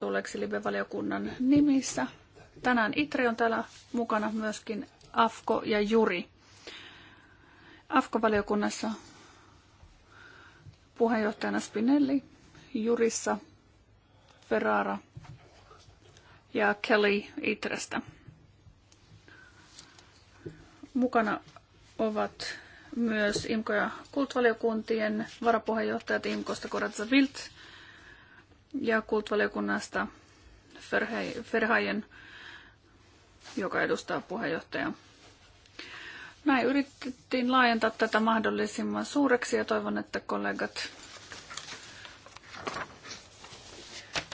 tulleeksi Live-valiokunnan nimissä. Tänään Itri on täällä mukana myöskin Afko ja Juri. Afko-valiokunnassa puheenjohtajana Spinelli, Jurissa Ferrara ja Kelly Itrestä. Mukana ovat myös IMKO- ja kultvaliokuntien varapuheenjohtajat IMKOsta Koratsa Vilt ja kulttuurivaliokunnasta Ferhajen, joka edustaa puheenjohtajaa. Näin yritettiin laajentaa tätä mahdollisimman suureksi ja toivon, että kollegat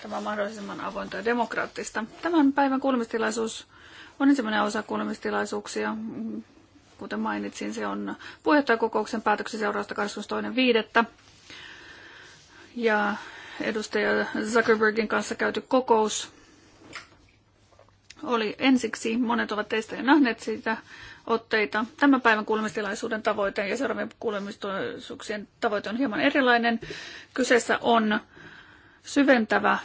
tämä on mahdollisimman avointa ja demokraattista. Tämän päivän kuulemistilaisuus on ensimmäinen osa kuulemistilaisuuksia. Kuten mainitsin, se on puheenjohtajakokouksen päätöksen seurausta 22.5. Ja edustaja Zuckerbergin kanssa käyty kokous oli ensiksi. Monet ovat teistä jo nähneet siitä otteita. Tämän päivän kuulemistilaisuuden tavoite ja seuraavien kuulemistilaisuuksien tavoite on hieman erilainen. Kyseessä on syventävä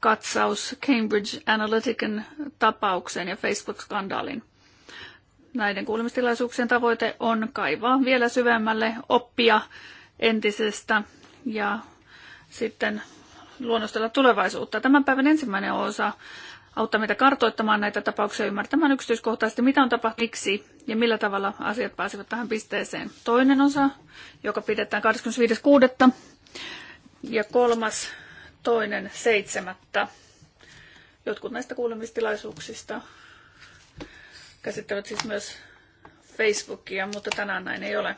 katsaus Cambridge Analytican tapaukseen ja Facebook-skandaalin. Näiden kuulemistilaisuuksien tavoite on kaivaa vielä syvemmälle oppia entisestä ja sitten luonnostella tulevaisuutta. Tämän päivän ensimmäinen osa auttaa meitä kartoittamaan näitä tapauksia, ymmärtämään yksityiskohtaisesti, mitä on tapahtunut, miksi ja millä tavalla asiat pääsivät tähän pisteeseen. Toinen osa, joka pidetään 25.6. ja kolmas toinen seitsemättä. Jotkut näistä kuulemistilaisuuksista käsittävät siis myös Facebookia, mutta tänään näin ei ole.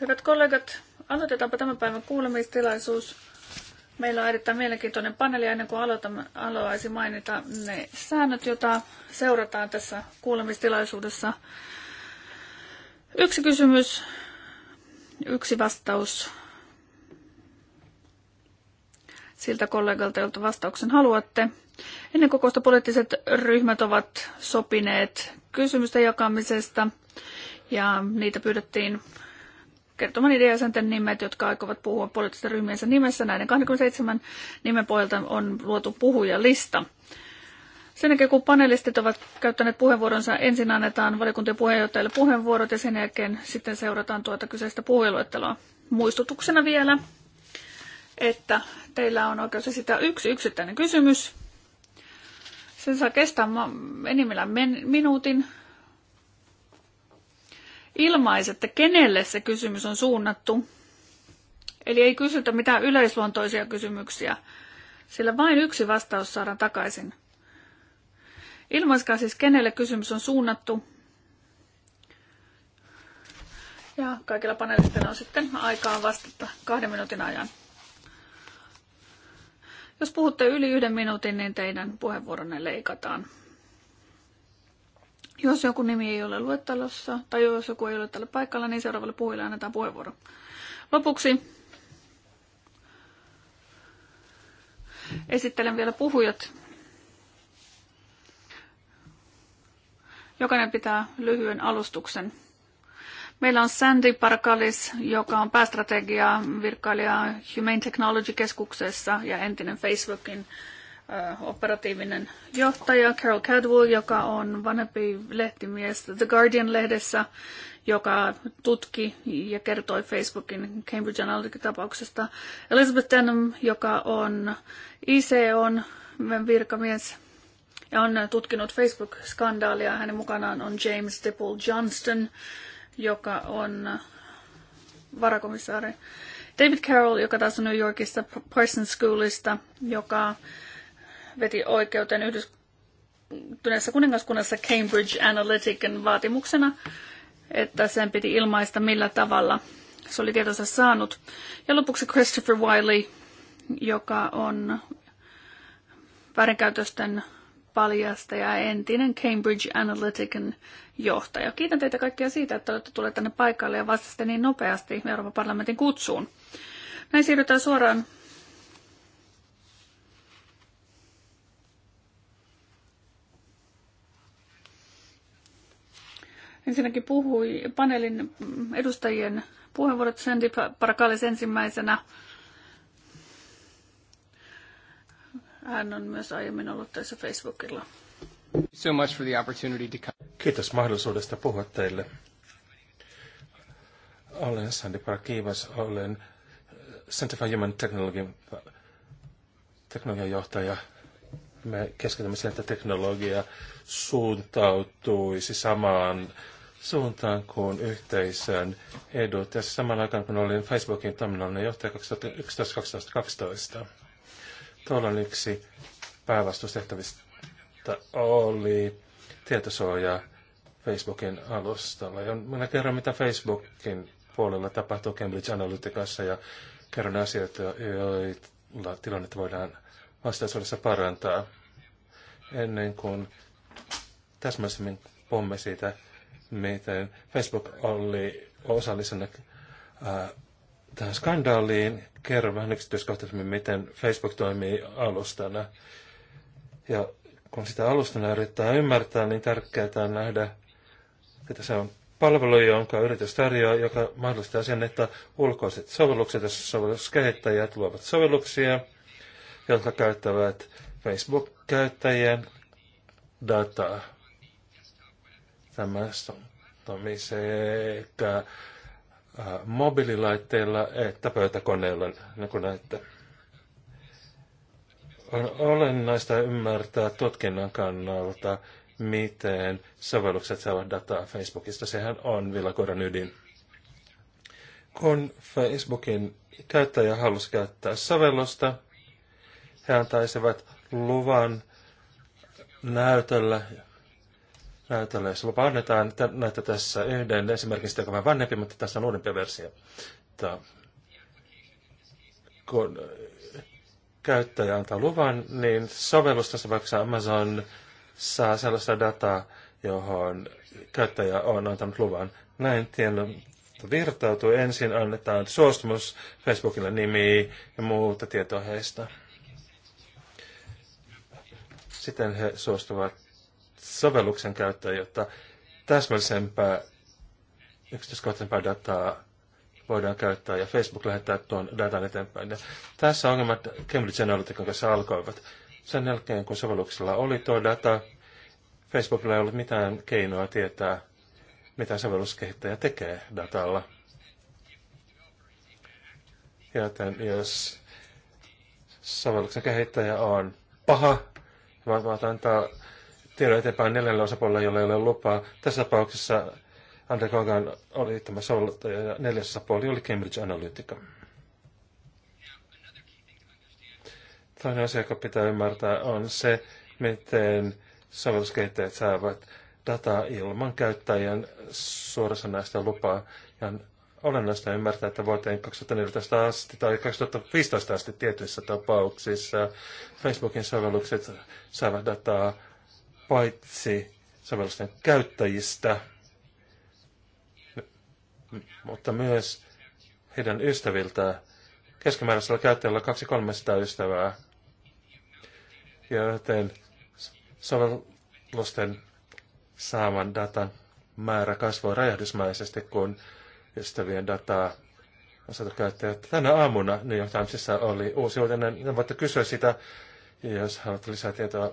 Hyvät kollegat, Aloitetaanpa tämän päivän kuulemistilaisuus. Meillä on erittäin mielenkiintoinen paneeli. Ennen kuin aloitamme, aloaisi mainita ne säännöt, joita seurataan tässä kuulemistilaisuudessa. Yksi kysymys, yksi vastaus siltä kollegalta, jolta vastauksen haluatte. Ennen kokoista poliittiset ryhmät ovat sopineet kysymysten jakamisesta ja niitä pyydettiin kertoman ideajäsenten nimet, jotka aikovat puhua poliittisten ryhmiensä nimessä. Näiden 27 nimen pohjalta on luotu puhujalista. Sen jälkeen, kun panelistit ovat käyttäneet puheenvuoronsa, ensin annetaan valiokuntien puheenjohtajille puheenvuorot ja sen jälkeen sitten seurataan tuota kyseistä puheluetteloa. Muistutuksena vielä, että teillä on oikeus esittää yksi yksittäinen kysymys. Sen saa kestää enimmillään minuutin että kenelle se kysymys on suunnattu. Eli ei kysytä mitään yleisluontoisia kysymyksiä, sillä vain yksi vastaus saadaan takaisin. Ilmaiskaa siis, kenelle kysymys on suunnattu. Ja kaikilla panelisteilla on sitten aikaa vastata kahden minuutin ajan. Jos puhutte yli yhden minuutin, niin teidän puheenvuoronne leikataan. Jos joku nimi ei ole luettelossa tai jos joku ei ole tällä paikalla, niin seuraavalle puhujalle annetaan puheenvuoro. Lopuksi esittelen vielä puhujat. Jokainen pitää lyhyen alustuksen. Meillä on Sandy Parkalis, joka on päästrategia virkailija Humane Technology-keskuksessa ja entinen Facebookin operatiivinen johtaja Carol Cadwell, joka on vanhempi lehtimies The Guardian-lehdessä, joka tutki ja kertoi Facebookin Cambridge Analytica-tapauksesta. Elizabeth Denham, joka on ICOn virkamies ja on tutkinut Facebook-skandaalia. Hänen mukanaan on James Dipple Johnston, joka on varakomissaari. David Carroll, joka taas on New Yorkista Parsons Schoolista, joka veti oikeuteen yhdistyneessä kuningaskunnassa Cambridge Analytican vaatimuksena, että sen piti ilmaista millä tavalla se oli tietonsa saanut. Ja lopuksi Christopher Wiley, joka on väärinkäytösten paljasta ja entinen Cambridge Analytican johtaja. Kiitän teitä kaikkia siitä, että olette tulleet tänne paikalle ja vastasitte niin nopeasti Euroopan parlamentin kutsuun. Näin siirrytään suoraan ensinnäkin puhui paneelin edustajien puheenvuorot Sandy Parakalis ensimmäisenä. Hän on myös aiemmin ollut tässä Facebookilla. So much for the opportunity to come. Kiitos mahdollisuudesta puhua teille. Olen Sandy Parakivas, olen Center for Human Technology, teknologian johtaja. Me keskitymme siihen, että teknologia suuntautuisi samaan suuntaan kuin yhteisön edut. Ja samalla aikaan, kun olin Facebookin toiminnan johtaja 2011-2012, on yksi päävastustehtävistä oli tietosuoja Facebookin alustalla. Ja minä kerron, mitä Facebookin puolella tapahtuu Cambridge Analyticassa ja kerron asioita, joilla tilannetta voidaan vastaisuudessa parantaa ennen kuin täsmällisemmin pomme siitä miten Facebook oli osallisena äh, tähän skandaaliin. Kerro vähän yksityiskohtaisemmin, miten Facebook toimii alustana. Ja kun sitä alustana yrittää ymmärtää, niin tärkeää on nähdä, että se on palvelu, jonka yritys tarjoaa, joka mahdollistaa sen, että ulkoiset sovellukset ja sovelluskehittäjät luovat sovelluksia, jotka käyttävät Facebook-käyttäjien dataa sekä äh, mobiililaitteilla että pöytäkoneilla, niin kuin näette. On olennaista ymmärtää tutkinnan kannalta, miten sovellukset saavat dataa Facebookista. Sehän on villakoiran ydin. Kun Facebookin käyttäjä halusi käyttää sovellusta, he antaisivat luvan näytöllä näytölle. Jos lupa annetaan, näitä tässä yhden esimerkiksi, joka on vanhempi, mutta tässä on uudempia versio. Kun käyttäjä antaa luvan, niin sovellus tässä vaikka Amazon saa sellaista dataa, johon käyttäjä on antanut luvan. Näin tiedon virtautuu. Ensin annetaan suostumus Facebookille nimi ja muuta tietoa heistä. Sitten he suostuvat sovelluksen käyttöön, jotta täsmällisempää yksityiskohtaisempaa dataa voidaan käyttää ja Facebook lähettää tuon datan eteenpäin. Ja tässä ongelmat Cambridge Analytica kanssa alkoivat. Sen jälkeen, kun sovelluksella oli tuo data, Facebookilla ei ollut mitään keinoa tietää, mitä sovelluskehittäjä tekee datalla. Joten jos sovelluksen kehittäjä on paha, vaan antaa tiedon eteenpäin neljällä osapuolella, jolle ei ole lupaa. Tässä tapauksessa Andre Kogan oli tämä soveltaja ja neljäs osapuoli oli Cambridge Analytica. Toinen asia, joka pitää ymmärtää, on se, miten sovelluskehittäjät saavat dataa ilman käyttäjän suorasanaista lupaa. Ja on olennaista ymmärtää, että vuoteen 2014 asti tai 2015 asti tietyissä tapauksissa Facebookin sovellukset saavat dataa paitsi sovellusten käyttäjistä, mutta myös heidän ystäviltään. Keskimääräisellä käyttäjällä on 2 300 ystävää, joten sovellusten saaman datan määrä kasvoi räjähdysmäisesti, kun ystävien dataa on saatu käyttää. Tänä aamuna New York Timesissa oli uusi uutinen. Voitte kysyä sitä, jos haluatte lisää tietoa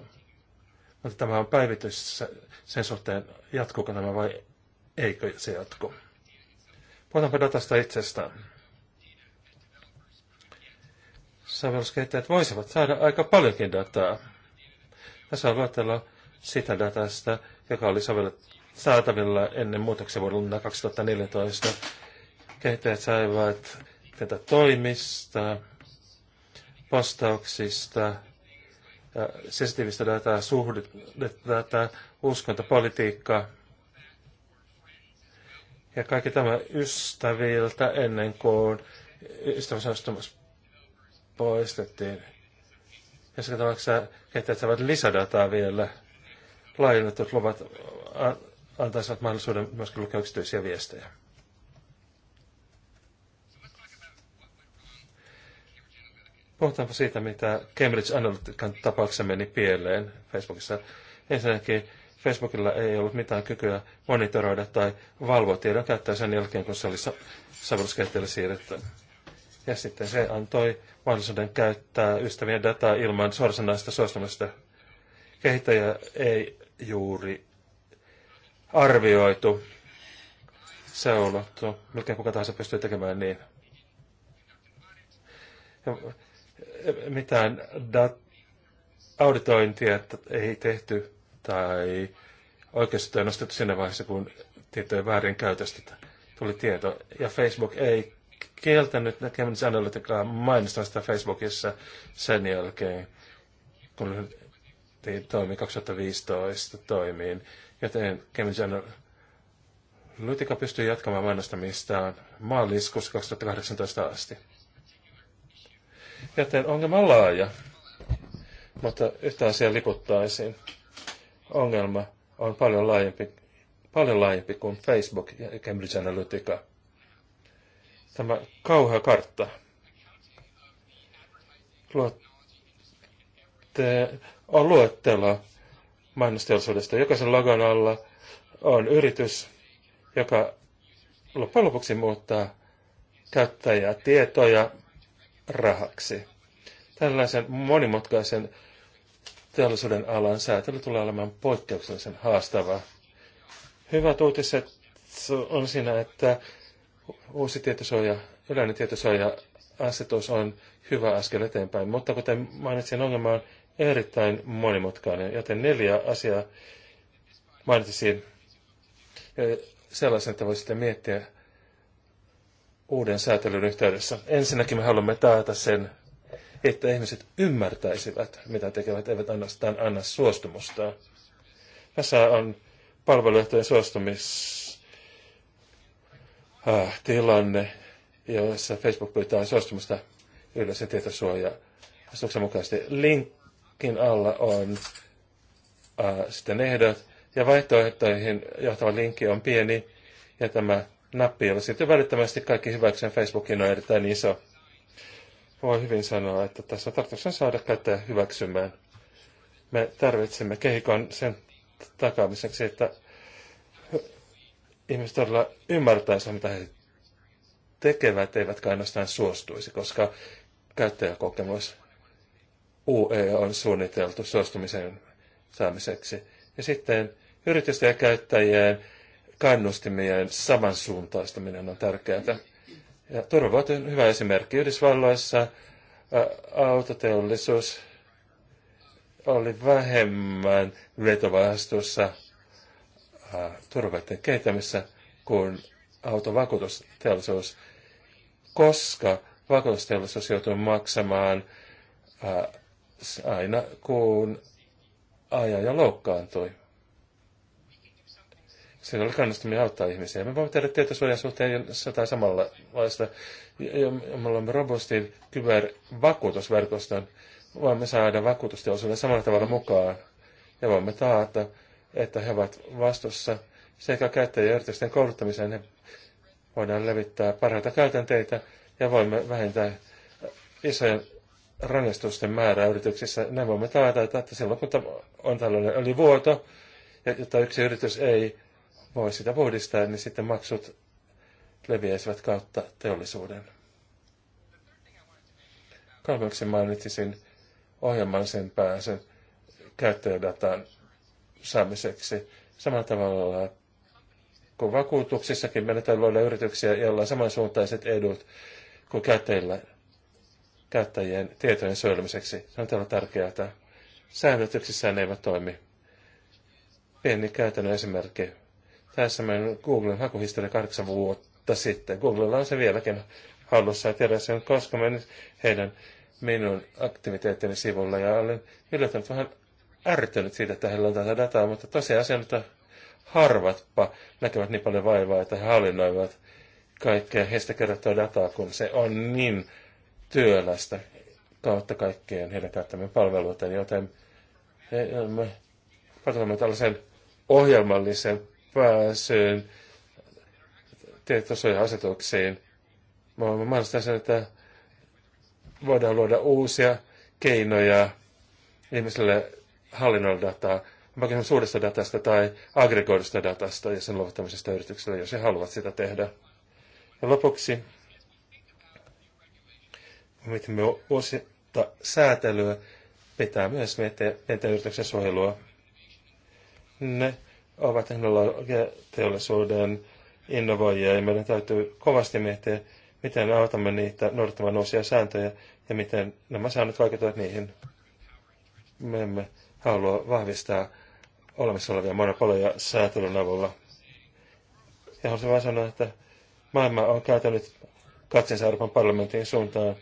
mutta tämä on päivitys sen suhteen, jatkuuko tämä vai eikö se jatku. Puhutaanpa datasta itsestään. Sovelluskehittäjät voisivat saada aika paljonkin dataa. Tässä on luettelo sitä datasta, joka oli sovellettu saatavilla ennen muutoksen vuonna 2014. Kehittäjät saivat tätä toimista, postauksista, sensitiivistä dataa, suhdedataa, uskontopolitiikkaa. Ja kaikki tämä ystäviltä ennen kuin ystävyysostumus poistettiin. Ja se tapauksessa kehittäjät saavat lisädataa vielä. Laajennetut luvat antaisivat mahdollisuuden myöskin lukea yksityisiä viestejä. Puhutaanpa siitä, mitä Cambridge Analytican tapauksessa meni pieleen Facebookissa. Ensinnäkin Facebookilla ei ollut mitään kykyä monitoroida tai valvoa tiedon käyttöä sen jälkeen, kun se oli sovelluskäyttäjälle siirretty. Ja sitten se antoi mahdollisuuden käyttää ystävien dataa ilman suorasanaista suostumusta. Kehittäjä ei juuri arvioitu seulottu. No, melkein kuka tahansa pystyy tekemään niin. Ja mitään auditointia että ei tehty tai oikeastaan nostettu siinä vaiheessa, kun tietojen väärinkäytöstä tuli tieto. Ja Facebook ei kieltänyt Cambridge Analyticaa mainostamista Facebookissa sen jälkeen, kun toimi 2015 toimiin. Joten Cambridge Analytica pystyi jatkamaan mainostamistaan maaliskuussa 2018 asti. Joten ongelma on laaja. Mutta yhtä asiaa liputtaisin. Ongelma on paljon laajempi, paljon laajempi kuin Facebook ja Cambridge Analytica. Tämä kauhea kartta luette, on luettelo mainosteollisuudesta. Jokaisen logon alla on yritys, joka loppujen lopuksi muuttaa käyttäjätietoja rahaksi. Tällaisen monimutkaisen teollisuuden alan säätely tulee olemaan poikkeuksellisen haastavaa. Hyvät uutiset on siinä, että uusi tietosuoja, yleinen tietosuoja-asetus on hyvä askel eteenpäin, mutta kuten mainitsin, ongelma on erittäin monimutkainen, joten neljä asiaa mainitsisin sellaisen, että voisitte miettiä uuden säätelyn yhteydessä. Ensinnäkin me haluamme taata sen, että ihmiset ymmärtäisivät, mitä tekevät, eivät ainoastaan anna suostumusta. Tässä on palveluehtojen suostumistilanne, äh, jossa Facebook pyytää suostumusta yleensä tietosuojaa. asetuksen mukaisesti. Linkin alla on äh, sitten ehdot, ja vaihtoehtoihin johtava linkki on pieni, ja tämä nappi, jolla sitten välittömästi kaikki hyväkseen Facebookin on erittäin iso. Voi hyvin sanoa, että tässä tarkoituksena saada käyttäjä hyväksymään. Me tarvitsemme kehikon sen takaamiseksi, että ihmiset todella ymmärtäisivät, mitä he tekevät, eivätkä ainoastaan suostuisi, koska käyttäjäkokemus UE on suunniteltu suostumisen saamiseksi. Ja sitten yritysten ja käyttäjien kannustimien samansuuntaistaminen on tärkeää. Ja turvavat on hyvä esimerkki. Yhdysvalloissa autoteollisuus oli vähemmän vetovastuussa turvaiden kehittämisessä kuin autovakuutusteollisuus, koska vakuutusteollisuus joutui maksamaan aina kun ajaja loukkaantui se oli kannustaminen auttaa ihmisiä. Me voimme tehdä tietosuojan suhteen jotain samanlaista. Me olemme robustin kybervakuutusverkoston. Voimme saada vakuutusteollisuuden samalla tavalla mukaan. Ja voimme taata, että he ovat vastuussa sekä käyttäjien ja yritysten kouluttamiseen. Ne voidaan levittää parhaita käytänteitä ja voimme vähentää isojen rangaistusten määrää yrityksissä. Näin voimme taata, että silloin kun on tällainen ylivuoto, ja jotta yksi yritys ei voi sitä puhdistaa, niin sitten maksut leviäisivät kautta teollisuuden. Kolmeksi mainitsisin ohjelman sen pääsen käyttäjädatan saamiseksi samalla tavalla kuin vakuutuksissakin menetään luoda yrityksiä, joilla on samansuuntaiset edut kuin käyttäjillä, käyttäjien tietojen suojelmiseksi. Se on todella tärkeää. säännötyksissään ne eivät toimi. Pieni käytännön esimerkki tässä meidän Googlen hakuhistoria kahdeksan vuotta sitten. Googlella on se vieläkin hallussa ja tiedän sen, koska menin heidän minun aktiviteettini sivulla ja olen yllättänyt vähän ärtynyt siitä, että heillä on tätä dataa, mutta tosiasia että harvatpa näkevät niin paljon vaivaa, että he hallinnoivat kaikkea heistä kerättyä dataa, kun se on niin työlästä kautta kaikkeen heidän käyttämien palveluita, joten me katsomme tällaisen ohjelmallisen pääsyyn tietosuoja-asetuksiin. Mahdollistaa sen, että voidaan luoda uusia keinoja ihmiselle hallinnoida dataa, vaikka suuresta datasta tai aggregoidusta datasta ja sen luovuttamisesta yritykselle, jos he haluavat sitä tehdä. Ja lopuksi, miten me uusita säätelyä, pitää myös miettiä miettiä yrityksen suojelua. Ne ovat teknologiateollisuuden innovoijia ja meidän täytyy kovasti miettiä, miten autamme niitä noudattamaan uusia sääntöjä ja miten nämä säännöt vaikuttavat niihin. Me emme halua vahvistaa olemassa olevia monopoleja säätelyn avulla. Ja haluaisin vain sanoa, että maailma on käytänyt katsensa Euroopan parlamentin suuntaan.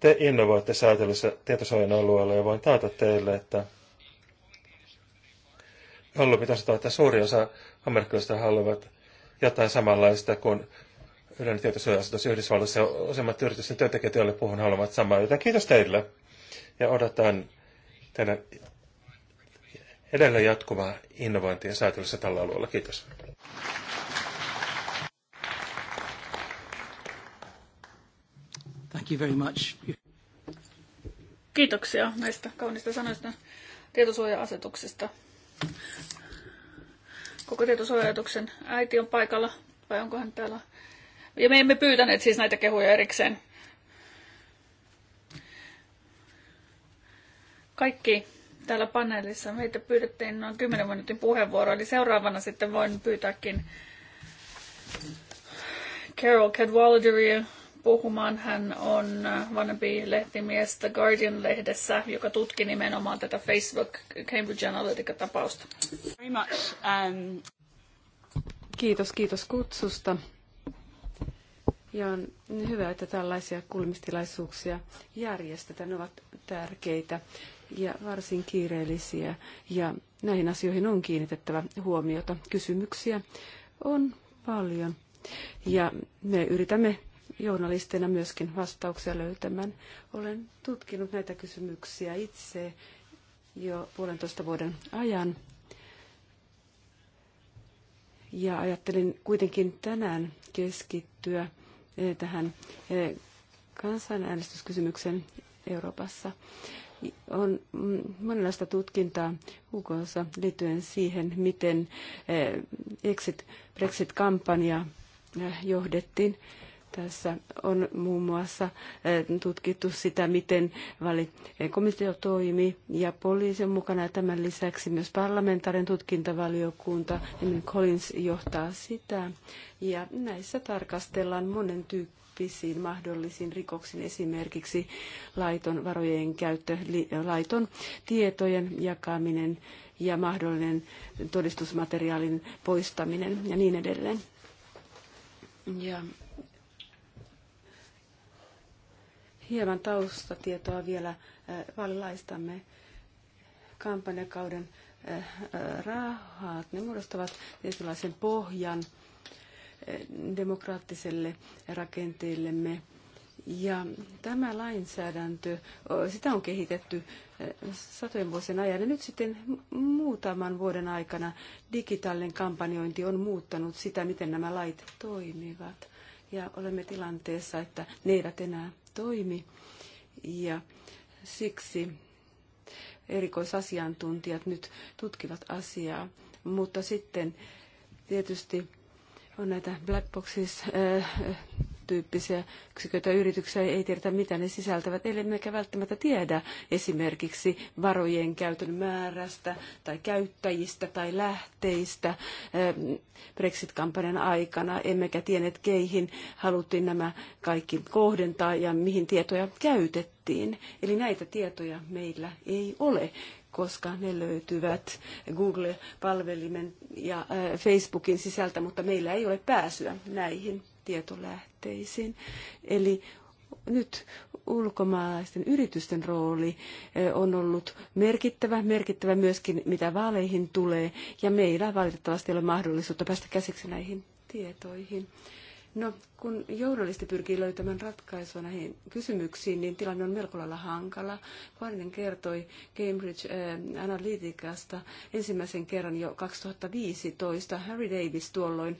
Te innovoitte säätelyssä tietosuojan alueella ja voin taata teille, että jollumit osoittaa, että suuri osa amerikkalaisista haluavat jotain samanlaista kuin yleinen tietosuoja-asetus Yhdysvalloissa. Useimmat yritysten työntekijät, joille puhun, haluavat samaa. Joten kiitos teille ja odotan teidän edelleen jatkuvaa innovointia säätelyssä tällä alueella. Kiitos. Thank you very much. Kiitoksia näistä kaunista sanoista tietosuoja asetuksista Koko äiti on paikalla, vai onko hän täällä? Ja me emme pyytäneet siis näitä kehuja erikseen. Kaikki täällä paneelissa meitä pyydettiin noin 10 minuutin puheenvuoro, eli seuraavana sitten voin pyytääkin Carol Cadwalladeria puhumaan. Hän on vanhempi lehtimies The Guardian-lehdessä, joka tutki nimenomaan tätä Facebook Cambridge Analytica-tapausta. Um, kiitos, kiitos kutsusta. Ja on hyvä, että tällaisia kulmistilaisuuksia järjestetään. Ne ovat tärkeitä ja varsin kiireellisiä. Ja näihin asioihin on kiinnitettävä huomiota. Kysymyksiä on paljon. Ja me yritämme journalistina myöskin vastauksia löytämään. Olen tutkinut näitä kysymyksiä itse jo puolentoista vuoden ajan. Ja ajattelin kuitenkin tänään keskittyä eh, tähän eh, kansanäänestyskysymyksen Euroopassa. On mm, monenlaista tutkintaa UKssa liittyen siihen, miten eh, Brexit-kampanja johdettiin. Tässä on muun muassa eh, tutkittu sitä, miten valikomiteo eh, toimi ja poliisi on mukana. Tämän lisäksi myös parlamentaarinen tutkintavaliokunta, nimen Collins, johtaa sitä. Ja näissä tarkastellaan monen tyyppisiin mahdollisiin rikoksiin, esimerkiksi laiton varojen käyttö, eh, laiton tietojen jakaminen ja mahdollinen todistusmateriaalin poistaminen ja niin edelleen. Ja hieman taustatietoa vielä äh, vaalilaistamme kampanjakauden äh, äh, rahat. Ne muodostavat tietynlaisen pohjan demokraattiselle rakenteellemme. Ja tämä lainsäädäntö, sitä on kehitetty satojen vuosien ajan. Ja nyt sitten muutaman vuoden aikana digitaalinen kampanjointi on muuttanut sitä, miten nämä lait toimivat. Ja olemme tilanteessa, että ne eivät enää toimi. Ja siksi erikoisasiantuntijat nyt tutkivat asiaa, mutta sitten tietysti on näitä black boxes äh, tyyppisiä yksiköitä yrityksiä ei tiedetä, mitä ne sisältävät, emmekä välttämättä tiedä esimerkiksi varojen käytön määrästä tai käyttäjistä tai lähteistä ähm, Brexit-kampanjan aikana, emmekä tienneet, keihin haluttiin nämä kaikki kohdentaa ja mihin tietoja käytettiin. Eli näitä tietoja meillä ei ole koska ne löytyvät Google-palvelimen ja äh, Facebookin sisältä, mutta meillä ei ole pääsyä näihin tietolähteisiin. Eli nyt ulkomaalaisten yritysten rooli eh, on ollut merkittävä, merkittävä myöskin mitä vaaleihin tulee, ja meillä valitettavasti ei ole mahdollisuutta päästä käsiksi näihin tietoihin. No, kun journalisti pyrkii löytämään ratkaisua näihin kysymyksiin, niin tilanne on melko lailla hankala. Kuorinen kertoi Cambridge eh, Analyticasta ensimmäisen kerran jo 2015. Harry Davis tuolloin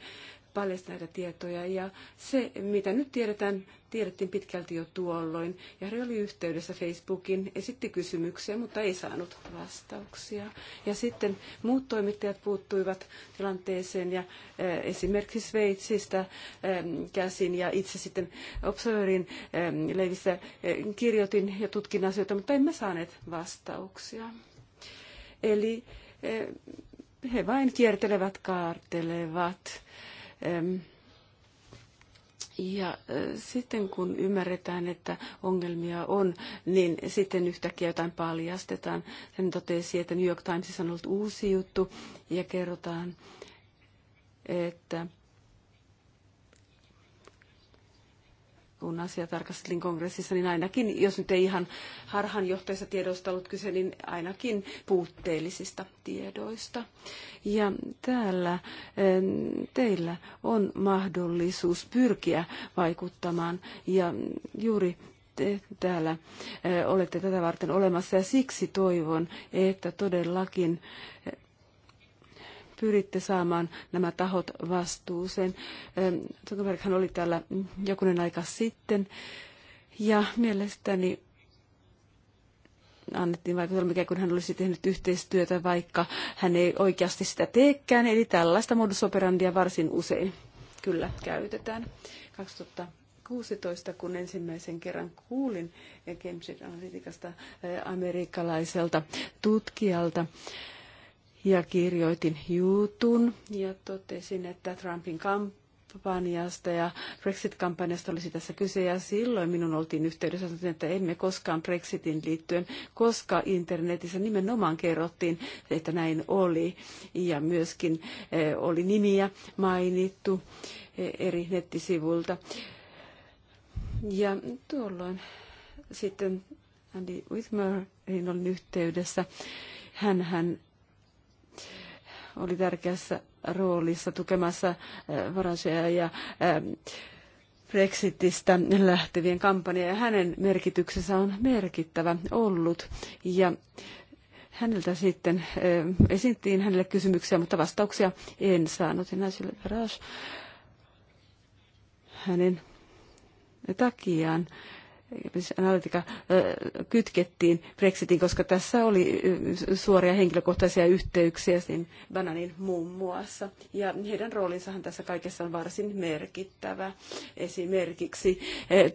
paljasta näitä tietoja. Ja se, mitä nyt tiedetään, tiedettiin pitkälti jo tuolloin. Ja hän oli yhteydessä Facebookin, esitti kysymyksiä, mutta ei saanut vastauksia. Ja sitten muut toimittajat puuttuivat tilanteeseen ja eh, esimerkiksi Sveitsistä eh, käsin ja itse sitten Observerin eh, leivissä kirjoitin ja tutkin asioita, mutta emme saaneet vastauksia. Eli he vain kiertelevät, kaartelevat ja sitten kun ymmärretään, että ongelmia on, niin sitten yhtäkkiä jotain paljastetaan. Sen totesi, että New York Timesissa on ollut uusi juttu ja kerrotaan, että kun asia tarkastelin kongressissa, niin ainakin, jos nyt ei ihan harhanjohteista tiedoista ollut kyse, niin ainakin puutteellisista tiedoista. Ja täällä teillä on mahdollisuus pyrkiä vaikuttamaan ja juuri te täällä eh, olette tätä varten olemassa ja siksi toivon, että todellakin eh, pyritte saamaan nämä tahot vastuuseen. Ähm, Zuckerberghan oli täällä jokunen aika sitten ja mielestäni annettiin vaikutelma, mikä kun hän olisi tehnyt yhteistyötä, vaikka hän ei oikeasti sitä teekään. Eli tällaista modus operandia varsin usein kyllä käytetään. 2016, kun ensimmäisen kerran kuulin Cambridge Analyticasta äh, amerikkalaiselta tutkijalta, ja kirjoitin jutun ja totesin, että Trumpin kampanjasta ja Brexit-kampanjasta olisi tässä kyse ja silloin minun oltiin yhteydessä, että emme koskaan Brexitin liittyen, koska internetissä nimenomaan kerrottiin, että näin oli ja myöskin eh, oli nimiä mainittu eh, eri nettisivuilta. Ja tuolloin sitten Andy Whitmerin on yhteydessä. Hän, hän oli tärkeässä roolissa tukemassa äh, Varasea ja ähm, Brexitistä lähtevien kampanja ja hänen merkityksensä on merkittävä ollut. Ja häneltä sitten äh, esittiin hänelle kysymyksiä, mutta vastauksia en saanut. Ja hänen takiaan analytica kytkettiin Brexitin, koska tässä oli suoria henkilökohtaisia yhteyksiä niin Bananin muun muassa. Ja heidän roolinsahan tässä kaikessa on varsin merkittävä. Esimerkiksi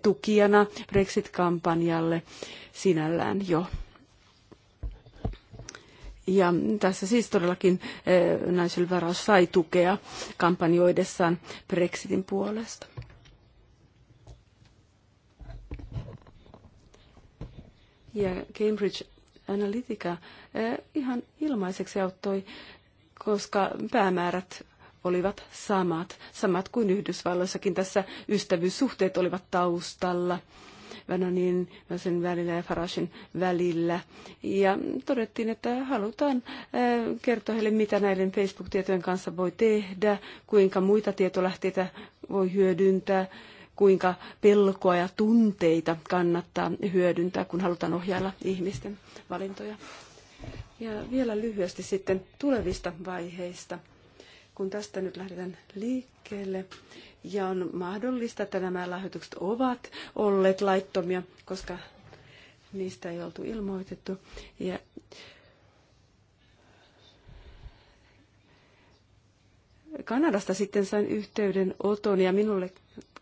tukijana Brexit-kampanjalle sinällään jo. Ja tässä siis todellakin Nigel Varas sai tukea kampanjoidessaan Brexitin puolesta. ja Cambridge Analytica eh, ihan ilmaiseksi auttoi, koska päämäärät olivat samat, samat kuin Yhdysvalloissakin. Tässä ystävyyssuhteet olivat taustalla. Venonin sen välillä ja Farashin välillä. Ja todettiin, että halutaan eh, kertoa heille, mitä näiden Facebook-tietojen kanssa voi tehdä, kuinka muita tietolähteitä voi hyödyntää kuinka pelkoa ja tunteita kannattaa hyödyntää, kun halutaan ohjailla ihmisten valintoja. Ja vielä lyhyesti sitten tulevista vaiheista, kun tästä nyt lähdetään liikkeelle. Ja on mahdollista, että nämä lahjoitukset ovat olleet laittomia, koska niistä ei oltu ilmoitettu. Ja Kanadasta sitten sain yhteydenoton ja minulle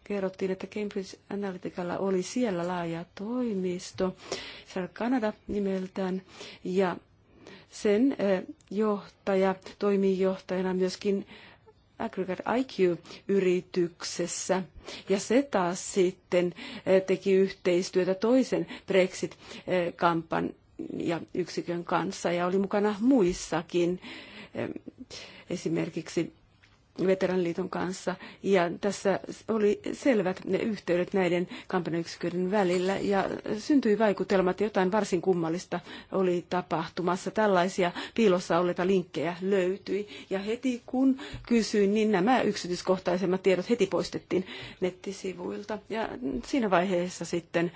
kerrottiin, että Cambridge Analyticalla oli siellä laaja toimisto, Kanada nimeltään, ja sen eh, johtaja toimii johtajana myöskin Aggregate IQ-yrityksessä, ja se taas sitten eh, teki yhteistyötä toisen Brexit-kampanjan eh, yksikön kanssa ja oli mukana muissakin esimerkiksi veteraniliiton kanssa. Ja tässä oli selvät ne yhteydet näiden kampanjayksiköiden välillä ja syntyi vaikutelma, että jotain varsin kummallista oli tapahtumassa. Tällaisia piilossa olleita linkkejä löytyi. Ja heti kun kysyin, niin nämä yksityiskohtaisemmat tiedot heti poistettiin nettisivuilta. Ja siinä vaiheessa sitten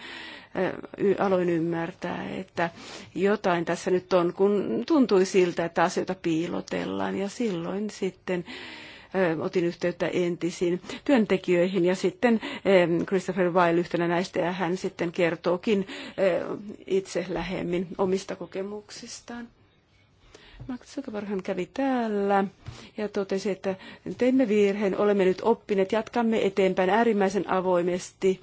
aloin ymmärtää, että jotain tässä nyt on, kun tuntui siltä, että asioita piilotellaan. Ja silloin sitten otin yhteyttä entisiin työntekijöihin ja sitten Christopher Weil yhtenä näistä ja hän sitten kertookin itse lähemmin omista kokemuksistaan. Mark Zuckerberg kävi täällä ja totesi, että teimme virheen, olemme nyt oppineet, jatkamme eteenpäin äärimmäisen avoimesti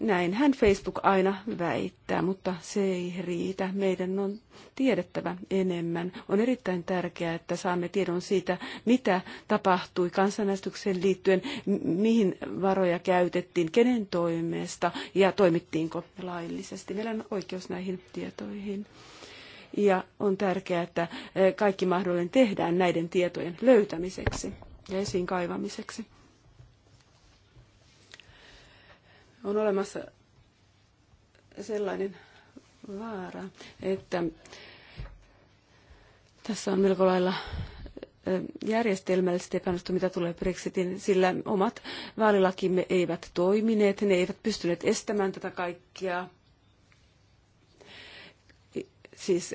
näin hän Facebook aina väittää, mutta se ei riitä. Meidän on tiedettävä enemmän. On erittäin tärkeää, että saamme tiedon siitä, mitä tapahtui kansanäistykseen liittyen, mihin varoja käytettiin, kenen toimesta ja toimittiinko laillisesti. Meillä on oikeus näihin tietoihin. Ja on tärkeää, että eh, kaikki mahdollinen tehdään näiden tietojen löytämiseksi ja esiin kaivamiseksi. on olemassa sellainen vaara, että tässä on melko lailla järjestelmällisesti epäonnistu, mitä tulee Brexitin, sillä omat vaalilakimme eivät toimineet, ne eivät pystyneet estämään tätä kaikkea. Siis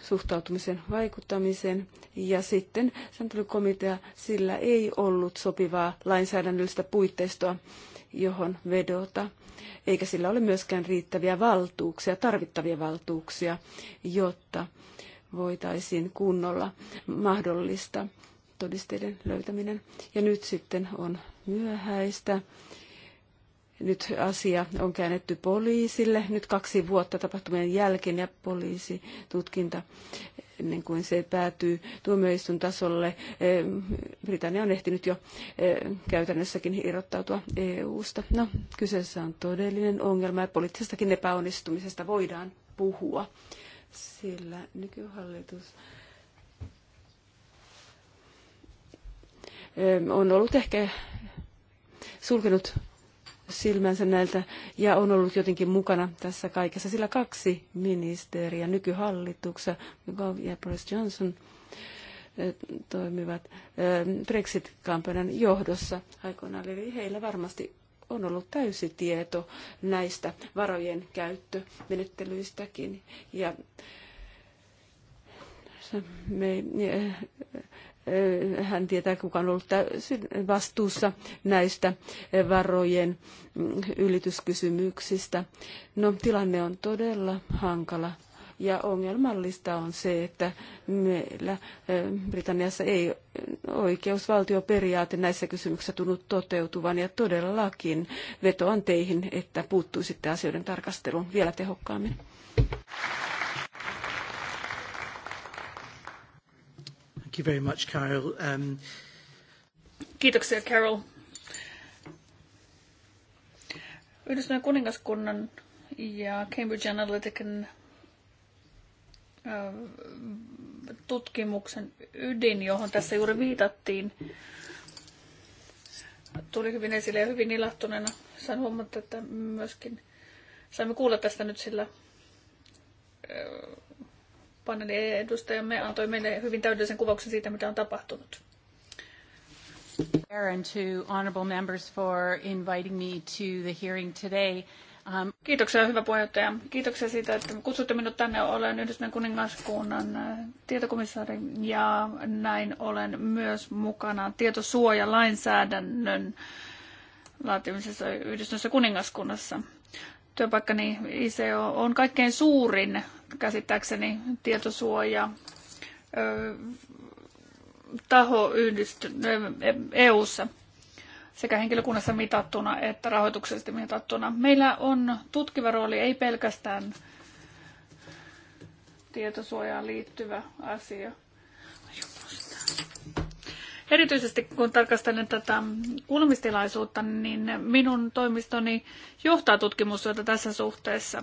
suhtautumisen vaikuttamisen ja sitten sääntelykomitea, sillä ei ollut sopivaa lainsäädännöllistä puitteistoa johon vedota, eikä sillä ole myöskään riittäviä valtuuksia, tarvittavia valtuuksia, jotta voitaisiin kunnolla mahdollista todisteiden löytäminen. Ja nyt sitten on myöhäistä. Nyt asia on käännetty poliisille. Nyt kaksi vuotta tapahtumien jälkeen ja poliisitutkinta ennen kuin se päätyy tuomioistun tasolle. Britannia on ehtinyt jo käytännössäkin irrottautua EU-sta. No, kyseessä on todellinen ongelma ja poliittisestakin epäonnistumisesta voidaan puhua, sillä nykyhallitus on ollut ehkä sulkenut silmänsä näiltä ja on ollut jotenkin mukana tässä kaikessa, sillä kaksi ministeriä nykyhallituksessa, Gov ja Boris Johnson, eh, toimivat eh, Brexit-kampanjan johdossa aikoinaan. Eli heillä varmasti on ollut täysi tieto näistä varojen käyttömenettelyistäkin. Ja me eh, hän tietää, kuka on ollut vastuussa näistä varojen mm, ylityskysymyksistä. No, tilanne on todella hankala. Ja ongelmallista on se, että meillä Britanniassa ei oikeusvaltioperiaate näissä kysymyksissä tunnu toteutuvan ja todellakin vetoan teihin, että puuttuisitte asioiden tarkasteluun vielä tehokkaammin. Thank you very much, Carol. Um... Kiitoksia, Carol. Yhdistyneen kuningaskunnan ja Cambridge Analytican tutkimuksen ydin, johon tässä juuri viitattiin, tuli hyvin esille ja hyvin ilahtuneena sain huomata, että myöskin saimme kuulla tästä nyt sillä paneelin edustajamme antoi meille hyvin täydellisen kuvauksen siitä, mitä on tapahtunut. Um, Kiitoksia, hyvä puheenjohtaja. Kiitoksia siitä, että kutsutte minut tänne. Olen Yhdysvaltain kuningaskunnan äh, tietokomissaari ja näin olen myös mukana tietosuojalainsäädännön laatimisessa Yhdistyneessä kuningaskunnassa. Työpaikkani ICO on kaikkein suurin käsittääkseni tietosuoja taho EU-ssa sekä henkilökunnassa mitattuna että rahoituksellisesti mitattuna. Meillä on tutkiva rooli ei pelkästään tietosuojaan liittyvä asia. Erityisesti kun tarkastelen tätä kuulemistilaisuutta, niin minun toimistoni johtaa tutkimustyötä tässä suhteessa.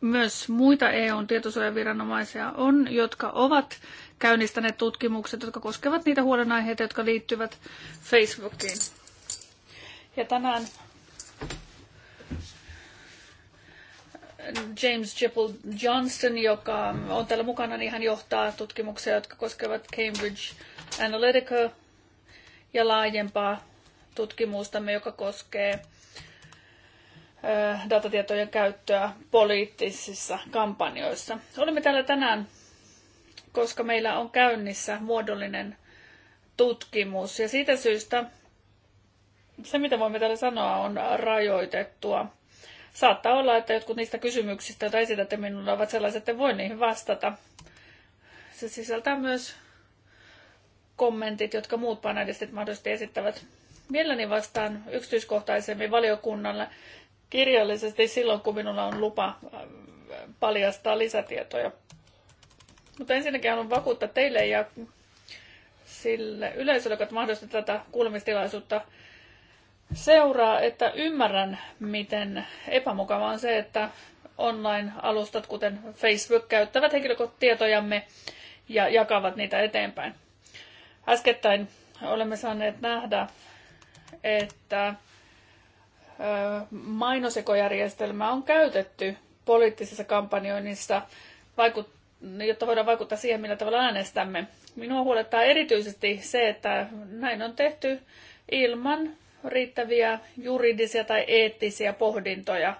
myös muita EUn tietosuojaviranomaisia on, jotka ovat käynnistäneet tutkimukset, jotka koskevat niitä huolenaiheita, jotka liittyvät Facebookiin. Ja tänään James Jippel Johnston, joka on täällä mukana, niin hän johtaa tutkimuksia, jotka koskevat Cambridge Analytica ja laajempaa tutkimustamme, joka koskee datatietojen käyttöä poliittisissa kampanjoissa. Olemme täällä tänään, koska meillä on käynnissä muodollinen tutkimus ja siitä syystä se, mitä voimme täällä sanoa, on rajoitettua. Saattaa olla, että jotkut niistä kysymyksistä, joita esitätte minulle, ovat sellaiset, että voi niihin vastata. Se sisältää myös kommentit, jotka muut panelistit mahdollisesti esittävät. Mielelläni vastaan yksityiskohtaisemmin valiokunnalle kirjallisesti silloin, kun minulla on lupa äh, paljastaa lisätietoja. Mutta ensinnäkin haluan vakuuttaa teille ja sille yleisölle, joka mahdollisesti tätä kuulemistilaisuutta seuraa, että ymmärrän, miten epämukava on se, että online-alustat, kuten Facebook, käyttävät henkilötietojamme ja jakavat niitä eteenpäin. Äskettäin olemme saaneet nähdä, että mainosekojärjestelmää on käytetty poliittisessa kampanjoinnissa, jotta voidaan vaikuttaa siihen, millä tavalla äänestämme. Minua huolettaa erityisesti se, että näin on tehty ilman riittäviä juridisia tai eettisiä pohdintoja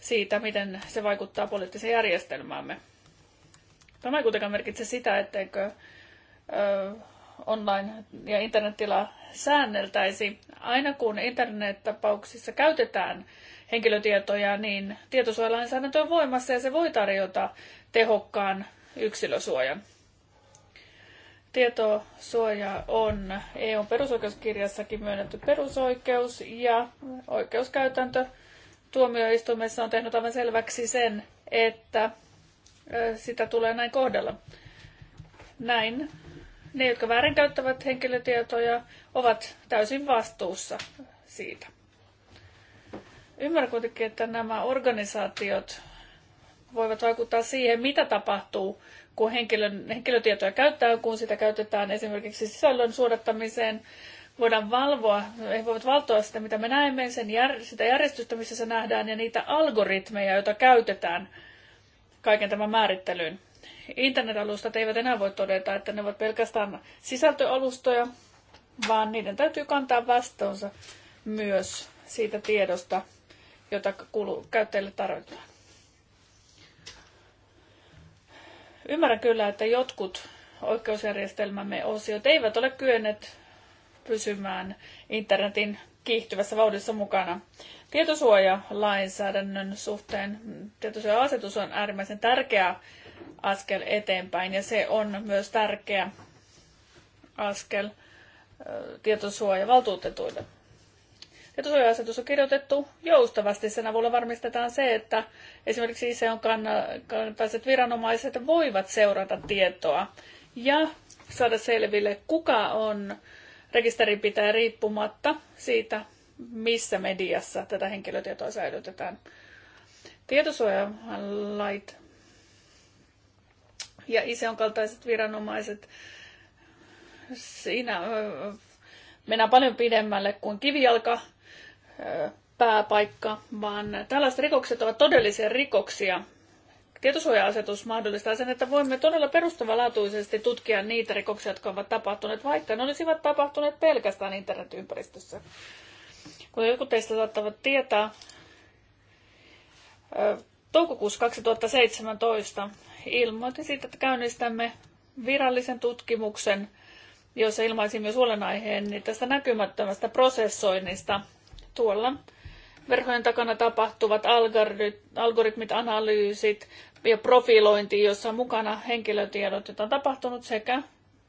siitä, miten se vaikuttaa poliittiseen järjestelmäämme. Tämä ei kuitenkaan merkitse sitä, etteikö online- ja internettila säänneltäisi. Aina kun internettapauksissa käytetään henkilötietoja, niin tietosuojalainsäädäntö on voimassa ja se voi tarjota tehokkaan yksilösuojan. Tietosuoja on EUn perusoikeuskirjassakin myönnetty perusoikeus ja oikeuskäytäntö tuomioistuimessa on tehnyt aivan selväksi sen, että sitä tulee näin kohdella. Näin ne, jotka väärinkäyttävät henkilötietoja, ovat täysin vastuussa siitä. Ymmärrän kuitenkin, että nämä organisaatiot voivat vaikuttaa siihen, mitä tapahtuu, kun henkilön, henkilötietoja käyttää, kun sitä käytetään esimerkiksi sisällön suodattamiseen. Voidaan valvoa, he voivat valtoa sitä, mitä me näemme, sen jär, sitä järjestystä, missä se nähdään, ja niitä algoritmeja, joita käytetään kaiken tämän määrittelyyn internetalustat eivät enää voi todeta, että ne ovat pelkästään sisältöalustoja, vaan niiden täytyy kantaa vastuunsa myös siitä tiedosta, jota käyttäjille tarjotaan. Ymmärrän kyllä, että jotkut oikeusjärjestelmämme osiot eivät ole kyenneet pysymään internetin kiihtyvässä vauhdissa mukana. Tietosuojalainsäädännön suhteen tietosuoja-asetus on äärimmäisen tärkeä askel eteenpäin ja se on myös tärkeä askel tietosuojavaltuutetuille. Tietosuoja-asetus on kirjoitettu joustavasti. Sen avulla varmistetaan se, että esimerkiksi on kannattaiset viranomaiset voivat seurata tietoa ja saada selville, kuka on rekisterinpitäjä riippumatta siitä, missä mediassa tätä henkilötietoa säilytetään. Tietosuojalait ja ison kaltaiset viranomaiset. Siinä mennään paljon pidemmälle kuin kivijalka pääpaikka, vaan tällaiset rikokset ovat todellisia rikoksia. Tietosuoja-asetus mahdollistaa sen, että voimme todella perustavanlaatuisesti tutkia niitä rikoksia, jotka ovat tapahtuneet, vaikka ne olisivat tapahtuneet pelkästään internetympäristössä. Kun jotkut teistä saattavat tietää, toukokuussa 2017 ilmoitin siitä, että käynnistämme virallisen tutkimuksen, jossa ilmaisin myös huolenaiheen niin tästä näkymättömästä prosessoinnista. Tuolla verhojen takana tapahtuvat algoritmit, analyysit ja profilointi, jossa on mukana henkilötiedot, joita on tapahtunut sekä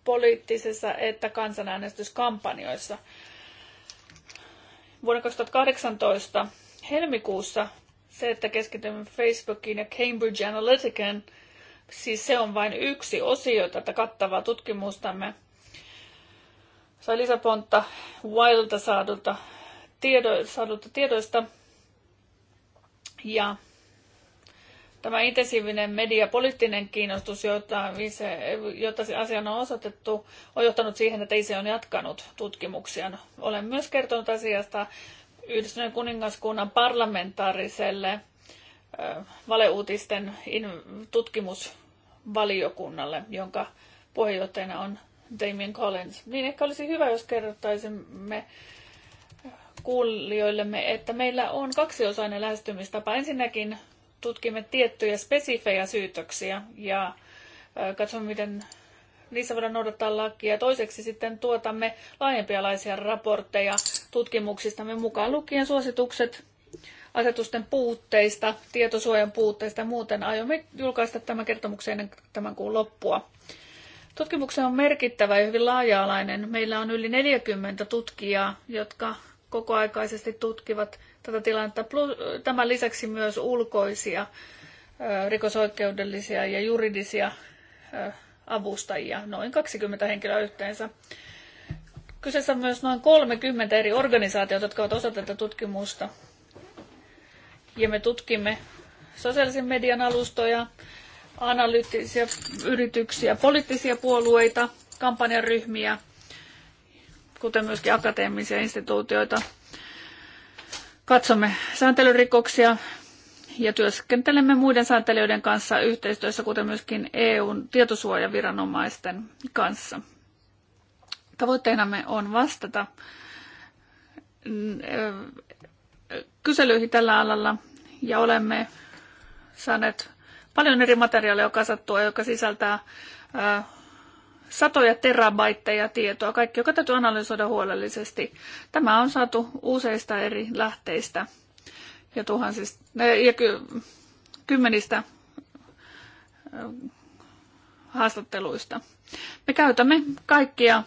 poliittisessa että kansanäänestyskampanjoissa. Vuonna 2018 helmikuussa se, että keskitymme Facebookiin ja Cambridge Analyticaan Siis se on vain yksi osio tätä kattavaa tutkimustamme. Se lisäpontta Wildilta saadulta, tiedo, saadulta tiedoista. Ja tämä intensiivinen mediapoliittinen kiinnostus, jota, se, jota se asiana on osoitettu, on johtanut siihen, että itse on jatkanut tutkimuksia. Olen myös kertonut asiasta Yhdistyneen kuningaskunnan parlamentaariselle valeuutisten tutkimusvaliokunnalle, jonka puheenjohtajana on Damien Collins. Niin ehkä olisi hyvä, jos kerrottaisimme kuulijoillemme, että meillä on kaksiosainen lähestymistapa. Ensinnäkin tutkimme tiettyjä spesifejä syytöksiä ja katsomme, miten niissä voidaan noudattaa lakia. Toiseksi sitten tuotamme laajempialaisia raportteja tutkimuksistamme mukaan lukien suositukset asetusten puutteista, tietosuojan puutteista ja muuten aiomme julkaista tämän kertomuksen ennen tämän kuun loppua. Tutkimuksen on merkittävä ja hyvin laaja-alainen. Meillä on yli 40 tutkijaa, jotka kokoaikaisesti tutkivat tätä tilannetta. Tämän lisäksi myös ulkoisia rikosoikeudellisia ja juridisia avustajia, noin 20 henkilöä yhteensä. Kyseessä on myös noin 30 eri organisaatiota, jotka ovat osa tätä tutkimusta ja me tutkimme sosiaalisen median alustoja, analyyttisiä yrityksiä, poliittisia puolueita, kampanjaryhmiä, kuten myöskin akateemisia instituutioita. Katsomme sääntelyrikoksia ja työskentelemme muiden sääntelijöiden kanssa yhteistyössä, kuten myöskin EUn tietosuojaviranomaisten kanssa. Tavoitteenamme on vastata kyselyihin tällä alalla ja olemme saaneet paljon eri materiaaleja kasattua, joka sisältää satoja terabaitteja tietoa, kaikki, joka täytyy analysoida huolellisesti. Tämä on saatu useista eri lähteistä ja, tuhansista, ja ky, kymmenistä haastatteluista. Me käytämme kaikkia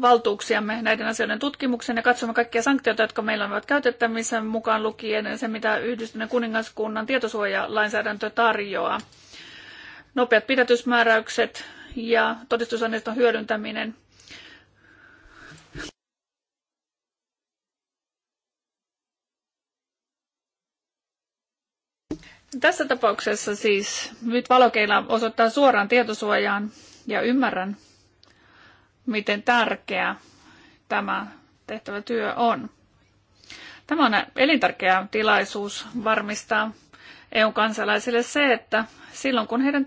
valtuuksiamme näiden asioiden tutkimukseen ja katsomme kaikkia sanktioita, jotka meillä ovat käytettävissä mukaan lukien se, mitä yhdistyneen kuningaskunnan tietosuojalainsäädäntö tarjoaa. Nopeat pidätysmääräykset ja todistusaineiston hyödyntäminen. Tässä tapauksessa siis nyt valokeila osoittaa suoraan tietosuojaan ja ymmärrän, miten tärkeä tämä tehtävä työ on. Tämä on elintärkeä tilaisuus varmistaa eu kansalaisille se, että silloin kun heidän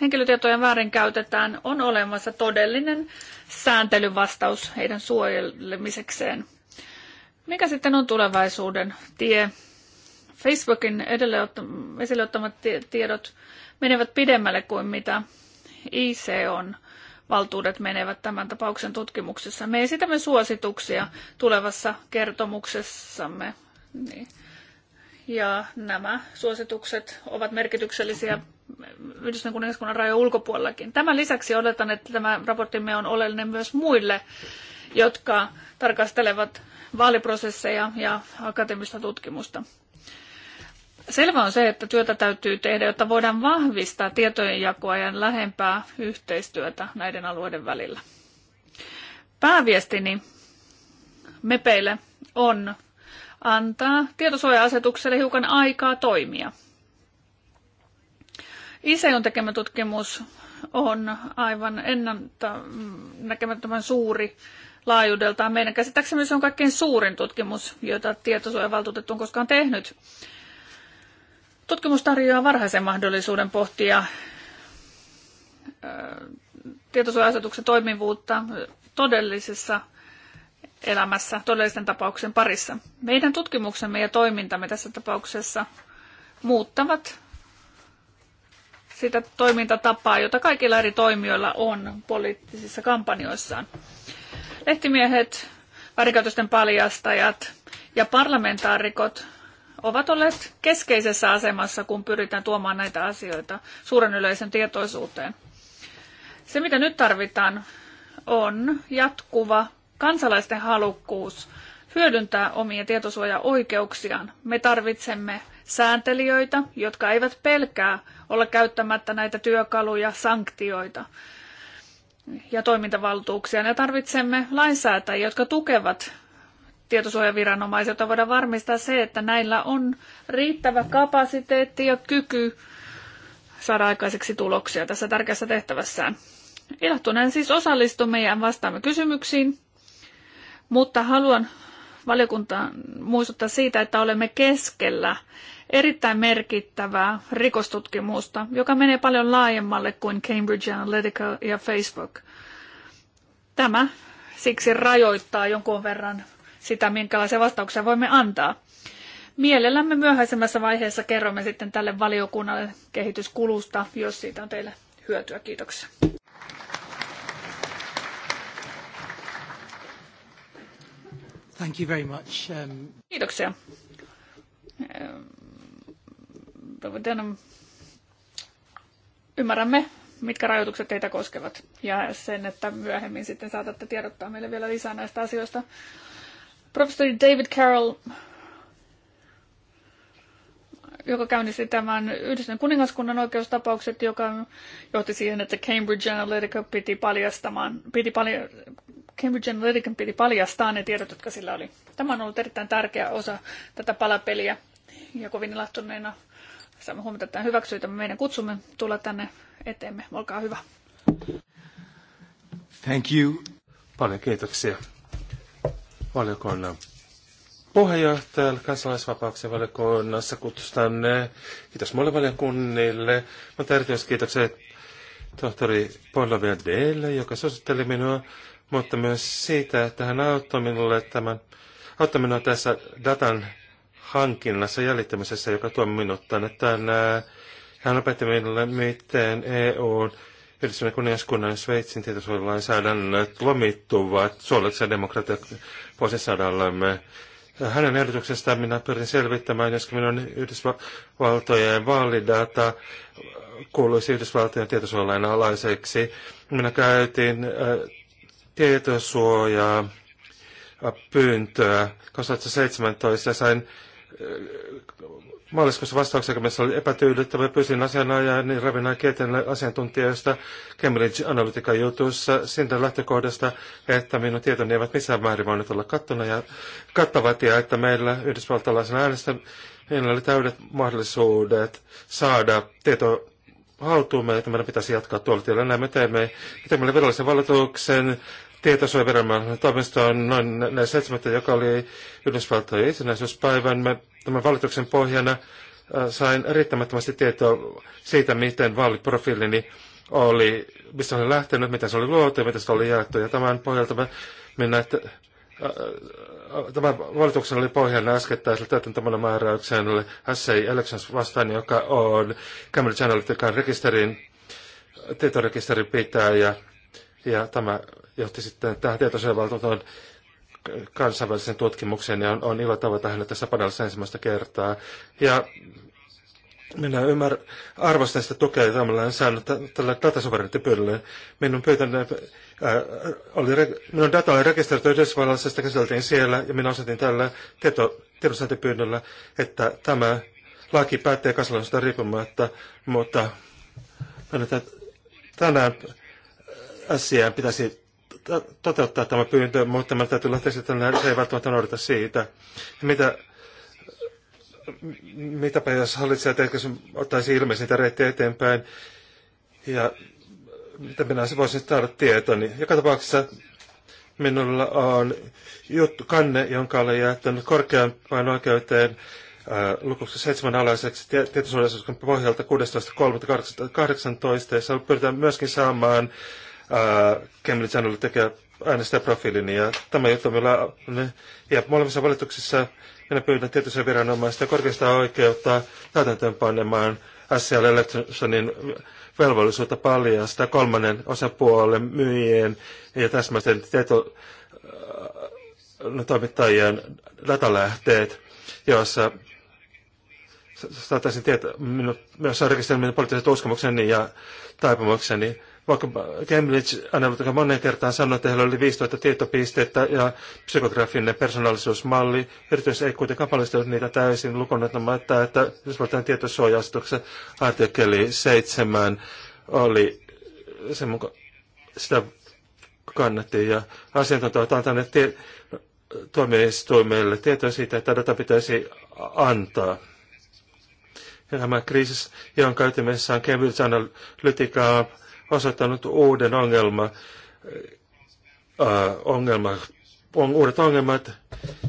henkilötietojen käytetään, on olemassa todellinen sääntelyvastaus heidän suojelemisekseen. Mikä sitten on tulevaisuuden tie? Facebookin edelle esille ottamat tiedot menevät pidemmälle kuin mitä IC on valtuudet menevät tämän tapauksen tutkimuksessa. Me esitämme suosituksia tulevassa kertomuksessamme. Niin. Ja nämä suositukset ovat merkityksellisiä Yhdistyneen kuningaskunnan rajojen ulkopuolellakin. Tämän lisäksi oletan, että tämä raporttimme on oleellinen myös muille, jotka tarkastelevat vaaliprosesseja ja akateemista tutkimusta. Selvä on se, että työtä täytyy tehdä, jotta voidaan vahvistaa tietojen jakoa ja lähempää yhteistyötä näiden alueiden välillä. Pääviestini mepeille on antaa tietosuoja-asetukselle hiukan aikaa toimia. ISEUn tekemä tutkimus on aivan ennalta näkemättömän suuri laajuudeltaan. Meidän käsittääksemme se on kaikkein suurin tutkimus, jota tietosuojavaltuutettu on koskaan tehnyt. Tutkimus tarjoaa varhaisen mahdollisuuden pohtia tietosuoja-asetuksen toimivuutta todellisessa elämässä, todellisten tapauksen parissa. Meidän tutkimuksemme ja toimintamme tässä tapauksessa muuttavat sitä toimintatapaa, jota kaikilla eri toimijoilla on poliittisissa kampanjoissaan. Lehtimiehet, värikäytösten paljastajat ja parlamentaarikot ovat olleet keskeisessä asemassa, kun pyritään tuomaan näitä asioita suuren yleisön tietoisuuteen. Se, mitä nyt tarvitaan, on jatkuva kansalaisten halukkuus hyödyntää omia tietosuojaoikeuksiaan. Me tarvitsemme sääntelijöitä, jotka eivät pelkää olla käyttämättä näitä työkaluja, sanktioita ja toimintavaltuuksia. Me tarvitsemme lainsäätäjiä, jotka tukevat tietosuojaviranomaisilta voidaan varmistaa se, että näillä on riittävä kapasiteetti ja kyky saada aikaiseksi tuloksia tässä tärkeässä tehtävässään. Ilahtuneen siis osallistumme meidän vastaamme kysymyksiin, mutta haluan valiokuntaan muistuttaa siitä, että olemme keskellä erittäin merkittävää rikostutkimusta, joka menee paljon laajemmalle kuin Cambridge Analytica ja Facebook. Tämä siksi rajoittaa jonkun verran sitä, minkälaisia vastauksia voimme antaa. Mielellämme myöhäisemmässä vaiheessa kerromme sitten tälle valiokunnalle kehityskulusta, jos siitä on teille hyötyä. Kiitoksia. Thank you very much. Um... Kiitoksia. Ymmärrämme, mitkä rajoitukset teitä koskevat ja sen, että myöhemmin sitten saatatte tiedottaa meille vielä lisää näistä asioista. Professori David Carroll, joka käynnisti tämän Yhdistyneen kuningaskunnan oikeustapaukset, joka johti siihen, että Cambridge Analytica piti paljastamaan, piti palja- Cambridge Analytica piti paljastaa ne tiedot, jotka sillä oli. Tämä on ollut erittäin tärkeä osa tätä palapeliä ja kovin ilahtuneena saamme huomata, että tämän meidän kutsumme tulla tänne eteemme. Olkaa hyvä. Thank you. Paljon kiitoksia valiokunnan puheenjohtajalle kansalaisvapauksien valiokunnassa kutsustanne. Kiitos muille valiokunnille, mutta erityiskiitokset tohtori Paula Verdeelle, joka suositteli minua, mutta myös siitä, että hän auttoi minulle tämän, auttoi minua tässä datan hankinnassa jäljittämisessä, joka tuo minut tänne tänään. Hän opetti minulle, miten EUn Yhdistyneen kuningaskunnan Sveitsin tietosuojelulainsäädännöt lomittuvat suolaisen demokratia vuosisadallamme. Hänen ehdotuksestaan minä pyrin selvittämään, jos minun Yhdysvaltojen vaalidata kuuluisi Yhdysvaltojen tietosuojalain alaiseksi. Minä käytin äh, tietosuojaa äh, pyyntöä 2017 sain äh, Maaliskuussa vastauksessa, missä oli epätyydyttävä, pyysin asianajajan niin Ravina Kietenille asiantuntijoista Cambridge Analytica jutussa siitä lähtökohdasta, että minun tietoni eivät missään määrin voineet olla kattuna ja kattavat ja että meillä yhdysvaltalaisena äänestä meillä oli täydet mahdollisuudet saada tieto haltuumme, että meidän pitäisi jatkaa tuolla tiellä. Näin me teemme, teemme virallisen valituksen tietosuojaviranomainen toimistoon noin 7, joka oli Yhdysvaltojen itsenäisyyspäivän. Me tämän valituksen pohjana äh, sain riittämättömästi tietoa siitä, miten vaaliprofiilini oli, mistä oli lähtenyt, mitä se oli luotu ja mitä se oli jaettu. Ja tämän pohjalta minä, että, äh, äh, tämän valituksen oli pohjana äskettäisellä täytäntämällä määräykseen SCI Elections vastaan, joka on Cambridge Analytican rekisterin, tietorekisterin pitäjä. Ja tämä johti sitten tähän tietosuojavaltuuton kansainvälisen tutkimuksen ja on, on ilo tavata hänet tässä panelissa ensimmäistä kertaa. Ja minä ymmärrän, arvostan sitä tukea, jota minä olen saanut tällä datasuverenttipyydellä. Minun pyytänyt, äh, oli, minun data oli rekisteröity Yhdysvallassa, sitä käsiteltiin siellä, ja minä asetin tällä tieto, että tämä laki päättää kansalaisuudesta riippumatta, mutta tänään äh, asiaan pitäisi toteuttaa tämä pyyntö, mutta meillä täytyy lähteä sitten, se ei välttämättä noudata siitä. Mitä, mitäpä jos hallitsijat ehkä ottaisi ilmeisesti niitä reittejä eteenpäin, ja mitä minä voisin saada niin Joka tapauksessa minulla on juttu, kanne, jonka olen jättänyt korkeampaan oikeuteen äh, lukuksi seitsemän alaiseksi tietosuojelusopimuksen pohjalta 16.3.18, jossa pyritään myöskin saamaan Äh, Cambridge Analytica äänestää äänestäjäprofiilin. Ja tämä juttu meillä on, ja molemmissa valituksissa minä pyydän tietoisen viranomaista korkeasta oikeutta täytäntöönpanemaan SCL Electronin velvollisuutta paljastaa kolmannen osapuolen myyjien ja täsmäisten tieto, äh, no, toimittajien datalähteet, joissa saataisiin tietää minun, myös rekisteröiminen poliittiset uskomukseni ja taipumukseni vaikka Cambridge Analytica monen kertaan sanoi, että heillä oli 15 tietopistettä ja psykografinen persoonallisuusmalli. Erityisesti ei kuitenkaan paljastanut niitä täysin lukunottamatta, että valitaan tietosuojastuksen artikkeli 7 oli se muka, sitä kannatti ja asiantuntijat antaneet tie, tuomioistuimelle tietoa siitä, että data pitäisi antaa tämä kriisi, jonka ytimessä on Cambridge Analytica, Asettanut uuden ongelma, äh, ongelma on uudet ongelmat,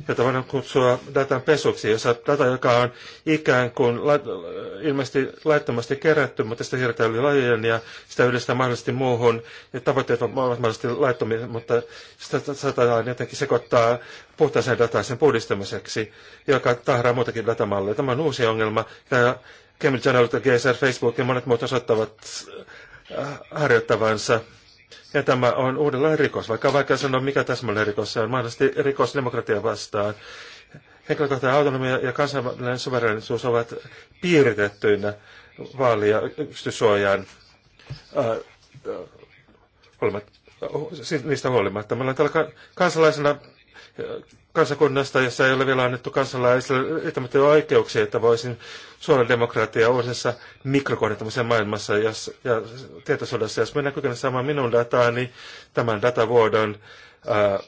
joita voidaan kutsua datan pesuksi, jossa data, joka on ikään kuin la, ilmeisesti laittomasti kerätty, mutta sitä siirretään yli lajien ja sitä yhdistetään mahdollisesti muuhun. Ja tavoitteet ovat mahdollisesti laittomia, mutta sitä saadaan jotenkin sekoittaa puhtaaseen dataan sen puhdistamiseksi, joka tahraa muutakin datamalleja. Tämä on uusi ongelma. Tämä Cambridge Analytica, GSR, Facebook ja monet muut osoittavat harjoittavansa. Ja tämä on uudenlainen rikos, vaikka on vaikea sanoa, mikä täsmälleen rikos se on. Mahdollisesti rikos demokratia vastaan. Henkilökohtainen autonomia ja kansainvälinen suverenisuus ovat piiritettyinä vaali- ja yksityissuojaan äh, äh, niistä huolimatta. Meillä on täällä kansalaisena äh, kansakunnasta, jossa ei ole vielä annettu kansalaisille riittämättömiä oikeuksia, että voisin suoran demokratiaa uudessa mikrokohdentamisen maailmassa jos, ja tietosuodassa. Jos minä kykenen saamaan minun dataani niin tämän datavuodon ää,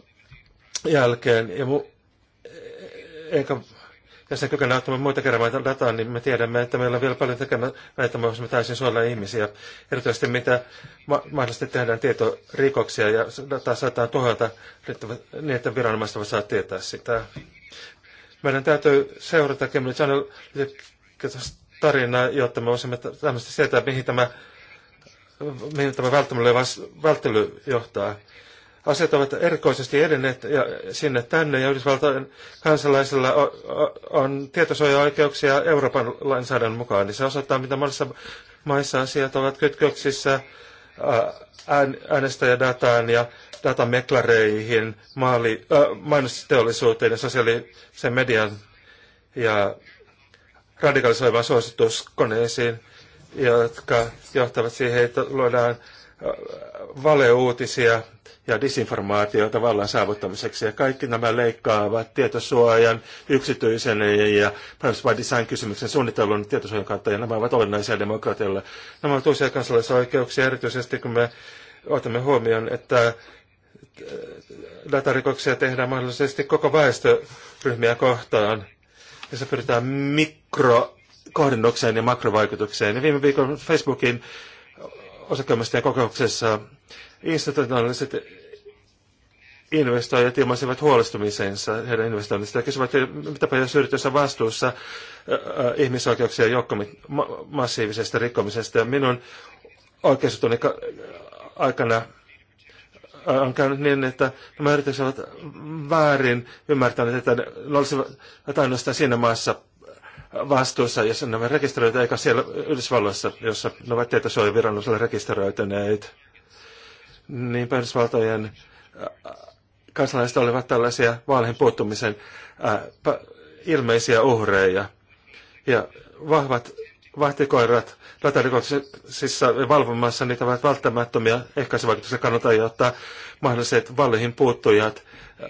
jälkeen, ja mu, e- e- eikä tässä ne kykenevät auttamaan muita keräämään dataa, niin me tiedämme, että meillä on vielä paljon tekemään, että me voisimme täysin suojella ihmisiä. Erityisesti mitä ma- mahdollisesti tehdään tietorikoksia ja dataa saattaa tuhota niin, että niin viranomaista voi saa tietää sitä. Meidän täytyy seurata Cambridge Analytica-tarinaa, jotta me voisimme tämmöistä sietää, mihin tämä, mihin tämä välttely, välttely johtaa. Asiat ovat erikoisesti edenneet ja sinne tänne, ja Yhdysvaltain kansalaisilla on, on tietosuojaoikeuksia Euroopan lainsäädännön mukaan, niin se osoittaa, mitä monissa maissa asiat ovat kytköksissä äänestäjädataan ja datameklareihin, maali, äh, mainosteollisuuteen ja sosiaalisen median ja radikalisoivan suosituskoneisiin, jotka johtavat siihen, että luodaan valeuutisia ja disinformaatiota vallan saavuttamiseksi. Ja kaikki nämä leikkaavat tietosuojan, yksityisen ja privacy by design kysymyksen suunnittelun tietosuojan kautta, ja nämä ovat olennaisia demokratialle. Nämä ovat uusia kansalaisoikeuksia, erityisesti kun me otamme huomioon, että datarikoksia tehdään mahdollisesti koko väestöryhmiä kohtaan, ja se pyritään mikrokohdennukseen ja makrovaikutukseen. Ja viime viikon Facebookin osakkeenomistajan kokouksessa institutionaaliset investoijat ilmaisivat huolestumisensa heidän investoinnista ja kysyvät, mitäpä jos yritys on vastuussa ihmisoikeuksien joukkomi- massiivisesta rikkomisesta. Ja minun oikeusjutuni aikana on käynyt niin, että nämä yritykset ovat väärin ymmärtäneet, että ne olisivat ainoastaan siinä maassa vastuussa, jos ne ovat rekisteröitä, eikä siellä Yhdysvalloissa, jossa ne ovat tietosuojaviranomaisille rekisteröityneet. Niin Yhdysvaltojen äh, kansalaiset olivat tällaisia vaaleihin puuttumisen ää, äh, ilmeisiä uhreja. Ja vahvat vahtikoirat datarikoksissa valvomassa niitä ovat välttämättömiä ehkäisyvaikutuksen kannalta, jotta mahdolliset vaaleihin puuttujat äh,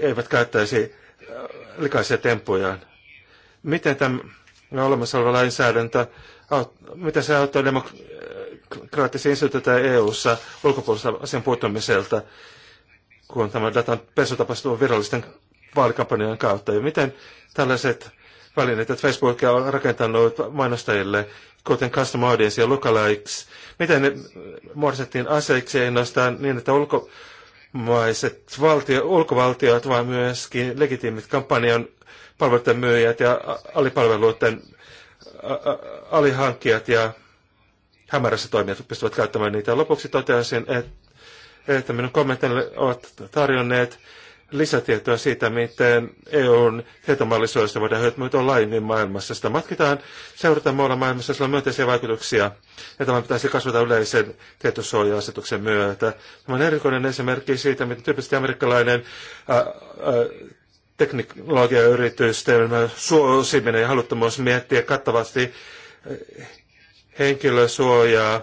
eivät käyttäisi likaisia temppujaan. Miten tämä olemassa oleva lainsäädäntö, mitä se auttaa demokraattisia instituutioita EU-ssa ulkopuolista asian puuttumiselta, kun tämä datan pesu tapahtuu virallisten vaalikampanjoiden kautta? Ja miten tällaiset välineet, että Facebook on rakentanut mainostajille, kuten custom audience ja lookalikes, miten ne muodostettiin aseiksi ainoastaan niin, että Maiset valtio, ulkovaltiot, vaan myöskin legitiimit kampanjan palveluiden myyjät ja alipalveluiden alihankkijat ja hämärässä toimijat pystyvät käyttämään niitä. Lopuksi toteaisin, että minun kommenttini ovat tarjonneet lisätietoa siitä, miten EUn tietomallisuudesta voidaan hyötyä laajemmin maailmassa. Sitä matkitaan, seurataan muualla maailmassa, sillä on myönteisiä vaikutuksia, ja tämä pitäisi kasvata yleisen tietosuoja-asetuksen myötä. Tämä on erikoinen esimerkki siitä, miten tyypillisesti amerikkalainen ää, ää, teknologiayritysten suosiminen ja haluttomuus miettiä kattavasti eh, henkilösuojaa,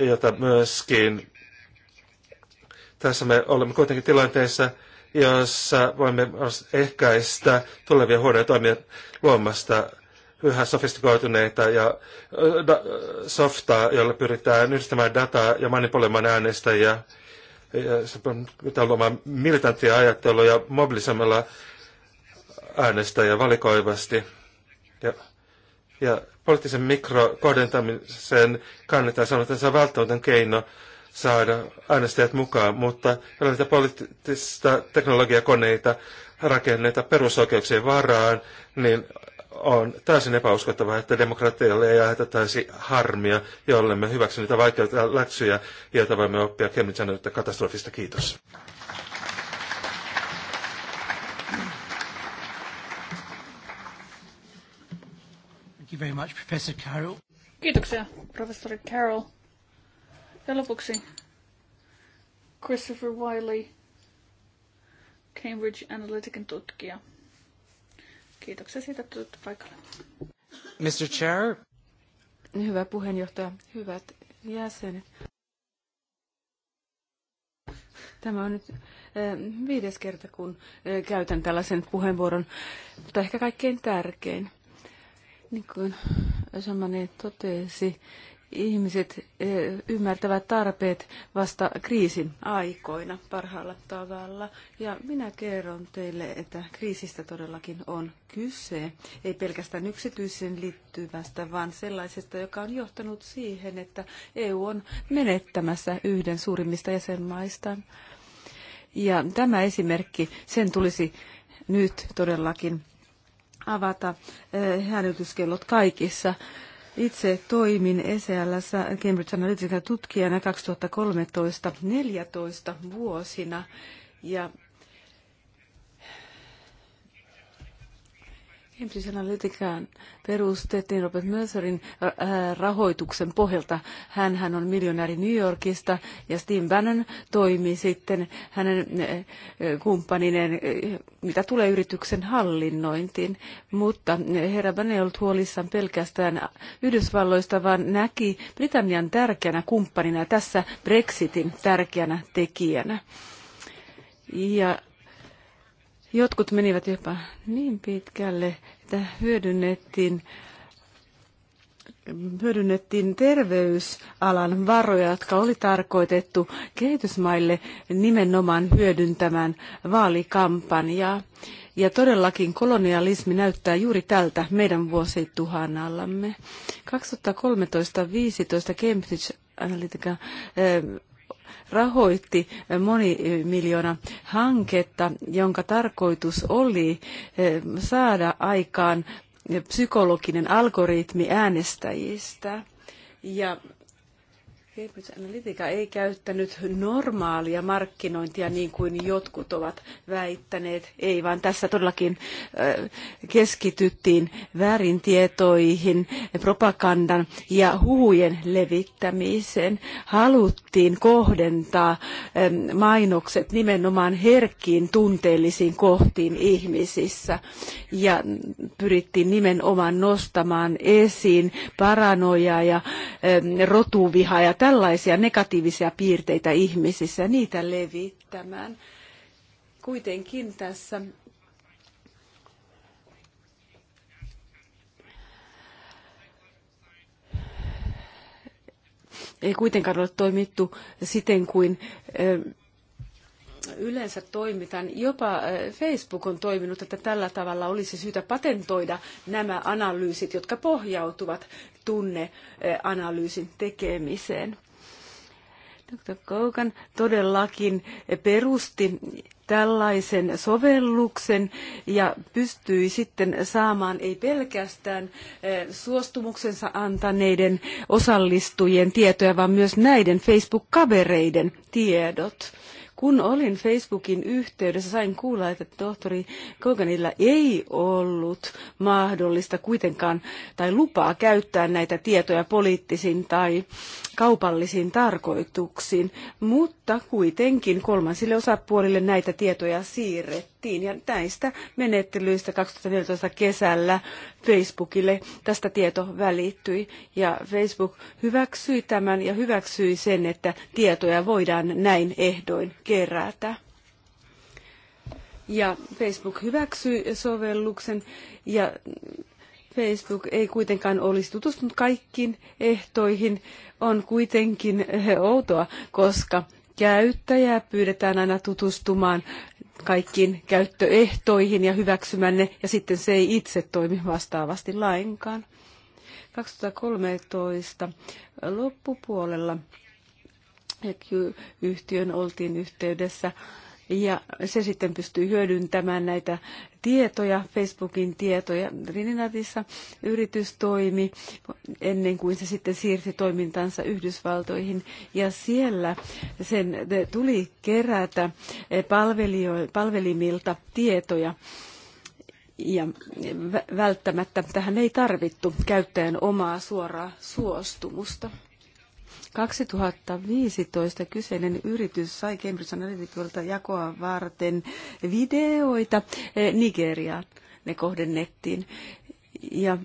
jota myöskin tässä me olemme kuitenkin tilanteessa, jossa voimme ehkäistä tulevia huonoja toimia luomasta yhä sofistikoituneita ja eh, softaa, jolla pyritään yhdistämään dataa ja manipuloimaan äänestäjiä. Ja se on luomaan militanttia ajattelua ja mobilisoimalla äänestäjä valikoivasti. Ja, ja poliittisen mikrokohdentamisen kannattaa sanoa, että se on välttämätön keino saada äänestäjät mukaan, mutta näitä poliittista teknologiakoneita rakenneita perusoikeuksien varaan, niin on täysin epäuskottavaa, että demokratialle ei aiheutettaisi harmia, jolle me hyväksy niitä vaikeita läksyjä, joita voimme oppia Cambridge Analytica katastrofista. Kiitos. Thank you very much, Professor Carroll. Kiitoksia, professori Carroll. Ja lopuksi Christopher Wiley, Cambridge Analytican tutkija. Kiitoksia siitä, että tulitte paikalle. Mr. Chair. Hyvä puheenjohtaja, hyvät jäsenet. Tämä on nyt eh, viides kerta, kun eh, käytän tällaisen puheenvuoron, mutta ehkä kaikkein tärkein. Niin kuin Samani totesi, ihmiset eh, ymmärtävät tarpeet vasta kriisin aikoina parhaalla tavalla. Ja minä kerron teille, että kriisistä todellakin on kyse, ei pelkästään yksityisen liittyvästä, vaan sellaisesta, joka on johtanut siihen, että EU on menettämässä yhden suurimmista jäsenmaista. Ja tämä esimerkki, sen tulisi nyt todellakin avata eh, hälytyskellot kaikissa itse toimin ECL Cambridge Analytica tutkijana 2013-2014 vuosina ja Cambridge Analyticaan perustettiin Robert Mercerin äh, äh, rahoituksen pohjalta. Hän, hän on miljonääri New Yorkista ja Steve Bannon toimi sitten hänen äh, kumppanineen, mitä tulee yrityksen hallinnointiin. Mutta herra Bannon ei ollut huolissaan pelkästään Yhdysvalloista, vaan näki Britannian tärkeänä kumppanina ja tässä Brexitin tärkeänä tekijänä. Ja Jotkut menivät jopa niin pitkälle, että hyödynnettiin hyödynnettiin terveysalan varoja, jotka oli tarkoitettu kehitysmaille nimenomaan hyödyntämään vaalikampanjaa. Ja todellakin kolonialismi näyttää juuri tältä meidän vuosituhannallamme. 2013-2015 Cambridge Analytica eh, rahoitti monimiljoona hanketta, jonka tarkoitus oli eh, saada aikaan psykologinen algoritmi äänestäjistä. Ja Cambridge Analytica ei käyttänyt normaalia markkinointia niin kuin jotkut ovat väittäneet. Ei, vaan tässä todellakin äh, keskityttiin väärintietoihin, propagandan ja huhujen levittämiseen. Haluttiin kohdentaa ähm, mainokset nimenomaan herkkiin tunteellisiin kohtiin ihmisissä ja pyrittiin nimenomaan nostamaan esiin paranoja ja ähm, rotuvihaa tällaisia negatiivisia piirteitä ihmisissä ja niitä levittämään. Kuitenkin tässä ei kuitenkaan ole toimittu siten kuin yleensä toimitaan. Jopa Facebook on toiminut, että tällä tavalla olisi syytä patentoida nämä analyysit, jotka pohjautuvat tunneanalyysin eh, tekemiseen. Dr. Kaukan todellakin perusti tällaisen sovelluksen ja pystyi sitten saamaan ei pelkästään eh, suostumuksensa antaneiden osallistujien tietoja, vaan myös näiden Facebook-kavereiden tiedot. Kun olin Facebookin yhteydessä, sain kuulla, että tohtori Koganilla ei ollut mahdollista kuitenkaan tai lupaa käyttää näitä tietoja poliittisin tai kaupallisiin tarkoituksiin, mutta kuitenkin kolmansille osapuolille näitä tietoja siirrettiin. Ja näistä menettelyistä 2014 kesällä Facebookille tästä tieto välittyi. Ja Facebook hyväksyi tämän ja hyväksyi sen, että tietoja voidaan näin ehdoin kerätä. Ja Facebook hyväksyi sovelluksen ja Facebook ei kuitenkaan olisi tutustunut kaikkiin ehtoihin, on kuitenkin eh, outoa, koska käyttäjää pyydetään aina tutustumaan kaikkiin käyttöehtoihin ja hyväksymään ne, ja sitten se ei itse toimi vastaavasti lainkaan. 2013 loppupuolella yhtiön oltiin yhteydessä ja se sitten pystyy hyödyntämään näitä tietoja, Facebookin tietoja. Trinidadissa yritys toimi ennen kuin se sitten siirsi toimintansa Yhdysvaltoihin ja siellä sen tuli kerätä eh, palvelimilta tietoja ja välttämättä tähän ei tarvittu käyttäjän omaa suoraa suostumusta. 2015 kyseinen yritys sai Cambridge Analyticalta jakoa varten videoita eh, Nigeriaan. Ne kohdennettiin. Ja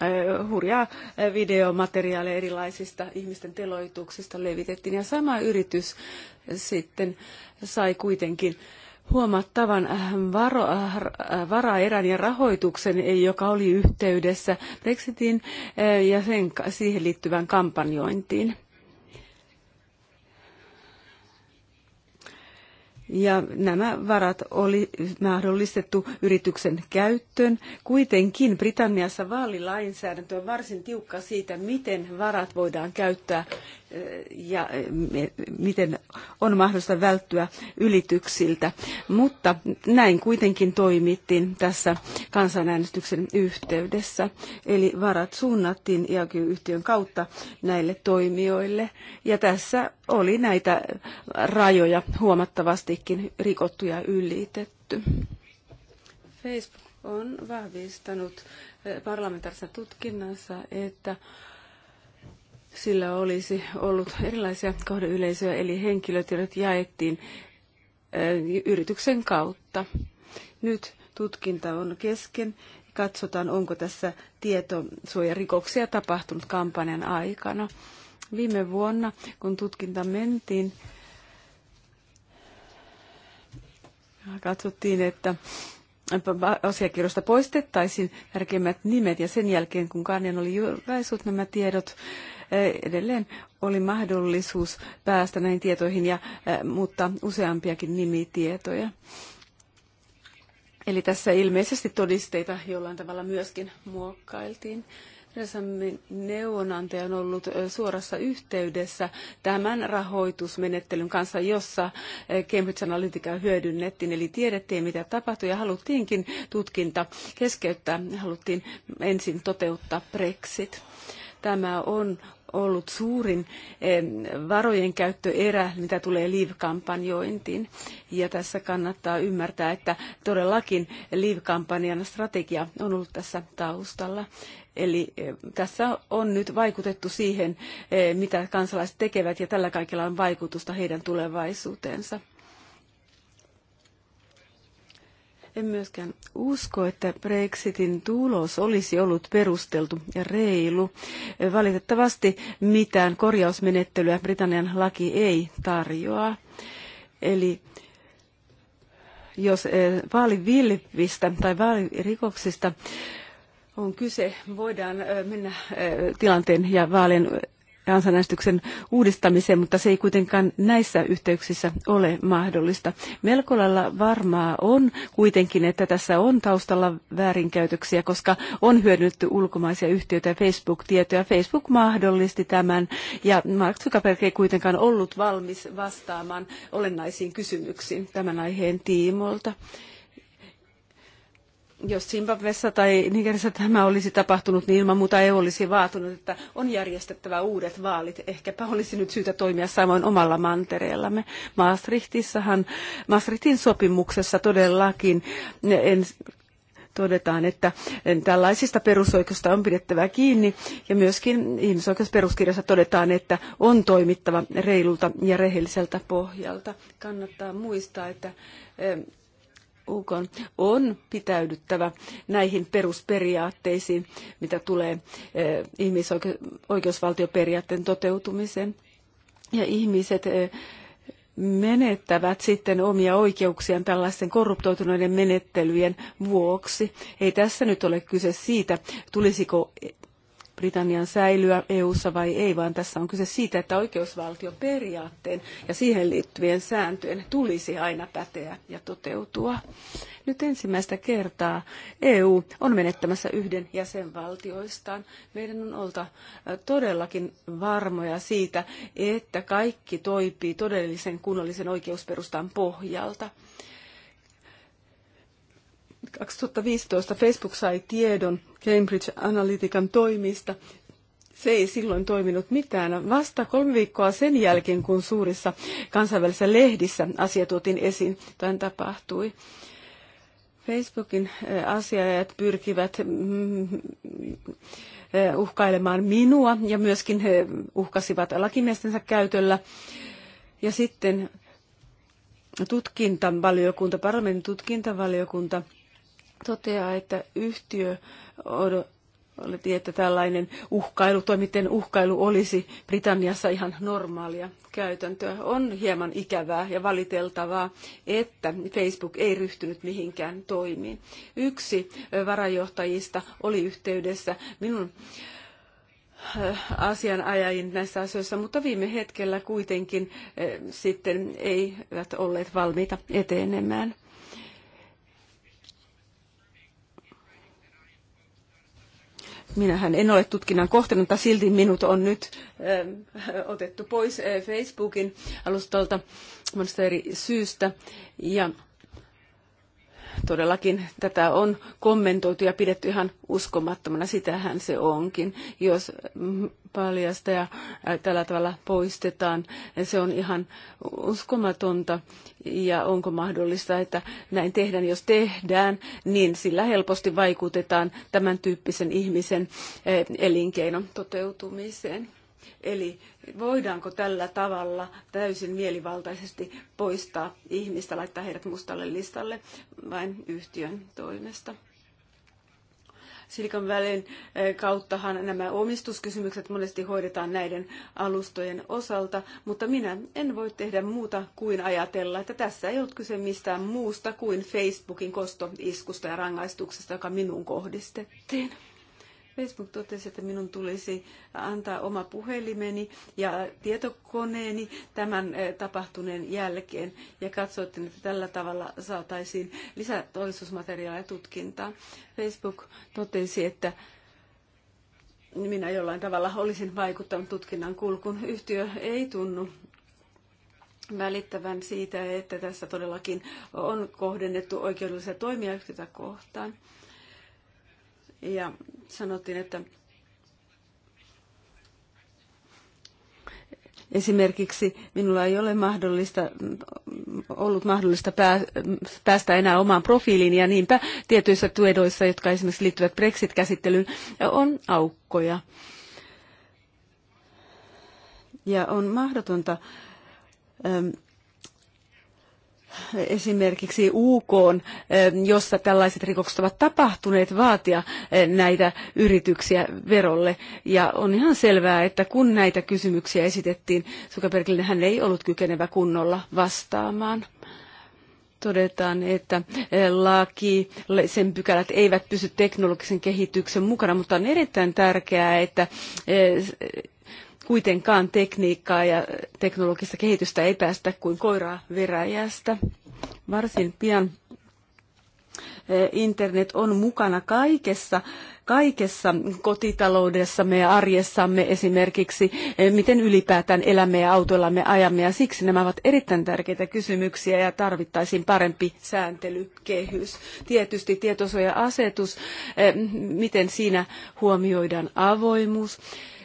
eh, hurjaa eh, videomateriaalia erilaisista ihmisten teloituksista levitettiin. Ja sama yritys sitten sai kuitenkin huomattavan äh, varo, äh, äh, varaerän ja rahoituksen, eh, joka oli yhteydessä Brexitin ja sen, siihen liittyvään kampanjointiin. Ja nämä varat oli mahdollistettu yrityksen käyttöön. Kuitenkin Britanniassa vaalilainsäädäntö on varsin tiukka siitä, miten varat voidaan käyttää ja miten on mahdollista välttyä ylityksiltä. Mutta näin kuitenkin toimittiin tässä kansanäänestyksen yhteydessä. Eli varat suunnattiin EAQ-yhtiön kautta näille toimijoille. Ja tässä oli näitä rajoja huomattavastikin rikottu ja ylitetty. Facebook on vahvistanut parlamentaarisessa tutkinnassa, että sillä olisi ollut erilaisia kohdeyleisöjä, eli henkilötiedot jaettiin eh, yrityksen kautta. Nyt tutkinta on kesken. Katsotaan, onko tässä tietosuojarikoksia tapahtunut kampanjan aikana. Viime vuonna, kun tutkinta mentiin, katsottiin, että asiakirjoista poistettaisiin tärkeimmät nimet ja sen jälkeen, kun Kanjan oli julkaissut nämä tiedot, edelleen oli mahdollisuus päästä näihin tietoihin ja mutta useampiakin nimitietoja. Eli tässä ilmeisesti todisteita jollain tavalla myöskin muokkailtiin. Resamin neuvonantaja on ollut suorassa yhteydessä tämän rahoitusmenettelyn kanssa, jossa Cambridge Analytica hyödynnettiin, eli tiedettiin mitä tapahtui ja haluttiinkin tutkinta keskeyttää, haluttiin ensin toteuttaa Brexit. Tämä on ollut suurin varojen käyttöerä, mitä tulee Live-kampanjointiin. Ja tässä kannattaa ymmärtää, että todellakin Live-kampanjan strategia on ollut tässä taustalla. Eli tässä on nyt vaikutettu siihen, mitä kansalaiset tekevät, ja tällä kaikella on vaikutusta heidän tulevaisuuteensa. En myöskään usko, että Brexitin tulos olisi ollut perusteltu ja reilu. Valitettavasti mitään korjausmenettelyä Britannian laki ei tarjoa. Eli jos eh, vaalivilvistä tai vaalirikoksista on kyse, voidaan eh, mennä eh, tilanteen ja vaalien kansanäänestyksen uudistamiseen, mutta se ei kuitenkaan näissä yhteyksissä ole mahdollista. Melko lailla varmaa on kuitenkin, että tässä on taustalla väärinkäytöksiä, koska on hyödynnetty ulkomaisia yhtiöitä ja Facebook-tietoja. Facebook mahdollisti tämän ja Mark Zuckerberg ei kuitenkaan ollut valmis vastaamaan olennaisiin kysymyksiin tämän aiheen tiimoilta. Jos Zimbabwessa tai Nigerissä tämä olisi tapahtunut, niin ilman muuta EU olisi vaatunut, että on järjestettävä uudet vaalit. Ehkäpä olisi nyt syytä toimia samoin omalla mantereellamme. Maastrichtissahan, Maastrichtin sopimuksessa todellakin en, todetaan, että tällaisista perusoikeuksista on pidettävä kiinni ja myöskin ihmisoikeusperuskirjassa todetaan, että on toimittava reilulta ja rehelliseltä pohjalta. Kannattaa muistaa, että UK on pitäydyttävä näihin perusperiaatteisiin, mitä tulee eh, ihmisoikeusvaltioperiaatteen toteutumiseen. Ja ihmiset eh, menettävät sitten omia oikeuksiaan tällaisten korruptoituneiden menettelyjen vuoksi. Ei tässä nyt ole kyse siitä, tulisiko Britannian säilyä EU:ssa vai ei, vaan tässä on kyse siitä, että oikeusvaltioperiaatteen ja siihen liittyvien sääntöjen tulisi aina päteä ja toteutua. Nyt ensimmäistä kertaa EU on menettämässä yhden jäsenvaltioistaan. Meidän on oltava todellakin varmoja siitä, että kaikki toipii todellisen kunnollisen oikeusperustan pohjalta. 2015 Facebook sai tiedon Cambridge Analytican toimista. Se ei silloin toiminut mitään. Vasta kolme viikkoa sen jälkeen, kun suurissa kansainvälisissä lehdissä asia tuotiin esiin, tämän tapahtui. Facebookin eh, asiajat pyrkivät mm, eh, uhkailemaan minua ja myöskin he eh, uhkasivat lakimiestensä käytöllä. Ja sitten tutkintavaliokunta, parlamentin tutkintavaliokunta toteaa, että yhtiö on, että tällainen uhkailu, toimittajien uhkailu olisi Britanniassa ihan normaalia käytäntöä. On hieman ikävää ja valiteltavaa, että Facebook ei ryhtynyt mihinkään toimiin. Yksi varajohtajista oli yhteydessä minun asianajajin näissä asioissa, mutta viime hetkellä kuitenkin sitten eivät olleet valmiita etenemään. Minähän en ole tutkinnan kohteena, mutta silti minut on nyt ähm, otettu pois äh, Facebookin alustalta monesta eri syystä. Ja todellakin tätä on kommentoitu ja pidetty ihan uskomattomana, sitähän se onkin. Jos paljasta ja äh, tällä tavalla poistetaan, se on ihan uskomatonta. Ja onko mahdollista, että näin tehdään, jos tehdään, niin sillä helposti vaikutetaan tämän tyyppisen ihmisen äh, elinkeinon toteutumiseen. Eli voidaanko tällä tavalla täysin mielivaltaisesti poistaa ihmistä, laittaa heidät mustalle listalle vain yhtiön toimesta? Silikon välin eh, kauttahan nämä omistuskysymykset monesti hoidetaan näiden alustojen osalta, mutta minä en voi tehdä muuta kuin ajatella, että tässä ei ollut kyse mistään muusta kuin Facebookin kostoiskusta ja rangaistuksesta, joka minun kohdistettiin. Facebook totesi, että minun tulisi antaa oma puhelimeni ja tietokoneeni tämän eh, tapahtuneen jälkeen. Ja katsottiin, että tällä tavalla saataisiin lisätodistusmateriaalia tutkintaan. Facebook totesi, että minä jollain tavalla olisin vaikuttanut tutkinnan kulkuun. Yhtiö ei tunnu välittävän siitä, että tässä todellakin on kohdennettu oikeudellisia toimia yhtiötä kohtaan. Ja sanottiin, että esimerkiksi minulla ei ole mahdollista, ollut mahdollista päästä enää omaan profiiliin ja niinpä tietyissä tuedoissa, jotka esimerkiksi liittyvät Brexit-käsittelyyn, on aukkoja. Ja on mahdotonta esimerkiksi UK, eh, jossa tällaiset rikokset ovat tapahtuneet, vaatia eh, näitä yrityksiä verolle. Ja on ihan selvää, että kun näitä kysymyksiä esitettiin, Zuckerbergille hän ei ollut kykenevä kunnolla vastaamaan todetaan, että eh, laki, sen pykälät eivät pysy teknologisen kehityksen mukana, mutta on erittäin tärkeää, että kuitenkaan tekniikkaa ja teknologista kehitystä ei päästä kuin koiraa veräjästä. Varsin pian e, internet on mukana kaikessa, kaikessa kotitaloudessamme ja arjessamme esimerkiksi, e, miten ylipäätään elämme ja autoillamme ajamme. Ja siksi nämä ovat erittäin tärkeitä kysymyksiä ja tarvittaisiin parempi sääntelykehys. Tietysti tietosuoja-asetus, e, miten siinä huomioidaan avoimuus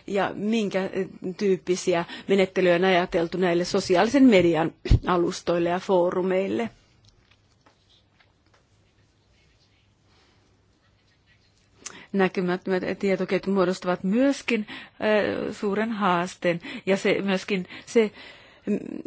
ja minkä eh, tyyppisiä menettelyjä on ajateltu näille sosiaalisen median alustoille ja foorumeille. näkymättömät tietoketjut muodostavat myöskin eh, suuren haasteen ja se myöskin se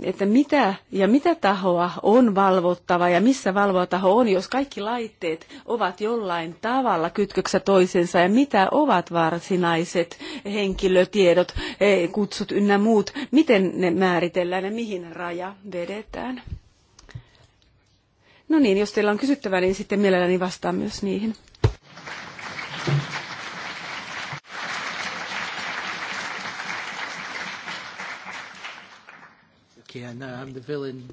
että mitä ja mitä tahoa on valvottava ja missä valvotaho on, jos kaikki laitteet ovat jollain tavalla kytköksä toisensa ja mitä ovat varsinaiset henkilötiedot, e, kutsut ynnä muut, miten ne määritellään ja mihin raja vedetään. No niin, jos teillä on kysyttävää, niin sitten mielelläni vastaan myös niihin. now uh, I'm the villain,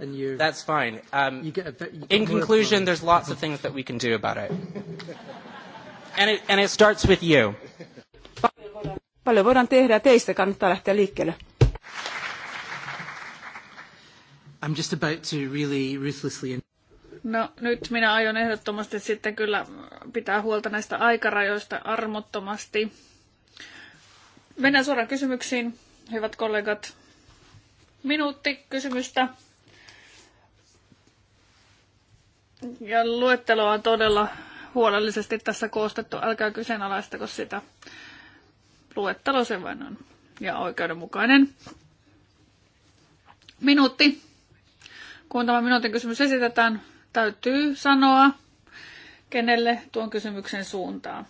and you're. That's fine. Um, you get a bit, you get in conclusion, there's lots of things that we can do about it. and it, and it starts with you. Paljon voidaan tehdä, teistä kannattaa lähteä liikkeelle. I'm just about to really ruthlessly... No nyt minä aion ehdottomasti sitten kyllä pitää huolta näistä aikarajoista armottomasti. Mennään suoraan kysymyksiin, hyvät kollegat minuutti kysymystä. Ja luettelo on todella huolellisesti tässä koostettu. Älkää kyseenalaistako sitä. Luettelo se vain on. Ja oikeudenmukainen. Minuutti. Kun tämä minuutin kysymys esitetään, täytyy sanoa, kenelle tuon kysymyksen suuntaa.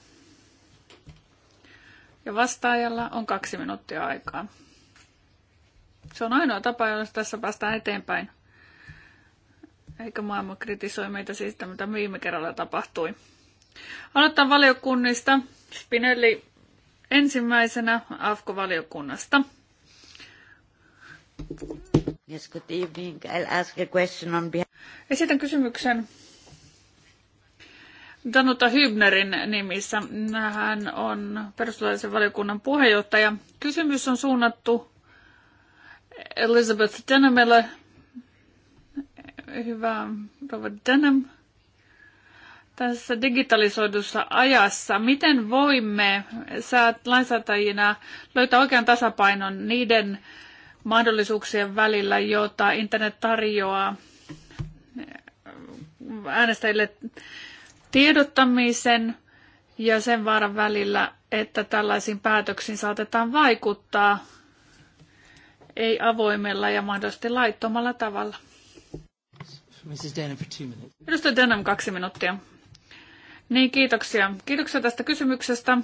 Ja vastaajalla on kaksi minuuttia aikaa. Se on ainoa tapa, jolla tässä päästään eteenpäin. Eikä maailma kritisoi meitä siitä, mitä viime kerralla tapahtui. Aloitetaan valiokunnista. Spinelli ensimmäisenä AFKO-valiokunnasta. Yes, good evening. I'll ask a question on behalf... Esitän kysymyksen Danuta Hybnerin nimissä. Hän on perustuslaillisen valiokunnan puheenjohtaja. Kysymys on suunnattu Elizabeth Denhamilla. Hyvä Robert Denham. Tässä digitalisoidussa ajassa, miten voimme lainsäätäjinä löytää oikean tasapainon niiden mahdollisuuksien välillä, joita internet tarjoaa äänestäjille tiedottamisen ja sen vaaran välillä, että tällaisiin päätöksiin saatetaan vaikuttaa ei avoimella ja mahdollisesti laittomalla tavalla. Edustaja Denham, kaksi minuuttia. Niin, kiitoksia. Kiitoksia tästä kysymyksestä.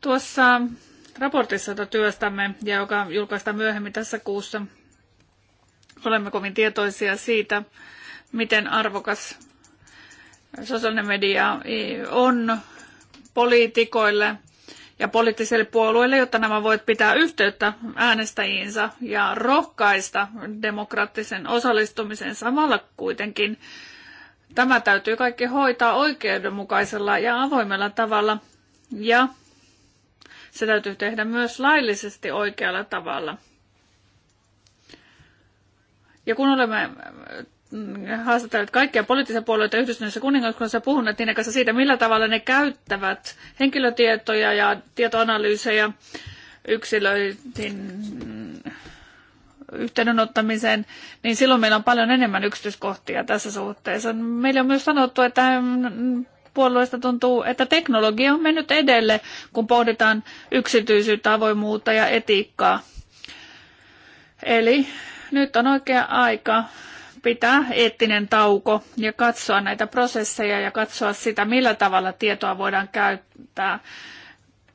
Tuossa raportissa, jota työstämme ja joka julkaistaan myöhemmin tässä kuussa, olemme kovin tietoisia siitä, miten arvokas sosiaalinen media on poliitikoille, ja poliittisille puolueille, jotta nämä voivat pitää yhteyttä äänestäjiinsä ja rohkaista demokraattisen osallistumisen samalla kuitenkin. Tämä täytyy kaikki hoitaa oikeudenmukaisella ja avoimella tavalla ja se täytyy tehdä myös laillisesti oikealla tavalla. Ja kun olemme Mm, haastatellut kaikkia poliittisia puolueita Yhdistyneessä kuningaskunnassa puhunut niiden kanssa siitä, millä tavalla ne käyttävät henkilötietoja ja tietoanalyysejä yksilöihin yhteydenottamiseen, niin silloin meillä on paljon enemmän yksityiskohtia tässä suhteessa. Meillä on myös sanottu, että puolueesta tuntuu, että teknologia on mennyt edelle, kun pohditaan yksityisyyttä, avoimuutta ja etiikkaa. Eli nyt on oikea aika pitää eettinen tauko ja katsoa näitä prosesseja ja katsoa sitä, millä tavalla tietoa voidaan käyttää,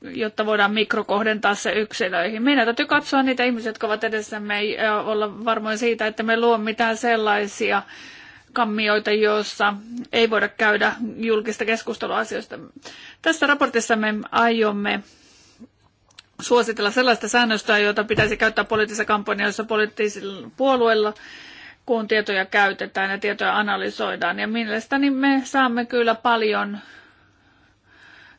jotta voidaan mikrokohdentaa se yksilöihin. Meidän täytyy katsoa niitä ihmisiä, jotka ovat edessämme ja olla varmoin siitä, että me luo mitään sellaisia kammioita, joissa ei voida käydä julkista keskustelua asioista. Tässä raportissa me aiomme suositella sellaista säännöstä, jota pitäisi käyttää poliittisissa kampanjoissa poliittisilla puolueilla, kun tietoja käytetään ja tietoja analysoidaan. Ja mielestäni me saamme kyllä paljon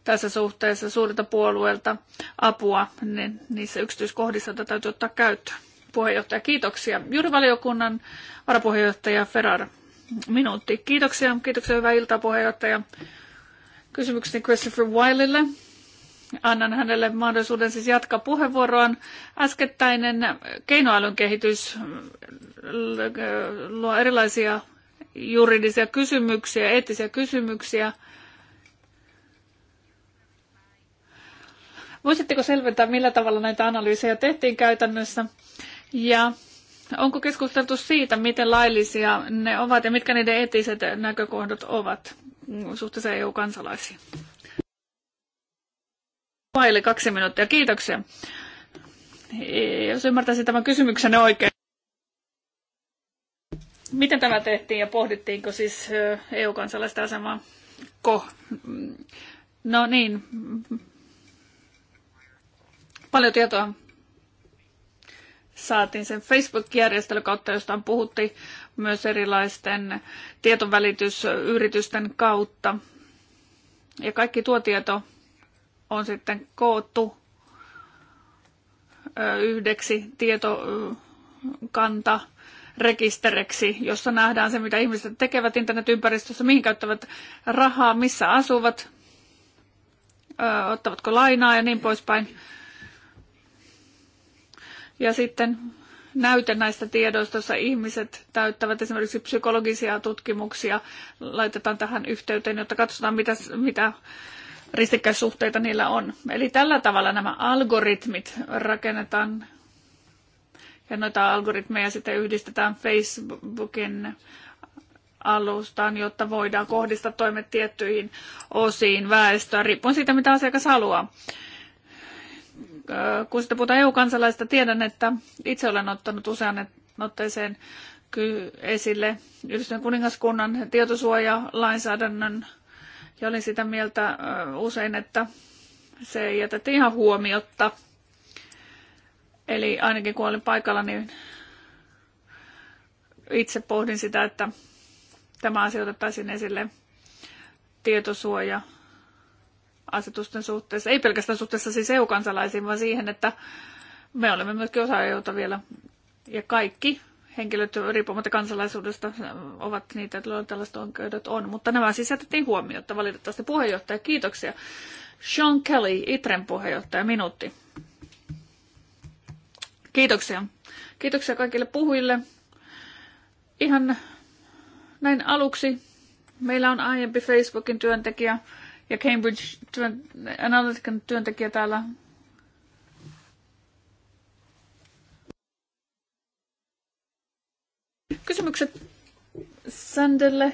tässä suhteessa suurilta puolueilta apua niin niissä yksityiskohdissa, joita täytyy ottaa käyttöön. Puheenjohtaja, kiitoksia. Juurivaliokunnan varapuheenjohtaja Ferrar, minuutti. Kiitoksia, kiitoksia, hyvää iltaa puheenjohtaja. Kysymykseni Christopher Wilelle. Annan hänelle mahdollisuuden siis jatkaa puheenvuoroaan. Äskettäinen keinoälyn kehitys luo erilaisia juridisia kysymyksiä, eettisiä kysymyksiä. Voisitteko selventää, millä tavalla näitä analyysejä tehtiin käytännössä? Ja onko keskusteltu siitä, miten laillisia ne ovat ja mitkä niiden eettiset näkökohdat ovat suhteessa EU-kansalaisiin? paili kaksi minuuttia. Kiitoksia. Jos ymmärtäisin tämän kysymyksen oikein. Miten tämä tehtiin ja pohdittiinko siis EU-kansalaisten asemaa? Ko? No niin. Paljon tietoa saatiin sen Facebook-järjestelyn kautta, josta puhuttiin myös erilaisten tietovälitysyritysten kautta. Ja kaikki tuo tieto on sitten koottu yhdeksi tietokanta rekisteriksi, jossa nähdään se, mitä ihmiset tekevät internetympäristössä, mihin käyttävät rahaa, missä asuvat, ottavatko lainaa ja niin poispäin. Ja sitten näyte näistä tiedoista, jossa ihmiset täyttävät esimerkiksi psykologisia tutkimuksia, laitetaan tähän yhteyteen, jotta katsotaan, mitä, mitä ristikkäissuhteita niillä on. Eli tällä tavalla nämä algoritmit rakennetaan ja noita algoritmeja sitten yhdistetään Facebookin alustaan, jotta voidaan kohdistaa toimet tiettyihin osiin väestöä, riippuen siitä, mitä asiakas haluaa. Kun sitten puhutaan EU-kansalaisista, tiedän, että itse olen ottanut usean otteeseen esille yhdistyneen kuningaskunnan tietosuojalainsäädännön ja olin sitä mieltä usein, että se ei jätetä ihan huomiotta. Eli ainakin kun olin paikalla, niin itse pohdin sitä, että tämä asia otettaisiin esille tietosuoja asetusten suhteessa, ei pelkästään suhteessa siis EU-kansalaisiin, vaan siihen, että me olemme myöskin osa EUta vielä. Ja kaikki henkilöt riippumatta kansalaisuudesta ovat niitä, joilla tällaiset oikeudet on. Mutta nämä siis jätettiin huomiota valitettavasti puheenjohtaja. Kiitoksia. Sean Kelly, Itren puheenjohtaja, minuutti. Kiitoksia. Kiitoksia kaikille puhujille. Ihan näin aluksi meillä on aiempi Facebookin työntekijä ja Cambridge työn, Analytican työntekijä täällä Kysymykset Sandelle.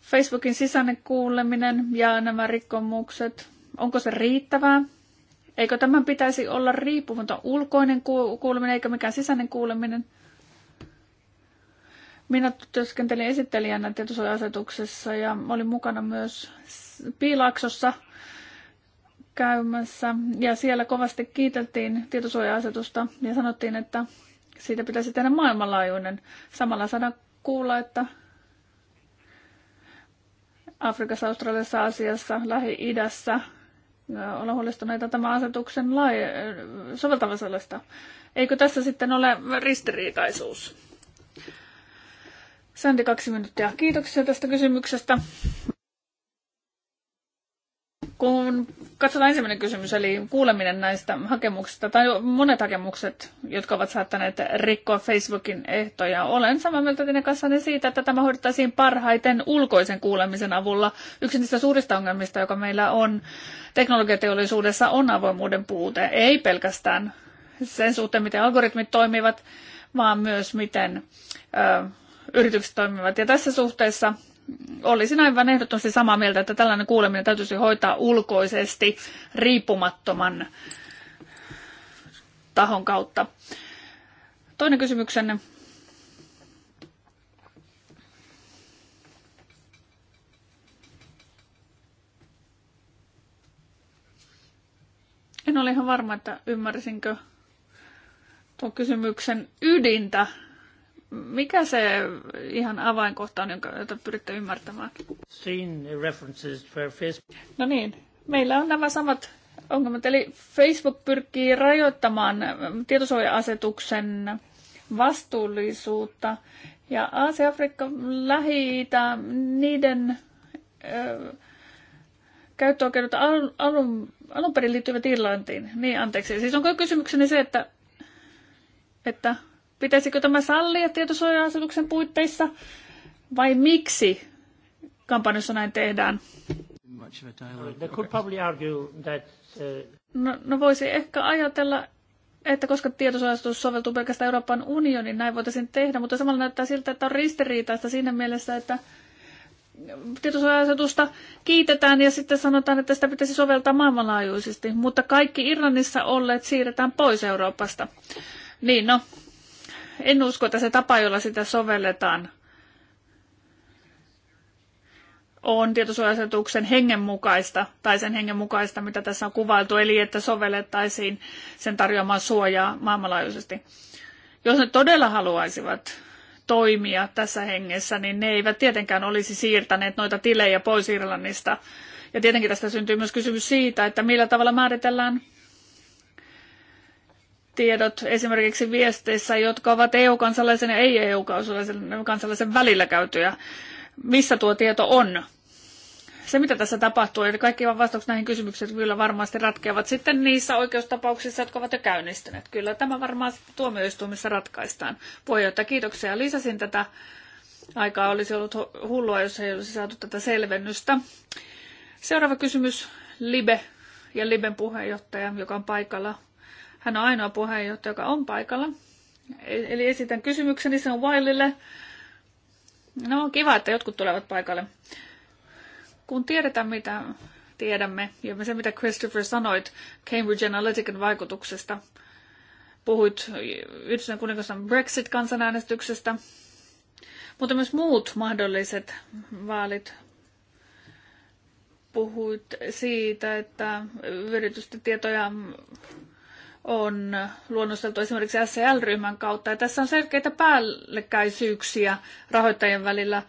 Facebookin sisäinen kuuleminen ja nämä rikkomukset, onko se riittävää? Eikö tämän pitäisi olla riippumaton ulkoinen kuuleminen eikä mikään sisäinen kuuleminen? Minä työskentelin esittelijänä tietosuoja-asetuksessa ja olin mukana myös Piilaksossa käymässä. Ja siellä kovasti kiiteltiin tietosuoja-asetusta ja sanottiin, että siitä pitäisi tehdä maailmanlaajuinen. Samalla saada kuulla, että Afrikassa, Australiassa, Aasiassa, Lähi-idässä olla huolestuneita tämän asetuksen lai- soveltamisesta. Eikö tässä sitten ole ristiriitaisuus? Sandi, kaksi minuuttia. Kiitoksia tästä kysymyksestä. Kun katsotaan ensimmäinen kysymys, eli kuuleminen näistä hakemuksista, tai monet hakemukset, jotka ovat saattaneet rikkoa Facebookin ehtoja, olen samaa mieltä teidän kanssanne siitä, että tämä hoidettaisiin parhaiten ulkoisen kuulemisen avulla. Yksi niistä suurista ongelmista, joka meillä on teknologiateollisuudessa, on avoimuuden puute. Ei pelkästään sen suhteen, miten algoritmit toimivat, vaan myös miten ö, yritykset toimivat. Ja tässä suhteessa olisin aivan ehdottomasti samaa mieltä, että tällainen kuuleminen täytyisi hoitaa ulkoisesti riippumattoman tahon kautta. Toinen kysymyksenne. En ole ihan varma, että ymmärsinkö tuon kysymyksen ydintä mikä se ihan avainkohta on, jonka, jota pyritte ymmärtämään? No niin, meillä on nämä samat ongelmat. Eli Facebook pyrkii rajoittamaan tietosuoja-asetuksen vastuullisuutta. Ja Aasia, Afrikka, lähi niiden ö, käyttöoikeudet alun, alun, alun perin liittyvät Irlantiin. Niin, anteeksi. Siis onko kysymykseni se, että, että Pitäisikö tämä sallia tietosuoja-asetuksen puitteissa vai miksi kampanjassa näin tehdään? Uh, no, no voisi ehkä ajatella, että koska tietosuojastus soveltuu pelkästään Euroopan unionin näin voitaisiin tehdä, mutta samalla näyttää siltä, että on ristiriitaista siinä mielessä, että tietosuoja kiitetään ja sitten sanotaan, että sitä pitäisi soveltaa maailmanlaajuisesti, mutta kaikki Irlannissa olleet siirretään pois Euroopasta. Niin, no, en usko, että se tapa, jolla sitä sovelletaan, on tietosuojasetuksen hengen mukaista tai sen hengen mukaista, mitä tässä on kuvailtu, eli että sovellettaisiin sen tarjoamaa suojaa maailmanlaajuisesti. Jos ne todella haluaisivat toimia tässä hengessä, niin ne eivät tietenkään olisi siirtäneet noita tilejä pois Irlannista. Ja tietenkin tästä syntyy myös kysymys siitä, että millä tavalla määritellään tiedot esimerkiksi viesteissä, jotka ovat EU-kansalaisen ja ei-EU-kansalaisen välillä käytyjä. Missä tuo tieto on? Se, mitä tässä tapahtuu, eli kaikki vastaukset näihin kysymyksiin kyllä varmasti ratkeavat sitten niissä oikeustapauksissa, jotka ovat jo käynnistyneet. Kyllä tämä varmaan tuomioistuimissa ratkaistaan. Puheenjohtaja, kiitoksia. Lisäsin tätä aikaa. Olisi ollut hullua, jos ei olisi saatu tätä selvennystä. Seuraava kysymys, Libe ja Liben puheenjohtaja, joka on paikalla. Hän on ainoa puheenjohtaja, joka on paikalla. E- eli esitän kysymykseni, se on Wailille. No kiva, että jotkut tulevat paikalle. Kun tiedetään, mitä tiedämme, ja se mitä Christopher sanoit Cambridge Analytican vaikutuksesta, puhuit Yhdistyneen kuningasan Brexit-kansanäänestyksestä, mutta myös muut mahdolliset vaalit. Puhuit siitä, että yritysten tietoja on luonnosteltu esimerkiksi SCL-ryhmän e kautta. Ja tässä on selkeitä päällekkäisyyksiä rahoittajien välillä.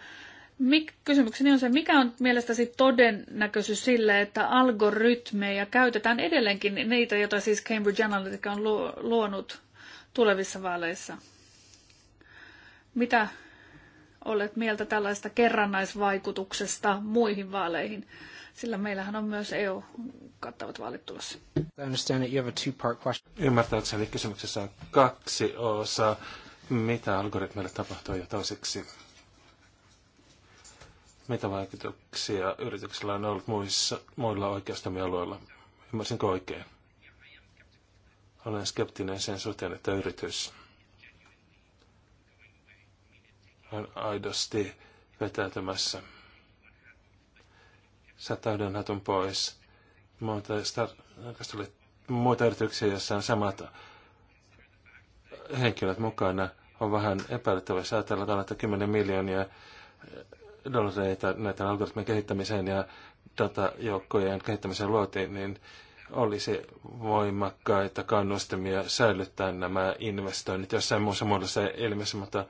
Mik, kysymykseni on se, mikä on mielestäsi todennäköisyys sille, että algoritmeja käytetään edelleenkin, niitä, joita siis Cambridge Analytica on luonut tulevissa vaaleissa? Mitä olet mieltä tällaista kerrannaisvaikutuksesta muihin vaaleihin? Sillä meillähän on myös EU-kattavat vaalit tulossa. Ymmärtääkseni kysymyksessä on kaksi osaa. Mitä algoritmeille tapahtuu ja toiseksi? Mitä vaikutuksia yrityksillä on ollut muissa, muilla oikeustoimialueilla? Ymmärsinkö oikein? Olen skeptinen sen suhteen, että yritys on aidosti vetäytymässä sata yhden hatun pois. Muita, oli muita yrityksiä, joissa on samat henkilöt mukana, on vähän epäilyttävä Jos ajatellaan, että 10 miljoonia dollareita näiden algoritmien kehittämiseen ja datajoukkojen kehittämiseen luotiin, niin olisi voimakkaita kannustimia säilyttää nämä investoinnit jossain muussa muodossa ilmeisesti, mutta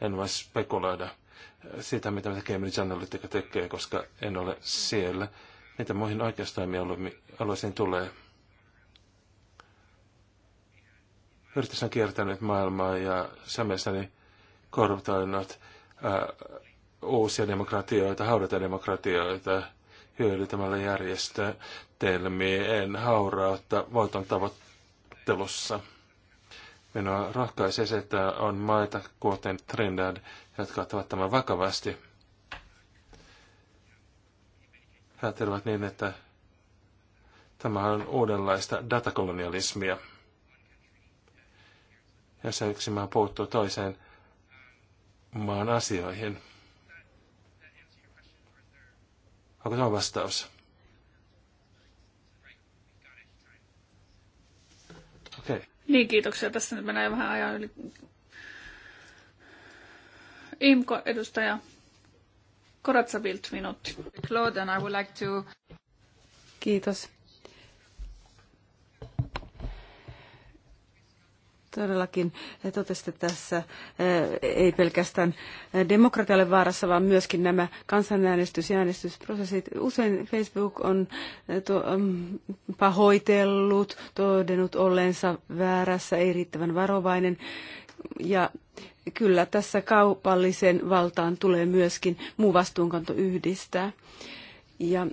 en voi spekuloida sitä, mitä Cambridge Analytica tekee, koska en ole siellä. Mitä muihin oikeustoimialueisiin tulee? Yritys on kiertänyt maailmaa ja samessani korruptoinut äh, uusia demokratioita, haudata demokratioita hyödyntämällä järjestelmien haurautta voiton tavoittelussa. Minua rohkaisee se, että on maita, kuten Trinidad jotka ottavat tämän vakavasti. He ajattelevat niin, että tämä on uudenlaista datakolonialismia, se yksi maa puuttuu toiseen maan asioihin. Onko tämä vastaus? Okay. Niin, kiitoksia. Tässä nyt mennään vähän ajan yli IMKO-edustaja Koratsa Vilt, Claude, and I would like to... Kiitos. Todellakin eh, totesitte tässä, eh, ei pelkästään eh, demokratialle vaarassa, vaan myöskin nämä kansanäänestys- ja äänestysprosessit. Usein Facebook on mm, pahoitellut, todennut olleensa väärässä, ei riittävän varovainen. Ja kyllä tässä kaupallisen valtaan tulee myöskin muu vastuunkanto yhdistää. Ja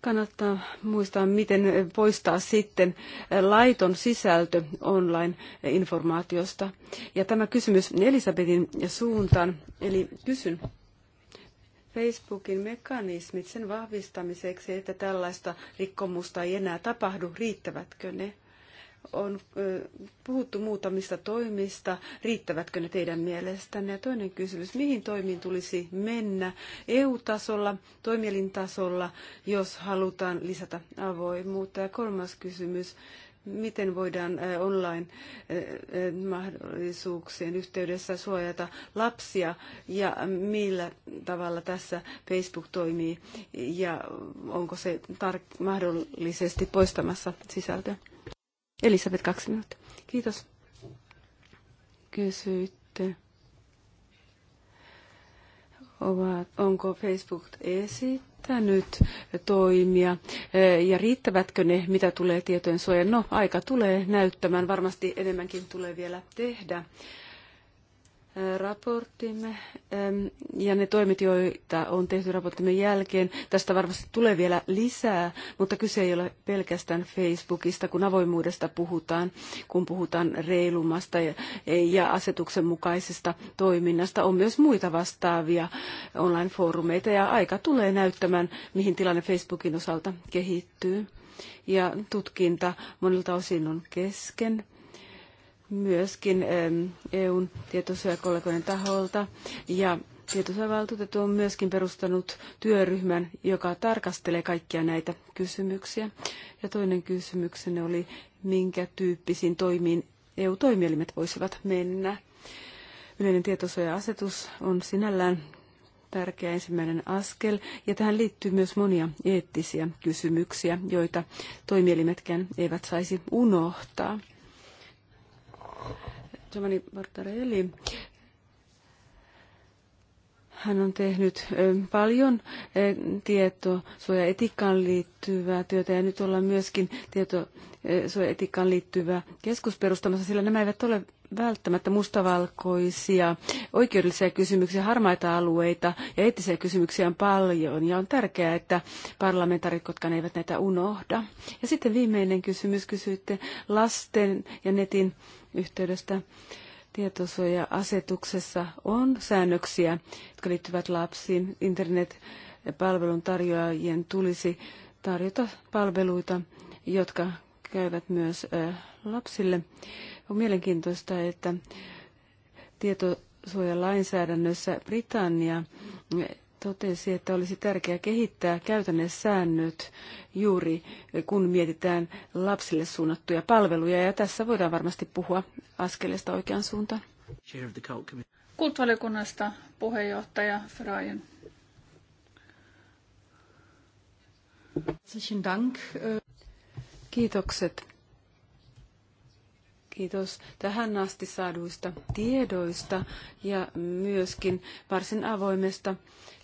kannattaa muistaa, miten poistaa sitten laiton sisältö online-informaatiosta. Ja tämä kysymys Elisabetin suuntaan, eli kysyn. Facebookin mekanismit sen vahvistamiseksi, että tällaista rikkomusta ei enää tapahdu, riittävätkö ne? on puhuttu muutamista toimista. Riittävätkö ne teidän mielestänne? Ja toinen kysymys, mihin toimiin tulisi mennä EU-tasolla, toimielintasolla, jos halutaan lisätä avoimuutta? Ja kolmas kysymys, miten voidaan online-mahdollisuuksien yhteydessä suojata lapsia ja millä tavalla tässä Facebook toimii ja onko se mahdollisesti poistamassa sisältöä? Elisabeth, kaksi minuuttia. Kiitos. Kysyitte, ovat, onko Facebook esittänyt toimia eh, ja riittävätkö ne, mitä tulee tietojen suojan? No, aika tulee näyttämään. Varmasti enemmänkin tulee vielä tehdä raporttimme ähm, ja ne toimet, joita on tehty raporttimme jälkeen. Tästä varmasti tulee vielä lisää, mutta kyse ei ole pelkästään Facebookista, kun avoimuudesta puhutaan, kun puhutaan reilumasta ja asetuksen mukaisesta toiminnasta. On myös muita vastaavia online-foorumeita ja aika tulee näyttämään, mihin tilanne Facebookin osalta kehittyy. Ja tutkinta monilta osin on kesken myöskin EUn tietosuojakollegoiden taholta. Ja tietosuojavaltuutettu on myöskin perustanut työryhmän, joka tarkastelee kaikkia näitä kysymyksiä. Ja toinen kysymyksenne oli, minkä tyyppisiin toimiin EU-toimielimet voisivat mennä. Yleinen tietosuoja-asetus on sinällään tärkeä ensimmäinen askel, ja tähän liittyy myös monia eettisiä kysymyksiä, joita toimielimetkään eivät saisi unohtaa. Giovanni Bartarelli. Hän on tehnyt paljon tietosuojaetiikkaan liittyvää työtä ja nyt ollaan myöskin tietosuojaetiikkaan liittyvää keskusperustamassa, sillä nämä eivät ole välttämättä mustavalkoisia oikeudellisia kysymyksiä, harmaita alueita ja eettisiä kysymyksiä on paljon. Ja on tärkeää, että parlamentaaritkotkaan eivät näitä unohda. Ja sitten viimeinen kysymys kysyitte lasten ja netin yhteydestä. Tietosuoja-asetuksessa on säännöksiä, jotka liittyvät lapsiin. Internet-palvelun tarjoajien tulisi tarjota palveluita, jotka käyvät myös lapsille. On mielenkiintoista, että tietosuojalainsäädännössä Britannia totesi, että olisi tärkeää kehittää käytännön säännöt juuri kun mietitään lapsille suunnattuja palveluja, ja tässä voidaan varmasti puhua askeleesta oikeaan suuntaan. Kulttuurivaliokunnasta puheenjohtaja Frayen. Kiitokset Kiitos tähän asti saaduista tiedoista ja myöskin varsin avoimesta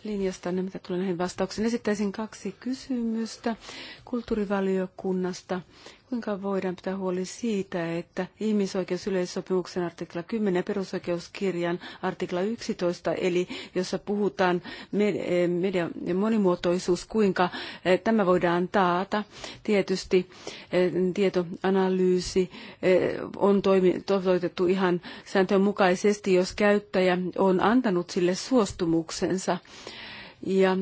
linjasta, mitä tulee näihin vastauksiin. Esittäisin kaksi kysymystä kulttuurivaliokunnasta Kuinka voidaan pitää huoli siitä, että ihmisoikeusyleissopimuksen artikla 10 ja perusoikeuskirjan artikla 11, eli jossa puhutaan eh, median monimuotoisuus, kuinka eh, tämä voidaan taata. Tietysti eh, tietoanalyysi on toteutettu ihan sääntöön mukaisesti, jos käyttäjä on antanut sille suostumuksensa. Ja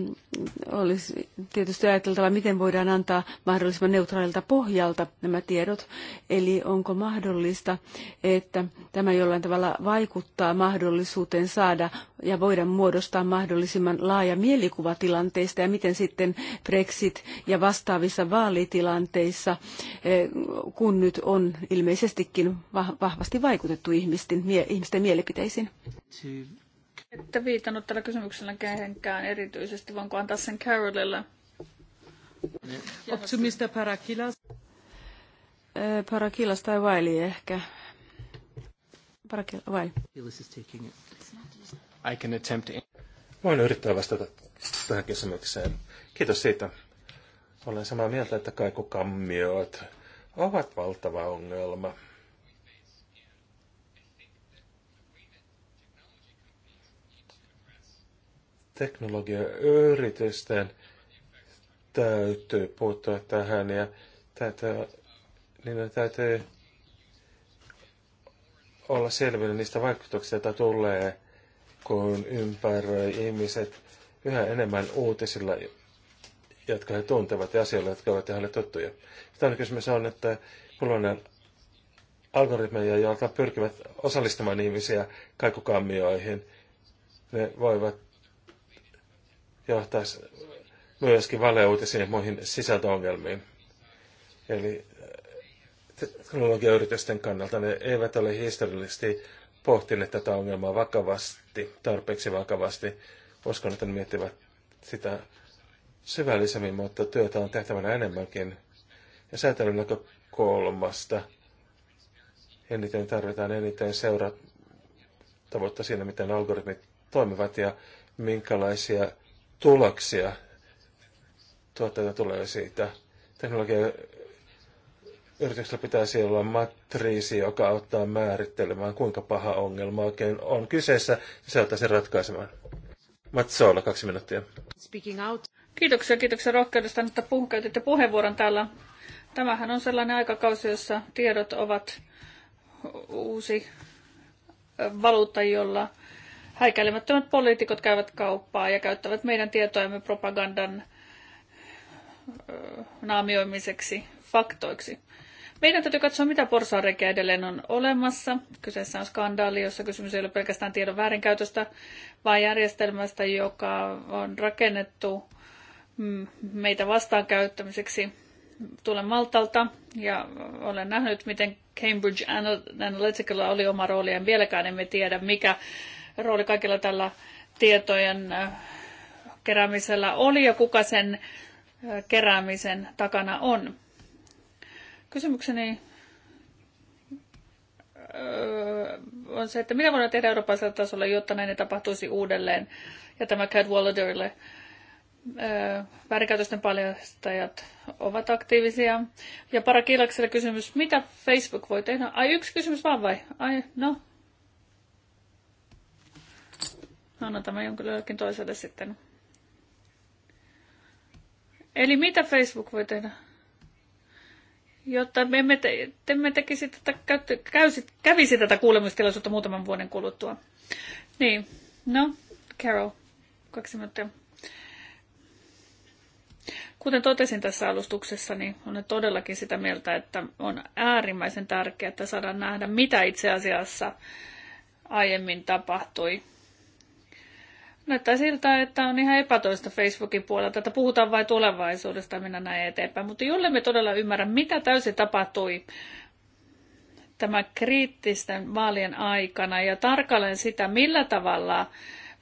olisi tietysti ajateltava, miten voidaan antaa mahdollisimman neutraalilta pohjalta nämä tiedot. Eli onko mahdollista, että tämä jollain tavalla vaikuttaa mahdollisuuteen saada ja voida muodostaa mahdollisimman laaja mielikuva tilanteista ja miten sitten Brexit ja vastaavissa vaalitilanteissa, eh, kun nyt on ilmeisestikin vahvasti vaikutettu ihmisten, ihmisten mielipiteisiin. Ette viitannut tällä kysymyksellä kehenkään erityisesti, vaanko antaa sen Carolille. mistä Parakilas. Äh, Parakilas tai Vaili ehkä. Parakilas, Vaili. I can attempt Voin yrittää vastata tähän kysymykseen. Kiitos siitä. Olen samaa mieltä, että kaikukammiot ovat valtava ongelma. teknologiayritysten täytyy puuttua tähän ja täytyy, niin täytyy olla selvillä niistä vaikutuksista, joita tulee, kun ympäröi ihmiset yhä enemmän uutisilla, jotka he tuntevat ja asioilla, jotka ovat heille tuttuja. Toinen kysymys on, että kulloinen algoritmeja, jotka pyrkivät osallistamaan ihmisiä kaikukammioihin, ne voivat johtaisi myöskin valeuutisiin ja muihin sisältöongelmiin. Eli äh, teknologiayritysten kannalta ne eivät ole historiallisesti pohtineet tätä ongelmaa vakavasti, tarpeeksi vakavasti. Uskon, että ne miettivät sitä syvällisemmin, mutta työtä on tehtävänä enemmänkin. Ja säätelyn näkökulmasta eniten tarvitaan eniten seurattavuutta siinä, miten algoritmit toimivat ja minkälaisia tuloksia tuotteita tulee siitä. Teknologia yrityksellä pitäisi olla matriisi, joka auttaa määrittelemään, kuinka paha ongelma oikein on kyseessä, ja se auttaa sen ratkaisemaan. Matsola, kaksi minuuttia. Speaking out. Kiitoksia, kiitoksia rohkeudesta, että käytitte puheenvuoron täällä. Tämähän on sellainen aikakausi, jossa tiedot ovat uusi valuutta, jolla häikäilemättömät poliitikot käyvät kauppaa ja käyttävät meidän tietojamme propagandan naamioimiseksi faktoiksi. Meidän täytyy katsoa, mitä porsaareikiä edelleen on olemassa. Kyseessä on skandaali, jossa kysymys ei ole pelkästään tiedon väärinkäytöstä, vaan järjestelmästä, joka on rakennettu mm, meitä vastaan käyttämiseksi. Tulen Maltalta ja olen nähnyt, miten Cambridge Analytical oli oma rooli. En vieläkään emme tiedä, mikä rooli kaikilla tällä tietojen keräämisellä oli ja kuka sen keräämisen takana on. Kysymykseni on se, että mitä voidaan tehdä eurooppalaisella tasolla, jotta näin ei tapahtuisi uudelleen. Ja tämä Cat Walladerille väärinkäytösten paljastajat ovat aktiivisia. Ja Parakilakselle kysymys, mitä Facebook voi tehdä? Ai yksi kysymys vaan vai? Ai, no, No, no tämä jonkinlaillekin toiselle sitten. Eli mitä Facebook voi tehdä? Jotta me emme, te, emme tekisi tätä, käysi, kävisi tätä kuulemistilaisuutta muutaman vuoden kuluttua. Niin, no, Carol, kaksi minuuttia. Kuten totesin tässä alustuksessa, niin olen todellakin sitä mieltä, että on äärimmäisen tärkeää, että saadaan nähdä, mitä itse asiassa aiemmin tapahtui näyttää siltä, että on ihan epätoista Facebookin puolelta, että puhutaan vain tulevaisuudesta, minä näin eteenpäin. Mutta jolle me todella ymmärrä, mitä täysin tapahtui tämä kriittisten vaalien aikana ja tarkalleen sitä, millä tavalla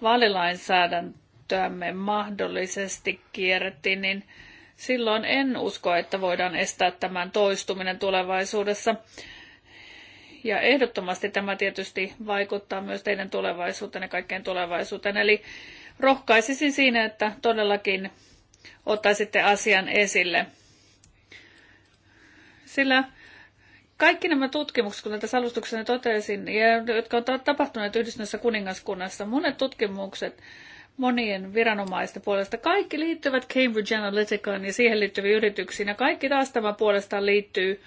vaalilainsäädäntöämme mahdollisesti kierrettiin, niin silloin en usko, että voidaan estää tämän toistuminen tulevaisuudessa. Ja ehdottomasti tämä tietysti vaikuttaa myös teidän tulevaisuuteen ja kaikkeen tulevaisuuteen. Eli rohkaisisin siinä, että todellakin ottaisitte asian esille. Sillä kaikki nämä tutkimukset, kun tässä alustuksessa totesin, ja jotka ovat tapahtuneet yhdistyneessä kuningaskunnassa, monet tutkimukset monien viranomaisten puolesta, kaikki liittyvät Cambridge Analyticaan ja siihen liittyviin yrityksiin, ja kaikki taas tämä puolestaan liittyy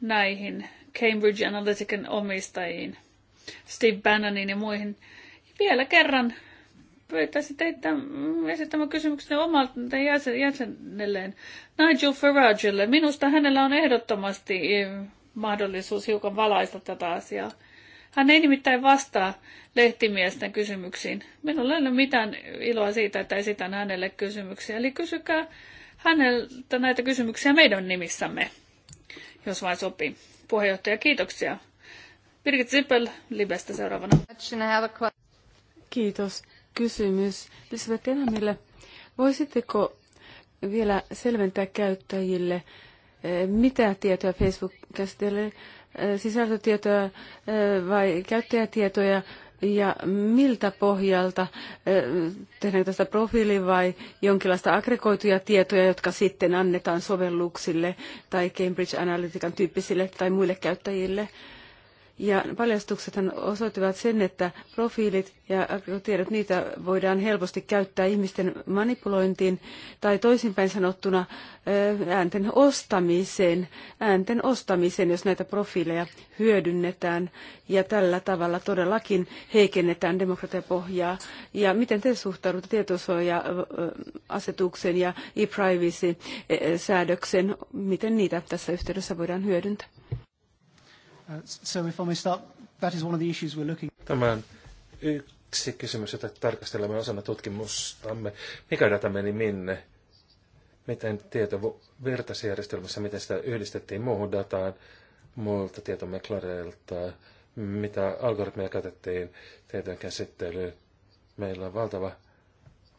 näihin Cambridge Analytican omistajiin, Steve Bannonin, ja muihin. Vielä kerran pyytäisin teitä esittämään kysymyksen omalta jäsenelleen Nigel Faragelle. Minusta hänellä on ehdottomasti eh, mahdollisuus hiukan valaista tätä asiaa. Hän ei nimittäin vastaa lehtimiesten kysymyksiin. Minulla ei ole mitään iloa siitä, että esitän hänelle kysymyksiä. Eli kysykää häneltä näitä kysymyksiä meidän nimissämme, jos vain sopii puheenjohtaja. Kiitoksia. Birgit Zippel Libestä seuraavana. Kiitos. Kysymys Lisbeth Enamille. Voisitteko vielä selventää käyttäjille, eh, mitä tietoja Facebook käsittelee? Eh, sisältötietoja eh, vai käyttäjätietoja? ja miltä pohjalta, eh, tehdään tästä profiili vai jonkinlaista aggregoituja tietoja, jotka sitten annetaan sovelluksille tai Cambridge Analytican tyyppisille tai muille käyttäjille? Ja paljastuksethan osoittivat sen, että profiilit ja tiedot, niitä voidaan helposti käyttää ihmisten manipulointiin tai toisinpäin sanottuna äänten ostamiseen, äänten ostamiseen, jos näitä profiileja hyödynnetään. Ja tällä tavalla todellakin heikennetään demokratiapohjaa. Ja miten te suhtaudutte tietosuoja-asetuksen ja e-privacy-säädöksen, miten niitä tässä yhteydessä voidaan hyödyntää? Uh, so if I start, that is one of the issues we're looking... Tämä on yksi kysymys, jota tarkastelemme osana tutkimustamme. Mikä data meni minne? Miten tieto virtasjärjestelmässä, miten sitä yhdistettiin muuhun dataan, muilta tietomeklareilta, mitä algoritmeja käytettiin tietojen käsittelyyn. Meillä on valtava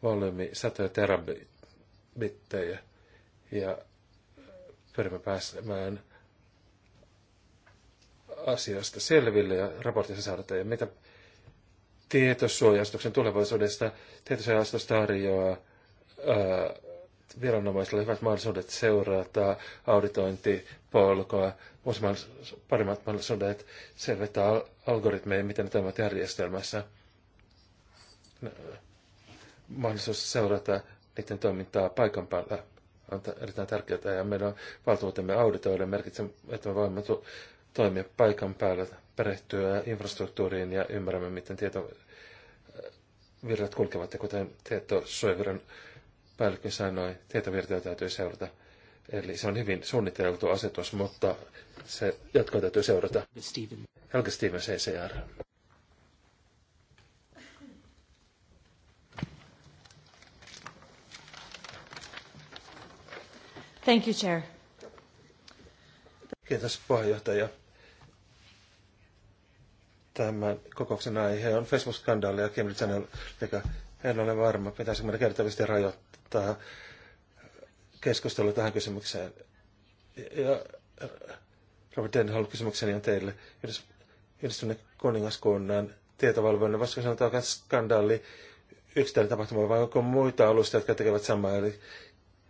volyymi, satoja terabitteja ja pyrimme pääsemään asiasta selville ja raportissa saada, ja mitä tietosuojastuksen tulevaisuudesta tietosuojastus tarjoaa ää, viranomaisille hyvät mahdollisuudet seurata auditointipolkoa, paremmat mahdollisuudet selvittää algoritmeja, miten ne toimivat järjestelmässä. Mahdollisuus seurata niiden toimintaa paikan päällä on erittäin tärkeää ja meidän valtuutemme auditoille merkitsee, että me voimme toimia paikan päällä, perehtyä infrastruktuuriin ja ymmärrämme, miten tietovirrat kulkevat. Ja kuten tietosuojaviran päällikkö sanoi, tietovirtoja täytyy seurata. Eli se on hyvin suunniteltu asetus, mutta se jatkoa täytyy seurata. Steven. Helge Steven CCR. Thank you, Chair. Kiitos puheenjohtaja. Tämän kokouksen aihe on Facebook-skandaali ja Cambridge Analytica. En ole varma, pitäisikö meidän kertavasti rajoittaa keskustelua tähän kysymykseen. Ja Robert Denhall, kysymykseni on teille. Yhdistyneen kuningaskunnan tietovalvonnan, voisiko sanoa, että skandaali yksittäinen tapahtuma, vai onko muita alusta, jotka tekevät samaa, eli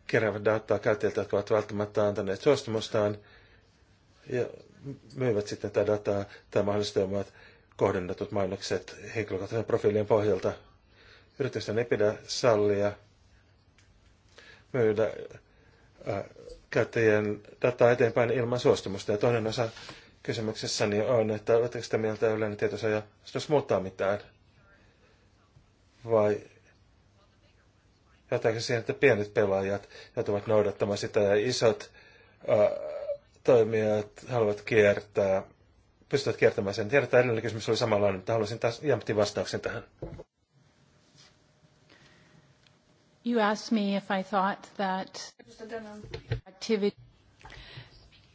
keräävät dataa käyttäjiltä, jotka ovat välttämättä antaneet suostumustaan ja myyvät sitten tätä dataa tai mahdollistavat kohdennetut mainokset henkilökohtaisen profiilin pohjalta. Yritysten ei pidä sallia myydä ää, käyttäjien dataa eteenpäin ilman suostumusta. Ja toinen osa kysymyksessäni on, että oletteko sitä mieltä yleinen tietosuoja muuttaa mitään? Vai jotakin siihen, että pienet pelaajat joutuvat noudattamaan sitä ja isot ää, toimijat haluavat kiertää pystyvät kertomaan sen. Tiedän, että edellinen kysymys oli samanlainen, mutta haluaisin taas jämpti vastauksen tähän. You asked me if I thought that activity...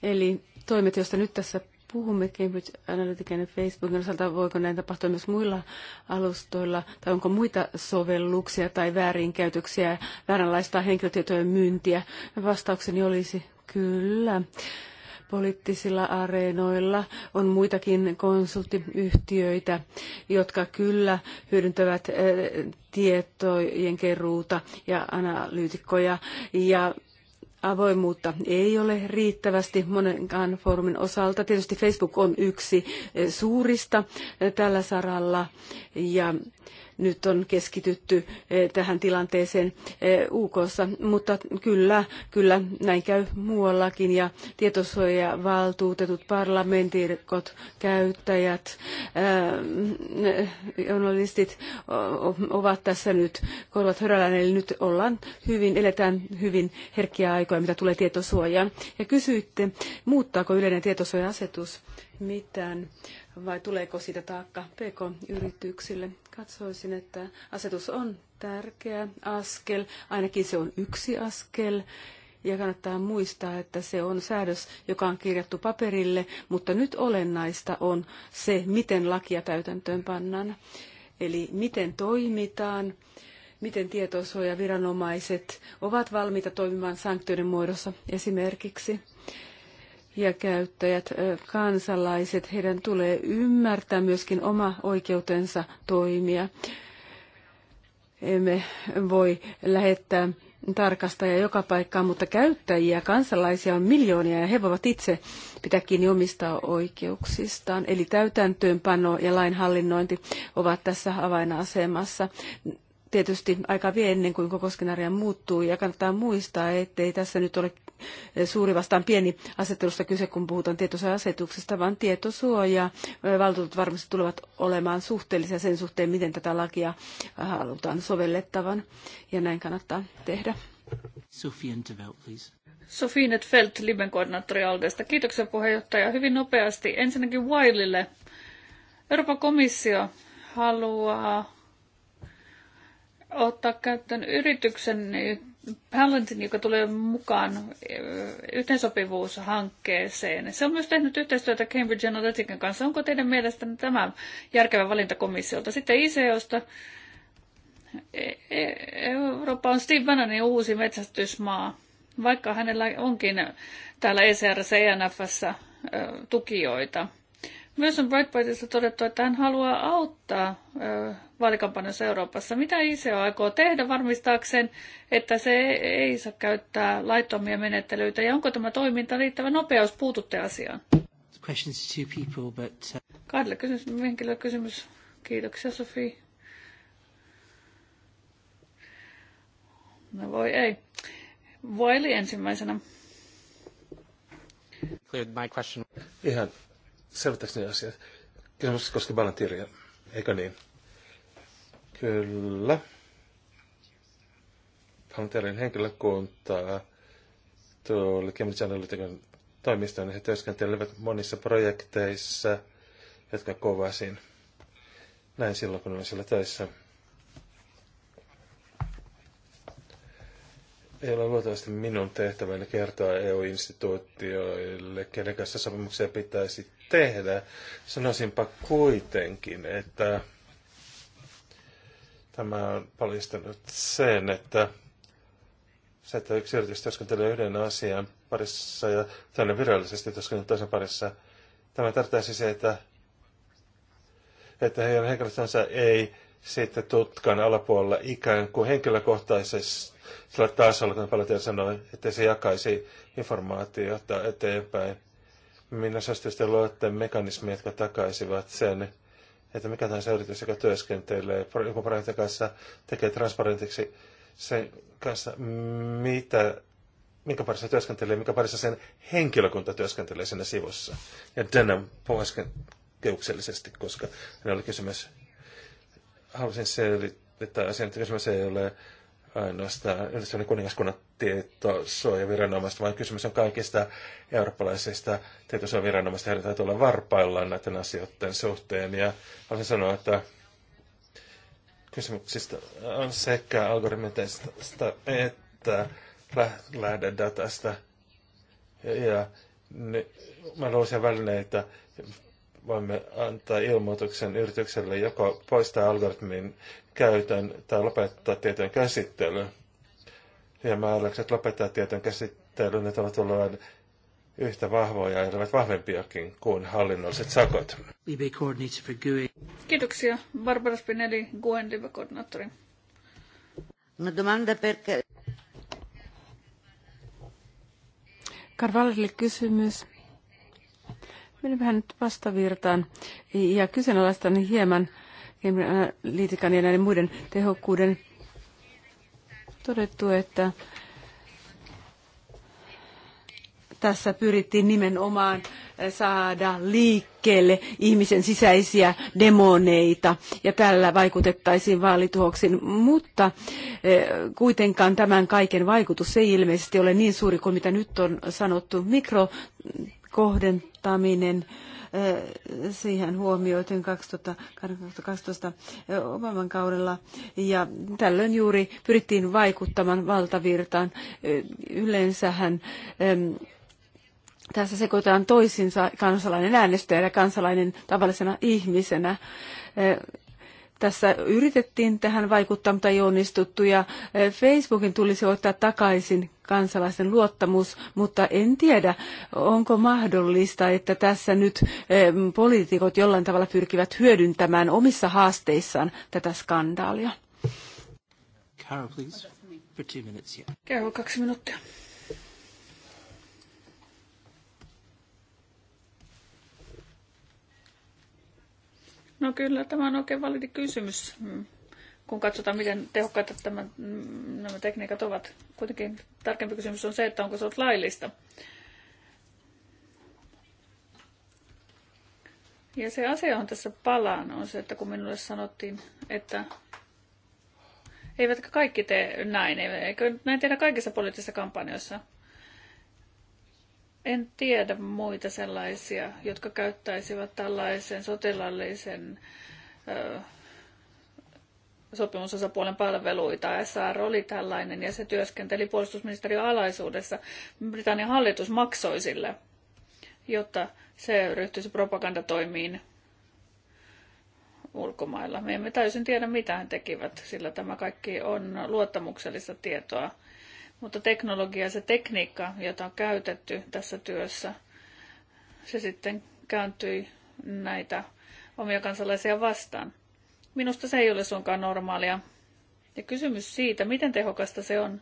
Eli toimet, joista nyt tässä puhumme Cambridge Analytica ja Facebookin osalta, voiko näin tapahtua myös muilla alustoilla, tai onko muita sovelluksia tai väärinkäytöksiä, vääränlaista henkilötietojen myyntiä? Vastaukseni olisi kyllä poliittisilla areenoilla on muitakin konsulttiyhtiöitä, jotka kyllä hyödyntävät eh, tietojen keruuta ja analyytikkoja ja avoimuutta ei ole riittävästi monenkaan foorumin osalta. Tietysti Facebook on yksi eh, suurista eh, tällä saralla ja nyt on keskitytty eh, tähän tilanteeseen eh, UKssa, mutta kyllä, kyllä näin käy muuallakin ja tietosuojavaltuutetut, parlamentirkot, käyttäjät, eh, journalistit ovat tässä nyt korvat hörällään, eli nyt ollaan hyvin, eletään hyvin herkkiä aikoja, mitä tulee tietosuojaan. Ja kysyitte, muuttaako yleinen tietosuoja-asetus mitään vai tuleeko siitä taakka PK-yrityksille? Katsoisin, että asetus on tärkeä askel, ainakin se on yksi askel. Ja kannattaa muistaa, että se on säädös, joka on kirjattu paperille, mutta nyt olennaista on se, miten lakia täytäntöön pannaan. Eli miten toimitaan, miten tietosuojaviranomaiset ovat valmiita toimimaan sanktioiden muodossa esimerkiksi ja käyttäjät, kansalaiset, heidän tulee ymmärtää myöskin oma oikeutensa toimia. Emme voi lähettää tarkastajia joka paikkaan, mutta käyttäjiä, kansalaisia on miljoonia ja he voivat itse pitää kiinni omista oikeuksistaan. Eli täytäntöönpano ja lainhallinnointi ovat tässä avainasemassa tietysti aika vie ennen kuin koko skenaario muuttuu ja kannattaa muistaa, ettei tässä nyt ole suuri vastaan pieni asettelusta kyse, kun puhutaan tietosuoja-asetuksesta, vaan tietosuoja valtuudet varmasti tulevat olemaan suhteellisia sen suhteen, miten tätä lakia äh, halutaan sovellettavan, ja näin kannattaa tehdä. Sophie Intervelt, please. Sophie Netfeldt, Liben koordinaattori Aldesta. Kiitoksia puheenjohtaja. Hyvin nopeasti. Ensinnäkin Wilille. Euroopan komissio haluaa ottaa käyttöön yrityksen Hallentin, joka tulee mukaan yhteensopivuushankkeeseen. Se on myös tehnyt yhteistyötä Cambridge Analytican kanssa. Onko teidän mielestänne tämä järkevä valinta komissiolta? Sitten ICOsta. E-, e-, Eurooppa on Steve Bannonin uusi metsästysmaa, vaikka hänellä onkin täällä ECRC ja ENFssä tukijoita. Myös on Breitbartissa todettu, että hän haluaa auttaa vaalikampanjassa Euroopassa. Mitä ICO aikoo tehdä varmistaakseen, että se ei saa käyttää laittomia menettelyitä? Ja onko tämä toiminta riittävä nopeus? Puututte asiaan. Uh, Kahdella kysymys, henkilöllä kysymys. Kiitoksia, Sofi. No voi ei. Voili ensimmäisenä. my question. Ihan selvittääkö ne asiat? Kysymys koski Balantiria, eikö niin? Kyllä. Balantirin henkilökuntaa tuli Cambridge Analytican toimistoon, niin he työskentelevät monissa projekteissa, jotka kovasin. Näin silloin, kun olin siellä töissä. Ei ole luultavasti minun tehtäväni kertoa EU-instituutioille, kenen kanssa sopimuksia pitäisi tehdä. Sanoisinpa kuitenkin, että tämä on paljastanut sen, että se, että yksi yritys työskentelee yhden asian parissa ja toinen virallisesti työskentelee toisen parissa, tämä tarkoittaisi se, että, että heidän henkilöstönsä ei sitten tutkan alapuolella ikään kuin henkilökohtaisella tasolla, kun paljon sanoi, että se jakaisi informaatiota eteenpäin. Minä sitten luotte mekanismi, jotka takaisivat sen, että mikä tahansa yritys, joka työskentelee joku projektin kanssa, tekee transparentiksi sen kanssa, mitä, minkä parissa työskentelee, minkä parissa sen henkilökunta työskentelee siinä sivussa. Ja Denham keuksellisesti, koska hän oli kysymys halusin selittää asian, että kysymys ei ole ainoastaan Yhdysvallan kuningaskunnan tietosuojaviranomaista, vaan kysymys on kaikista eurooppalaisista tietosuojaviranomaista, joiden täytyy olla varpaillaan näiden asioiden suhteen. Ja haluaisin sanoa, että kysymyksistä on sekä algoritmeista että lähdedatasta. Ja, ja ne, mä luulen välineitä voimme antaa ilmoituksen yritykselle joko poistaa algoritmin käytön tai lopettaa tietojen käsittely. Ja määräykset lopettaa tietojen käsittely, ne ovat olleet yhtä vahvoja ja ovat vahvempiakin kuin hallinnolliset sakot. E. Kiitoksia. Barbara Spinelli, Guen Libe koordinaattori Una domanda perché... Karvalille kysymys. Menen vähän nyt vastavirtaan ja kyseenalaistan hieman liitikan ja näiden muiden tehokkuuden todettu, että tässä pyrittiin nimenomaan saada liikkeelle ihmisen sisäisiä demoneita ja tällä vaikutettaisiin vaalituhoksiin, mutta eh, kuitenkaan tämän kaiken vaikutus ei ilmeisesti ole niin suuri kuin mitä nyt on sanottu mikrokohden ottaminen eh, siihen huomioitiin 2012 eh, Obaman kaudella ja tällöin juuri pyrittiin vaikuttamaan valtavirtaan. Eh, yleensähän tässä sekoitetaan toisinsa kansalainen äänestäjä ja kansalainen tavallisena ihmisenä. Tässä yritettiin tähän vaikuttaa, mutta ei onnistuttu ja e, Facebookin tulisi ottaa takaisin kansalaisen luottamus, mutta en tiedä, onko mahdollista, että tässä nyt e, poliitikot jollain tavalla pyrkivät hyödyntämään omissa haasteissaan tätä skandaalia. Carol, please. For two minutes, yeah. Carol, kaksi minuuttia. No kyllä, tämä on oikein validi kysymys, mm. kun katsotaan, miten tehokkaita tämä, mm, nämä tekniikat ovat. Kuitenkin tarkempi kysymys on se, että onko se ollut laillista. Ja se asia on tässä palaan, on se, että kun minulle sanottiin, että eivätkö kaikki tee näin, eikö näin tehdä kaikissa poliittisissa kampanjoissa. En tiedä muita sellaisia, jotka käyttäisivät tällaisen sotilaallisen ö, sopimusosapuolen palveluita. SR oli tällainen ja se työskenteli puolustusministeriön alaisuudessa. Britannian hallitus maksoi sille, jotta se ryhtyisi propagandatoimiin ulkomailla. Me emme täysin tiedä, mitä he tekivät, sillä tämä kaikki on luottamuksellista tietoa. Mutta teknologia ja se tekniikka, jota on käytetty tässä työssä, se sitten kääntyi näitä omia kansalaisia vastaan. Minusta se ei ole suinkaan normaalia. Ja kysymys siitä, miten tehokasta se on,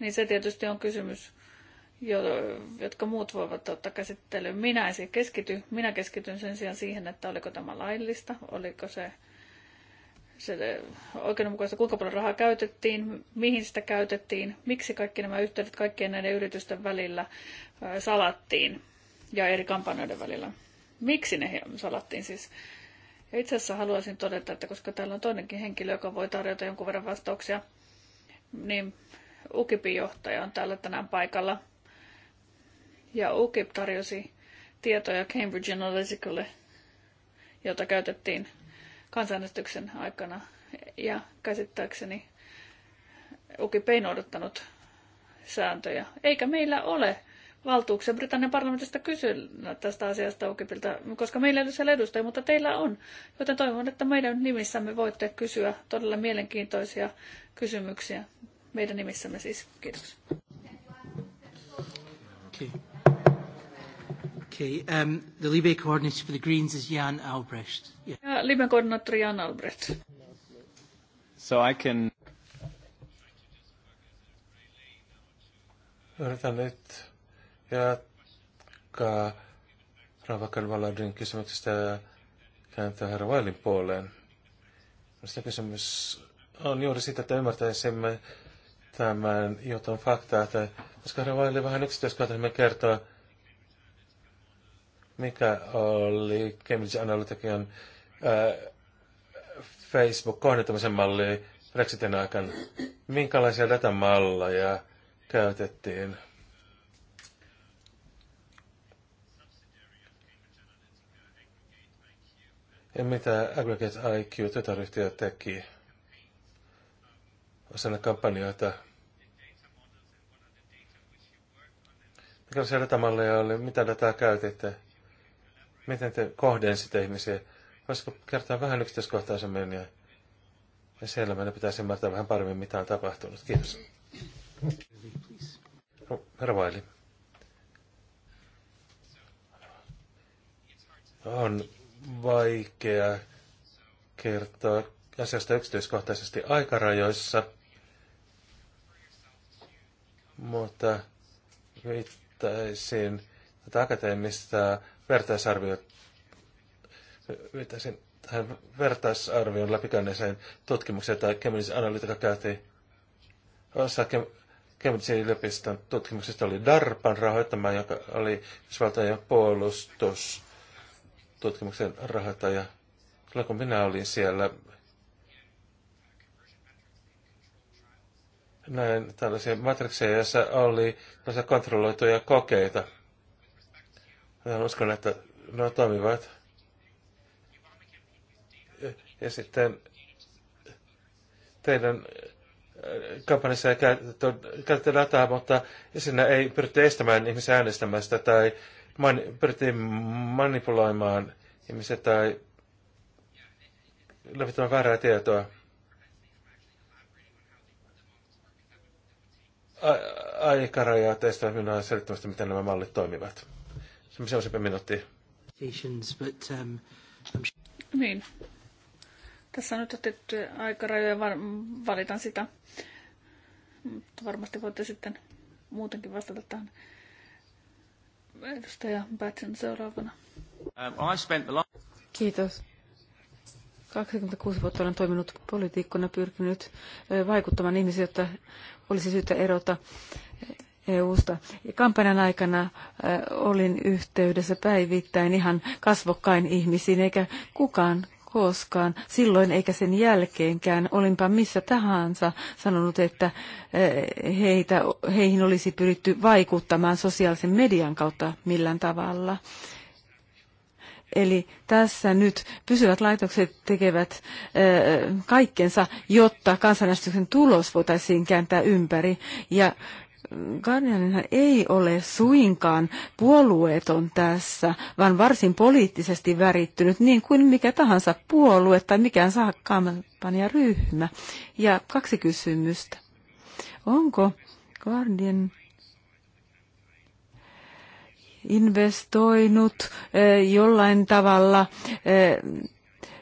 niin se tietysti on kysymys, jotka muut voivat ottaa käsittelyyn. Minä en siihen keskity. Minä keskityn sen sijaan siihen, että oliko tämä laillista, oliko se se eh, oikeudenmukaista, kuinka paljon rahaa käytettiin, mihin sitä käytettiin, miksi kaikki nämä yhteydet kaikkien näiden yritysten välillä eh, salattiin ja eri kampanjoiden välillä. Miksi ne salattiin siis? Ja itse asiassa haluaisin todeta, että koska täällä on toinenkin henkilö, joka voi tarjota jonkun verran vastauksia, niin UKIPin johtaja on täällä tänään paikalla. Ja UKIP tarjosi tietoja Cambridge Analyticalle, jota käytettiin kansanäänestyksen aikana. Ja käsittääkseni UKIP ei noudattanut sääntöjä. Eikä meillä ole valtuuksia Britannian parlamentista kysyä tästä asiasta UKIPilta, koska meillä ei ole siellä edustajia, mutta teillä on. Joten toivon, että meidän nimissämme voitte kysyä todella mielenkiintoisia kysymyksiä. Meidän nimissämme siis. Kiitos. Kiitos. Okay, um, the Libe coordinator for the Greens is Jan Albrecht. Yeah. Ja, Liben koordinaattori Jan Albrecht. So I can... Yritän nyt jatkaa Rava Kalvaladin kysymyksestä ja kääntyä herra Wailin puoleen. Minusta kysymys on juuri sitä, että ymmärtäisimme tämän jutun faktaa, että koska herra Waili vähän yksityiskohtaisemmin niin kertoo, mikä oli Cambridge Analytican äh, Facebook-kohdentamisen malli Brexitin aikana. Minkälaisia datamalleja käytettiin? Ja mitä Aggregate IQ tytäryhtiö teki osana kampanjoita? Mikä se datamalleja oli? Mitä dataa käytitte? miten te kohdensitte ihmisiä. Voisiko kertoa vähän yksityiskohtaisemmin ja, ja siellä meidän pitäisi ymmärtää vähän paremmin, mitä on tapahtunut. Kiitos. Herra On vaikea kertoa asiasta yksityiskohtaisesti aikarajoissa, mutta viittaisin tätä akateemista vertaisarvion, viittasin tähän vertaisarvion läpikäyneeseen tutkimukseen, jota Cambridge Analytica käytti Osa Cambridgein yliopiston tutkimuksesta oli DARPan rahoittama, joka oli ja puolustustutkimuksen rahoittaja. Silloin kun minä olin siellä, näin tällaisia matrikseja, joissa oli tällaisia kontrolloituja kokeita – Uskon, että ne toimivat. Ja sitten teidän äh, kampanjassa ei käytetty dataa, mutta siinä ei pyritty estämään ihmisiä äänestämästä tai mani, pyrittiin manipuloimaan ihmisiä tai levittämään väärää tietoa. Aikarajat estävät minua selittämästä, miten nämä mallit toimivat se useampi minuutti. Niin. Tässä on nyt otettu aikarajoja, valitan sitä. Mutta varmasti voitte sitten muutenkin vastata tähän. Edustaja Batsen seuraavana. Um, Kiitos. 26 vuotta olen toiminut poliitikkona, pyrkinyt vaikuttamaan ihmisiä, jotta olisi syytä erota. EU-sta. Kampanjan aikana olin yhteydessä päivittäin ihan kasvokkain ihmisiin, eikä kukaan koskaan, silloin eikä sen jälkeenkään, olinpa missä tahansa sanonut, että heitä, heihin olisi pyritty vaikuttamaan sosiaalisen median kautta millään tavalla. Eli tässä nyt pysyvät laitokset tekevät kaikkensa, jotta kansanäänestyksen tulos voitaisiin kääntää ympäri. Ja Guardianinhan ei ole suinkaan puolueeton tässä, vaan varsin poliittisesti värittynyt, niin kuin mikä tahansa puolue tai mikään saa kampanjaryhmä. Ja kaksi kysymystä. Onko Guardian investoinut eh, jollain tavalla eh,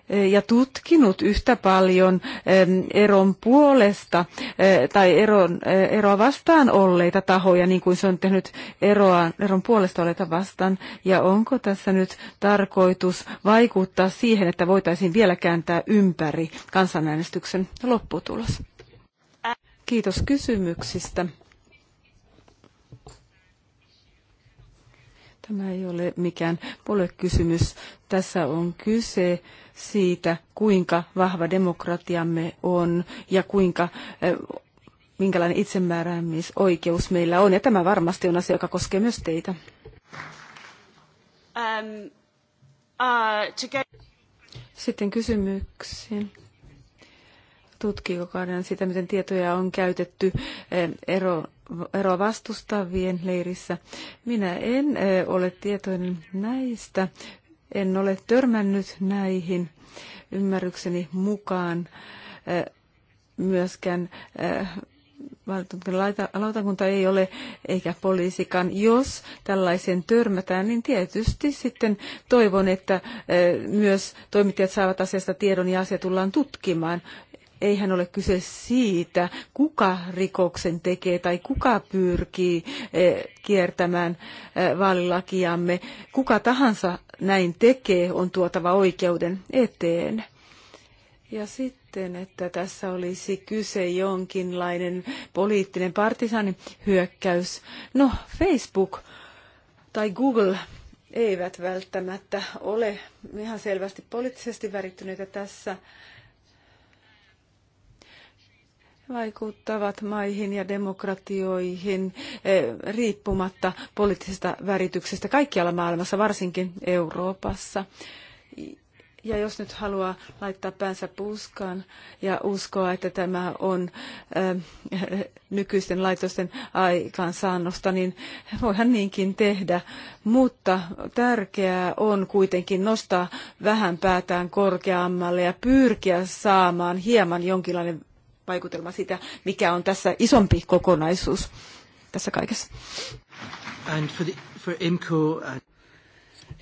ja tutkinut yhtä paljon eron puolesta tai eron, eroa vastaan olleita tahoja, niin kuin se on tehnyt eroa, eron puolesta olleita vastaan. Ja onko tässä nyt tarkoitus vaikuttaa siihen, että voitaisiin vielä kääntää ympäri kansanäänestyksen lopputulos? Kiitos kysymyksistä. Tämä ei ole mikään puoluekysymys. Tässä on kyse siitä, kuinka vahva demokratiamme on ja kuinka minkälainen itsemääräämisoikeus meillä on. Ja tämä varmasti on asia, joka koskee myös teitä. Um, uh, get... Sitten kysymyksiin. Tutkiko Karin sitä, miten tietoja on käytetty ero eroa vastustavien leirissä. Minä en ole tietoinen näistä, en ole törmännyt näihin ymmärrykseni mukaan myöskään lautakunta ei ole, eikä poliisikaan. Jos tällaisen törmätään, niin tietysti sitten toivon, että myös toimittajat saavat asiasta tiedon ja asia tullaan tutkimaan eihän ole kyse siitä, kuka rikoksen tekee tai kuka pyrkii eh, kiertämään eh, vaalilakiamme. Kuka tahansa näin tekee, on tuotava oikeuden eteen. Ja sitten, että tässä olisi kyse jonkinlainen poliittinen partisanihyökkäys. No, Facebook tai Google eivät välttämättä ole ihan selvästi poliittisesti värittyneitä tässä vaikuttavat maihin ja demokratioihin eh, riippumatta poliittisesta värityksestä kaikkialla maailmassa, varsinkin Euroopassa. Ja jos nyt haluaa laittaa päänsä puskaan ja uskoa, että tämä on eh, nykyisten laitosten aikaansaannosta, niin voihan niinkin tehdä. Mutta tärkeää on kuitenkin nostaa vähän päätään korkeammalle ja pyrkiä saamaan hieman jonkinlainen vaikutelma sitä, mikä on tässä isompi kokonaisuus tässä kaikessa. And for the, for IMCO, uh...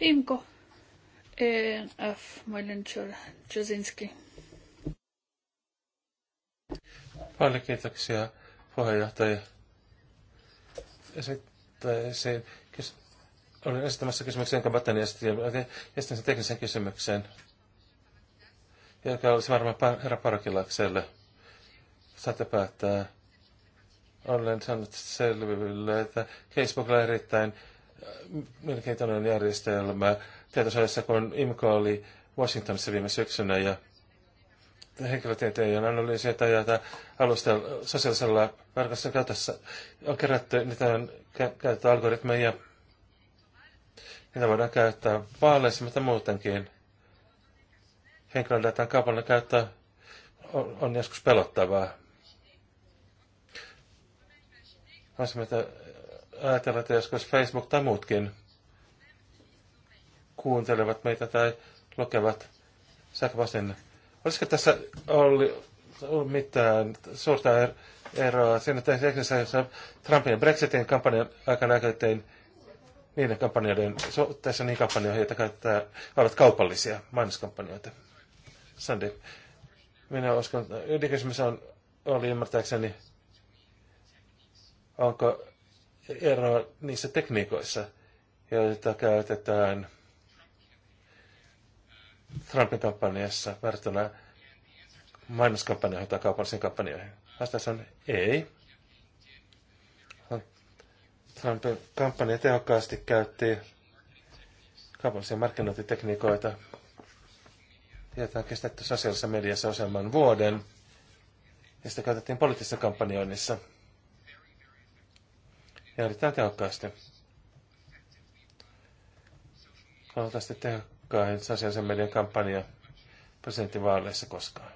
IMCO. ENF, Mailenchor, Jasinski. Paljon kiitoksia puheenjohtaja. Esittäisin, kys, olin esittämässä kysymyksen Kabatani ja sitten sen teknisen kysymyksen, joka olisi varmaan herra Parokilakselle saatte päättää. Olen saanut selville, että Facebookilla on erittäin äh, mielenkiintoinen järjestelmä tietosuojassa, kun IMCO oli Washingtonissa viime syksynä ja henkilötietojen analyysiä jota alusta sosiaalisella verkossa käytössä on kerätty, niitä on käytetty algoritmeja, niitä voidaan käyttää vaaleissa, mutta muutenkin henkilödatan kaupallinen käyttö on, on joskus pelottavaa. Voisimme äh, ajatella, että joskus Facebook tai muutkin kuuntelevat meitä tai lukevat sähköpostin. Olisiko tässä ollut mitään suurta er-, eroa siinä esimerkiksi jossa Trumpin ja Brexitin kampanjan aikana käytettiin niiden kampanjoiden, tässä niin kampanjoihin, joita käyttää, ovat kaupallisia mainoskampanjoita. Sandi, minä uskon, ydinkysymys on, oli ymmärtääkseni onko ero niissä tekniikoissa, joita käytetään Trumpin kampanjassa verrattuna mainoskampanjoihin tai kaupallisiin kampanjoihin? Vastaus on ei. Trumpin kampanja tehokkaasti käytti kaupallisia markkinointitekniikoita, joita on kestetty sosiaalisessa mediassa useamman vuoden, ja sitä käytettiin poliittisessa kampanjoinnissa – ja yritetään tehokkaasti. Kaltaisesti tehokkain sosiaalisen median kampanja presidenttivaaleissa koskaan.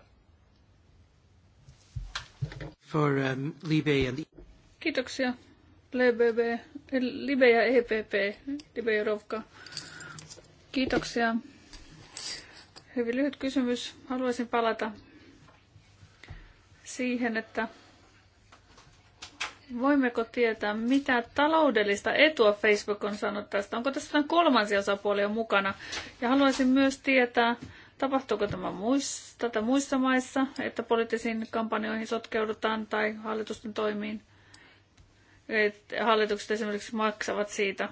For, um, Libe and... Kiitoksia. LBB, Libe ja EPP, Libe Rovka. Kiitoksia. Hyvin lyhyt kysymys. Haluaisin palata siihen, että Voimmeko tietää, mitä taloudellista etua Facebook on saanut tästä? Onko tässä jotain kolmansia osapuolia mukana? Ja haluaisin myös tietää, tapahtuuko tämä muissa, tätä muissa maissa, että poliittisiin kampanjoihin sotkeudutaan tai hallitusten toimiin. että hallitukset esimerkiksi maksavat siitä.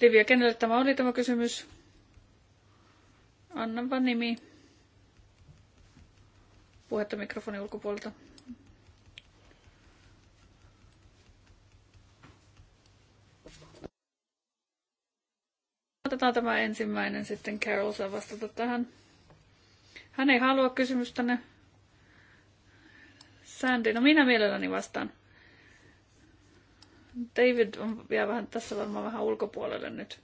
Livia, kenelle tämä oli tämä kysymys? Annanpa nimi. Puhetta mikrofonin ulkopuolelta. Otetaan tämä ensimmäinen sitten. Carol saa vastata tähän. Hän ei halua kysymystänne. Sandy, no minä mielelläni vastaan. David on vielä vähän tässä varmaan vähän ulkopuolelle nyt.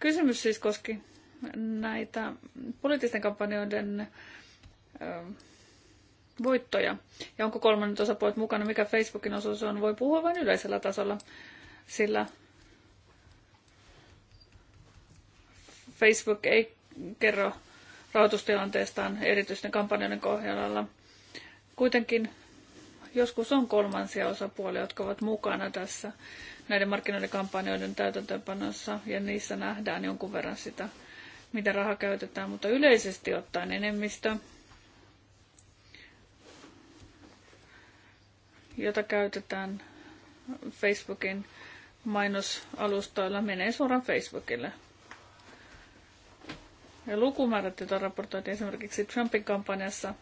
Kysymys siis koski näitä poliittisten kampanjoiden ö, ähm, voittoja. Ja onko kolmannet osapuolet mukana, mikä Facebookin osuus on, voi puhua vain yleisellä tasolla, sillä Facebook ei kerro rahoitustilanteestaan erityisten kampanjoiden kohdalla. Kuitenkin joskus on kolmansia osapuolia, jotka ovat mukana tässä näiden markkinoiden kampanjoiden täytäntöönpanossa ja niissä nähdään jonkun verran sitä, mitä raha käytetään, mutta yleisesti ottaen enemmistö, jota käytetään Facebookin mainosalustoilla, menee suoraan Facebookille – ja lukumäärät, joita raportoitiin esimerkiksi Trumpin kampanjassa,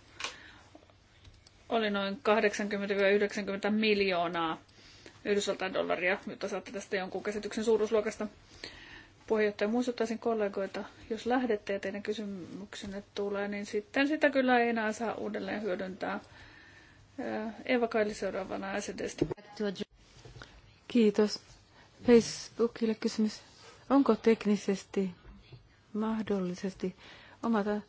oli noin 80-90 miljoonaa Yhdysvaltain dollaria, jotta saatte tästä jonkun käsityksen suuruusluokasta. Puheenjohtaja, muistuttaisin kollegoita, jos lähdette ja teidän kysymyksenne tulee, niin sitten sitä kyllä ei enää saa uudelleen hyödyntää. Äh, Eva Kaili seuraavana SEDstä. Kiitos. Facebookille kysymys. Onko teknisesti mahdollisesti omata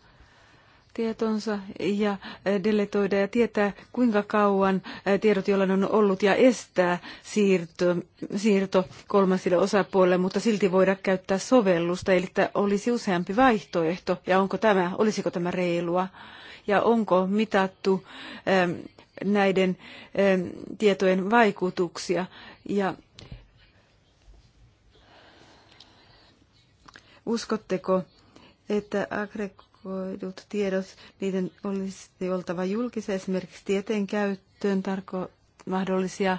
tietonsa ja eh, deletoida ja tietää, kuinka kauan eh, tiedot jollain on ollut ja estää siirto, siirto kolmasille osapuolelle, mutta silti voida käyttää sovellusta, eli että olisi useampi vaihtoehto ja onko tämä, olisiko tämä reilua ja onko mitattu eh, näiden tietojen vaikutuksia ja Uskotteko, että aggregoidut tiedot, niiden olisi oltava julkisia esimerkiksi tieteen käyttöön tarko- mahdollisia,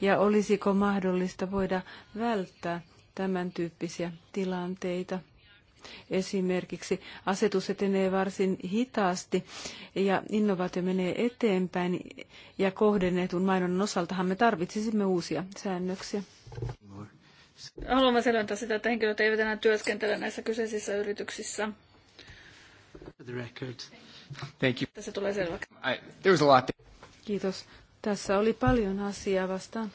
ja olisiko mahdollista voida välttää tämän tyyppisiä tilanteita? Esimerkiksi asetus etenee varsin hitaasti ja innovaatio menee eteenpäin ja kohdennetun mainonnan osaltahan me tarvitsisimme uusia säännöksiä. Haluamme selventää sitä, että henkilöt eivät enää työskentele näissä kyseisissä yrityksissä. The record. Thank you. Tässä tulee selväksi. I, there was a lot. Kiitos. Tässä oli paljon asiaa vastaan.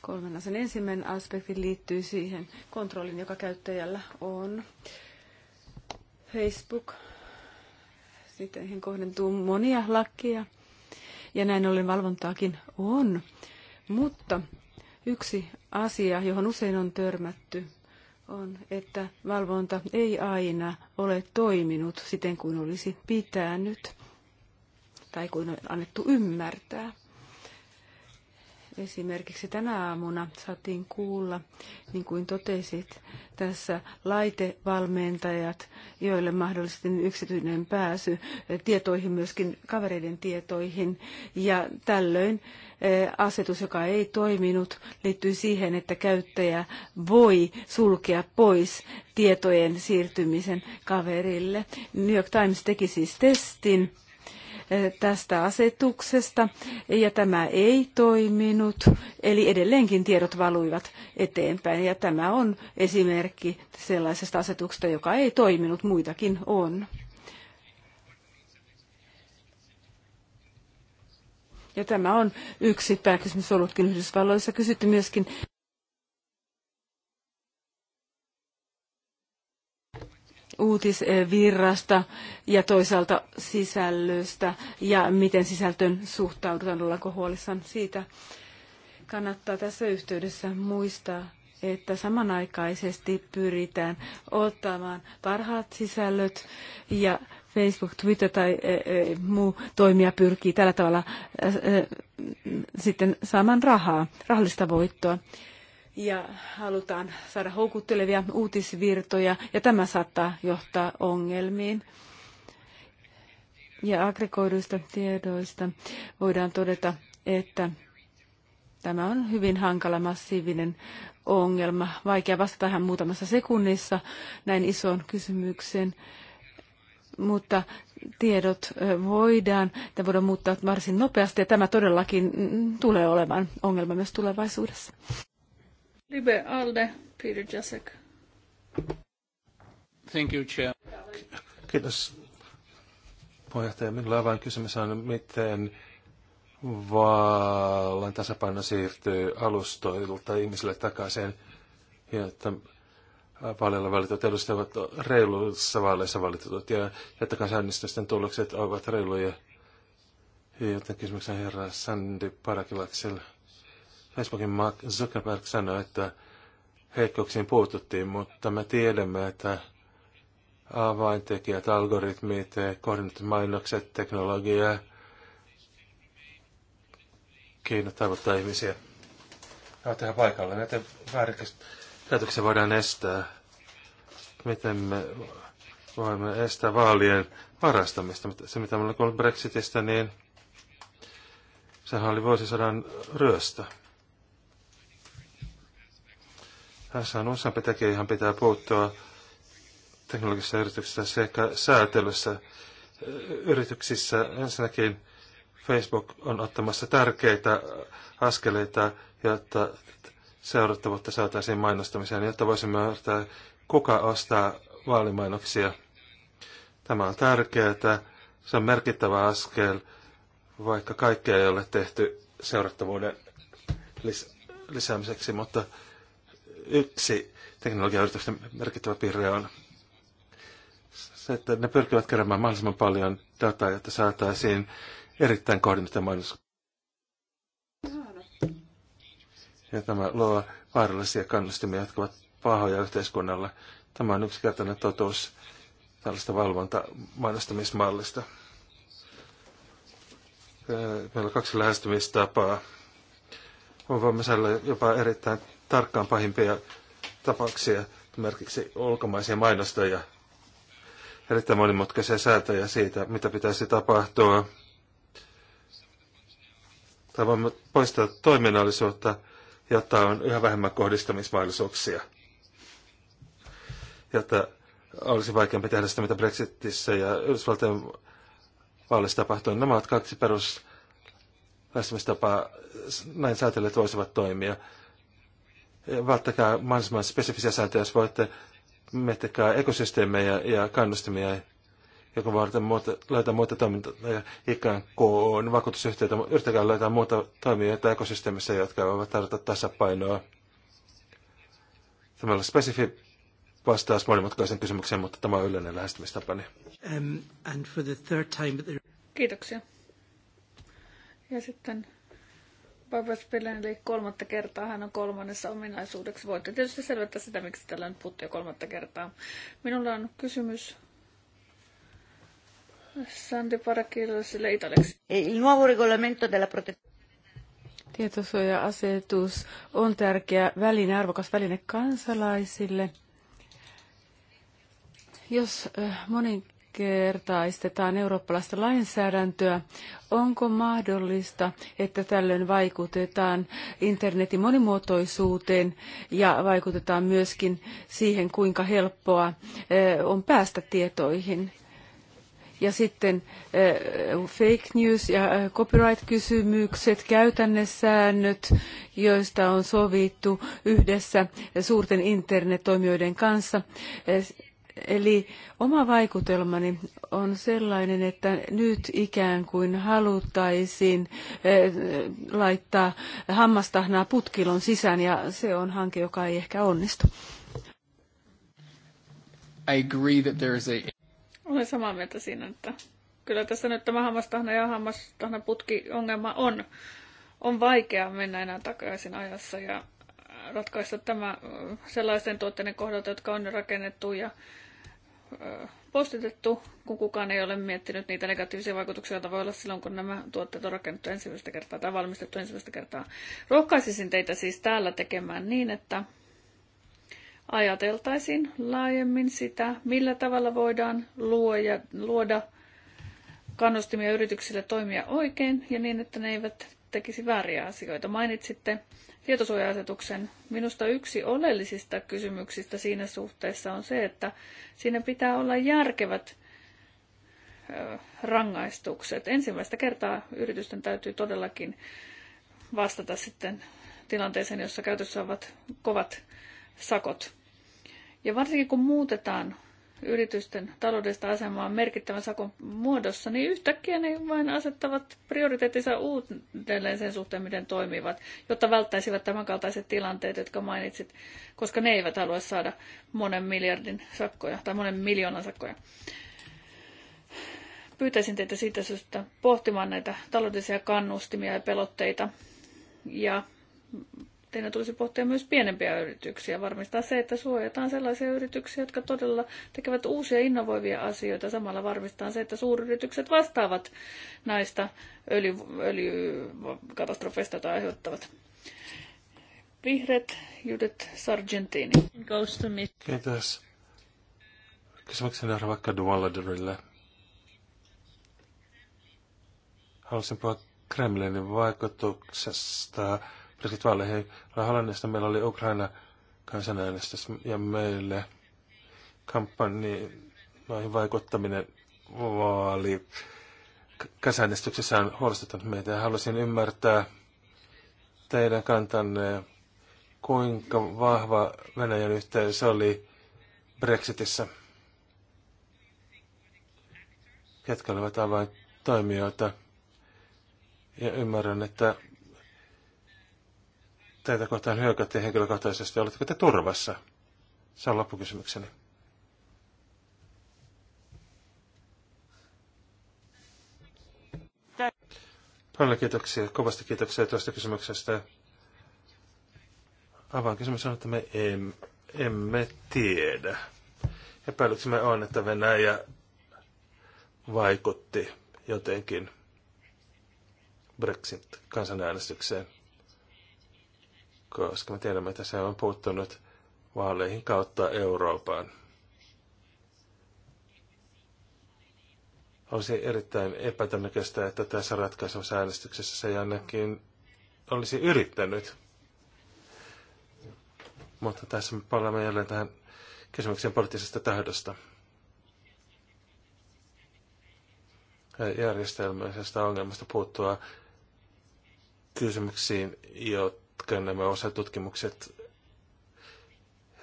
Kolmen asian ensimmäinen aspekti liittyy siihen kontrollin, joka käyttäjällä on. Facebook, sitten kohdentuu monia lakkia ja näin ollen valvontaakin on. Mutta Yksi asia, johon usein on törmätty, on, että valvonta ei aina ole toiminut siten kuin olisi pitänyt tai kuin on annettu ymmärtää. Esimerkiksi tänä aamuna saatiin kuulla, niin kuin totesit, tässä laitevalmentajat, joille mahdollisesti yksityinen pääsy eh, tietoihin, myöskin kavereiden tietoihin. Ja tällöin eh, asetus, joka ei toiminut, liittyy siihen, että käyttäjä voi sulkea pois tietojen siirtymisen kaverille. New York Times teki siis testin tästä asetuksesta ja tämä ei toiminut, eli edelleenkin tiedot valuivat eteenpäin ja tämä on esimerkki sellaisesta asetuksesta, joka ei toiminut, muitakin on. Ja tämä on yksi pääkysymys ollutkin Yhdysvalloissa. Kysytty myöskin uutisvirrasta ja toisaalta sisällöstä ja miten sisältöön suhtaudutaan, ollaanko huolissaan siitä. Kannattaa tässä yhteydessä muistaa, että samanaikaisesti pyritään ottamaan parhaat sisällöt ja Facebook, Twitter tai e, e, muu toimija pyrkii tällä tavalla sitten saamaan rahaa, rahallista voittoa ja halutaan saada houkuttelevia uutisvirtoja ja tämä saattaa johtaa ongelmiin. Ja aggregoiduista tiedoista voidaan todeta, että tämä on hyvin hankala massiivinen ongelma. Vaikea vastata tähän muutamassa sekunnissa näin isoon kysymykseen mutta tiedot voidaan, ne voidaan muuttaa varsin nopeasti ja tämä todellakin mm, tulee olemaan ongelma myös tulevaisuudessa. Libe Alde, Peter Jasek. Thank you, Chair. Kiitos puheenjohtaja. Minulla on vain kysymys on, miten vallan tasapaino siirtyy alustoilta ihmisille takaisin, jotta vaaleilla valitut edustajat ovat reiluissa vaaleissa valitut ja että kansanäänestysten tulokset ovat reiluja. Joten kysymyksen herra Sandy Parakilakselle Facebookin Mark Zuckerberg sanoi, että heikkouksiin puututtiin, mutta me tiedämme, että avaintekijät, algoritmit, kohdennetut mainokset, teknologia, Kiina tavoittaa ihmisiä. Nämä tähän paikalle. Näitä väärinkäytöksiä voidaan estää. Miten me voimme estää vaalien varastamista? Se, mitä me olemme kuulleet Brexitistä, niin sehän oli vuosisadan ryöstö. Tässä on useampi tekijä, johon pitää puuttua teknologisissa yrityksissä sekä säätelyssä. Yrityksissä ensinnäkin Facebook on ottamassa tärkeitä askeleita, jotta seurattavuutta saataisiin mainostamiseen, jotta voisimme ymmärtää, kuka ostaa vaalimainoksia. Tämä on tärkeää. Se on merkittävä askel, vaikka kaikkea ei ole tehty seurattavuuden lisäämiseksi, mutta yksi teknologiayritysten merkittävä piirre on se, että ne pyrkivät keräämään mahdollisimman paljon dataa, jotta saataisiin erittäin kohdennettu mainos. Ja tämä luo vaarallisia kannustimia, jotka ovat pahoja yhteiskunnalle. Tämä on yksinkertainen totuus tällaista valvonta Meillä on kaksi lähestymistapaa. Me voimme saada jopa erittäin tarkkaan pahimpia tapauksia, esimerkiksi ulkomaisia mainostajia. Erittäin monimutkaisia säätöjä siitä, mitä pitäisi tapahtua. Tai voimme poistaa toiminnallisuutta, jotta on yhä vähemmän kohdistamismahdollisuuksia. Jotta olisi vaikeampi tehdä sitä, mitä Brexitissä ja Yhdysvaltojen vaaleissa tapahtui. Nämä ovat kaksi perus lähestymistapaa. Näin säätelijät voisivat toimia välttäkää mahdollisimman spesifisiä sääntöjä, jos voitte, miettikää ekosysteemejä ja kannustimia, joka varten muuta, löytää muita toimintoja ikään kuin vakuutusyhtiöitä. Yrittäkää löytää muuta toimijoita ekosysteemissä, jotka voivat tarjota tasapainoa. Tämä on spesifi vastaus monimutkaisen kysymykseen, mutta tämä on yleinen lähestymistapani. Um, and for the third time... Kiitoksia. Ja sitten Barbara eli kolmatta kertaa, hän on kolmannessa ominaisuudeksi. Voitte tietysti selvittää sitä, miksi tällä nyt puhuttiin kolmatta kertaa. Minulla on kysymys Sandy sille italiaksi. E il nuovo regolamento della protezione Tietosuoja-asetus on tärkeä väline, arvokas väline kansalaisille. Jos eh, monin yksinkertaistetaan eurooppalaista lainsäädäntöä. Onko mahdollista, että tällöin vaikutetaan internetin monimuotoisuuteen ja vaikutetaan myöskin siihen, kuinka helppoa eh, on päästä tietoihin? Ja sitten eh, fake news ja eh, copyright-kysymykset, käytännesäännöt, joista on sovittu yhdessä suurten internettoimijoiden kanssa Eli oma vaikutelmani on sellainen, että nyt ikään kuin haluttaisiin eh, laittaa hammastahnaa putkilon sisään, ja se on hanke, joka ei ehkä onnistu. I agree that there is a... Olen samaa mieltä siinä, että kyllä tässä nyt tämä hammastahna ja hammastahna putki ongelma on. On vaikea mennä enää takaisin ajassa ja ratkaista tämä eh, sellaisten tuotteiden kohdalta, jotka on rakennettu ja postitettu, kun kukaan ei ole miettinyt niitä negatiivisia vaikutuksia, joita voi olla silloin, kun nämä tuotteet on rakennettu ensimmäistä kertaa tai valmistettu ensimmäistä kertaa. Rohkaisisin teitä siis täällä tekemään niin, että ajateltaisiin laajemmin sitä, millä tavalla voidaan luoda, luoda kannustimia yrityksille toimia oikein ja niin, että ne eivät tekisi vääriä asioita. Mainitsitte tietosuoja-asetuksen, minusta yksi oleellisista kysymyksistä siinä suhteessa on se, että siinä pitää olla järkevät rangaistukset. Ensimmäistä kertaa yritysten täytyy todellakin vastata sitten tilanteeseen, jossa käytössä ovat kovat sakot. Ja varsinkin kun muutetaan yritysten taloudellista asemaa merkittävän sakon muodossa, niin yhtäkkiä ne vain asettavat prioriteettinsa uudelleen sen suhteen, miten toimivat, jotta välttäisivät tämänkaltaiset tilanteet, jotka mainitsit, koska ne eivät halua saada monen miljardin sakkoja tai monen miljoonan sakkoja. Pyytäisin teitä siitä syystä pohtimaan näitä taloudellisia kannustimia ja pelotteita ja Teidän tulisi pohtia myös pienempiä yrityksiä, varmistaa se, että suojataan sellaisia yrityksiä, jotka todella tekevät uusia innovoivia asioita. Samalla varmistaa se, että suuryritykset vastaavat näistä öljy, öljykatastrofeista tai aiheuttavat. Vihreät, Judith Sargentini. Goes to me. Kiitos. Kysymyksenä vaikka Dualaderille. Haluaisin puhua Kremlinin vaikutuksesta jotkut vaaleihin. Hollannista meillä oli Ukraina kansanäänestys ja meille kampanjoihin vaikuttaminen vaali kansanäänestyksessä on huolestuttanut meitä ja haluaisin ymmärtää teidän kantanne, kuinka vahva Venäjän yhteys oli Brexitissä. Ketkä olivat avaintoimijoita? Ja ymmärrän, että teitä kohtaan hyökättiin henkilökohtaisesti. Oletteko te turvassa? Se on loppukysymykseni. Paljon kiitoksia, kovasti kiitoksia tuosta kysymyksestä. Avaan kysymys on, että me em, emme tiedä. Epäilyksemme on, että Venäjä vaikutti jotenkin Brexit-kansanäänestykseen koska me tiedämme, että se on puuttunut vaaleihin kautta Euroopan. Olisi erittäin epätodennäköistä, että tässä ratkaisussa äänestyksessä se ainakin olisi yrittänyt. Mutta tässä me palaamme jälleen tähän kysymykseen poliittisesta tahdosta. järjestelmällisestä ongelmasta puuttua kysymyksiin, jotka jotka nämä osatutkimukset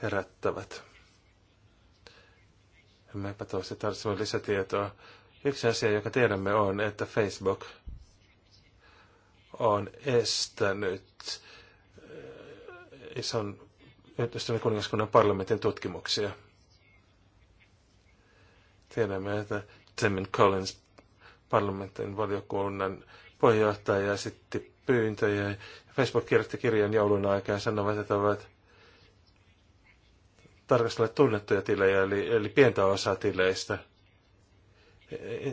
herättävät. Me epätoivottavasti tarvitsemme lisätietoa. Yksi asia, joka tiedämme, on, että Facebook on estänyt ison eh, yhdistyneen kuningaskunnan parlamentin tutkimuksia. Tiedämme, että Tim Collins parlamentin valiokunnan puheenjohtaja esitti pyyntöjä. Facebook kirjoitti kirjan joulun aikaa ja sanovat, että ovat tarkastelleet tunnettuja tilejä, eli, eli pientä osaa tileistä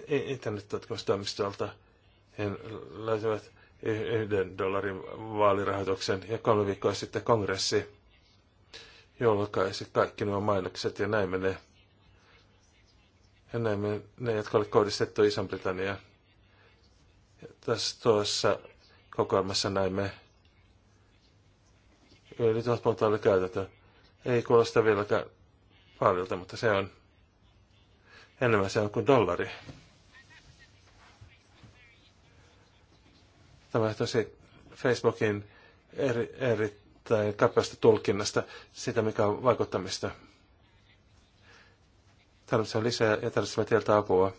Internet-tutkimustoimistolta He löytävät yhden dollarin vaalirahoituksen ja kolme viikkoa sitten kongressi julkaisi kaikki nuo mainokset ja näin menee. Ja näin menee, ne, jotka oli kohdistettu Iso-Britanniaan. Tässä tuossa kokoamassa näimme yli tuhat puolta oli käytetty. Ei kuulosta vieläkään paljolta, mutta se on enemmän se on kuin dollari. Tämä tosi Facebookin eri, erittäin kapeasta tulkinnasta, sitä mikä on vaikuttamista. Tarvitsemme lisää ja tarvitsemme teiltä apua.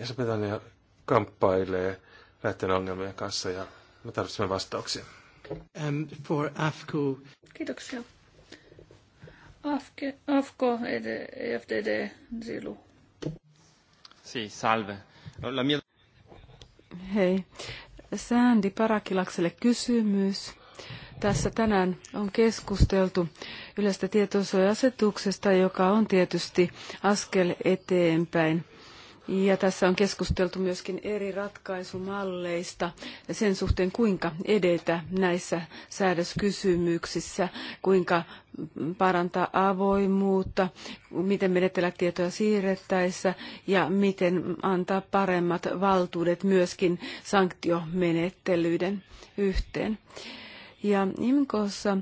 Ja Britannia niin kamppailee näiden ongelmien kanssa ja me tarvitsemme vastauksia. Um, for AFCO. Kiitoksia. Afke, AFCO, EFDD, Zilu. Si, salve. La mia... Hei. Sandy Parakilakselle kysymys. Tässä tänään on keskusteltu yleistä tietosuoja-asetuksesta, joka on tietysti askel eteenpäin ja tässä on keskusteltu myöskin eri ratkaisumalleista sen suhteen, kuinka edetä näissä säädöskysymyksissä, kuinka parantaa avoimuutta, miten menetellä tietoja siirrettäessä ja miten antaa paremmat valtuudet myöskin sanktiomenettelyiden yhteen. Ja IMKOssa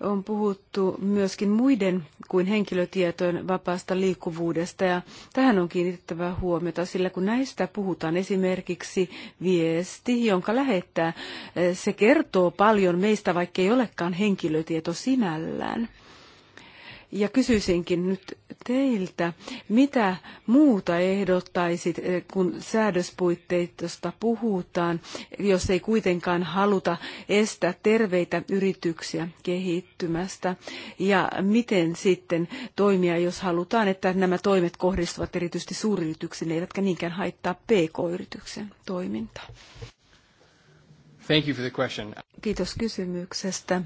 on puhuttu myöskin muiden kuin henkilötietojen vapaasta liikkuvuudesta ja tähän on kiinnitettävä huomiota, sillä kun näistä puhutaan esimerkiksi viesti, jonka lähettää, se kertoo paljon meistä, vaikka ei olekaan henkilötieto sinällään. Ja kysyisinkin nyt teiltä, mitä muuta ehdottaisit, eh, kun säädöspuitteista puhutaan, jos ei kuitenkaan haluta estää terveitä yrityksiä kehittymästä? Ja miten sitten toimia, jos halutaan, että nämä toimet kohdistuvat erityisesti suuryrityksille, eivätkä niinkään haittaa pk-yrityksen toimintaa? Thank you for the question. Kiitos kysymyksestä.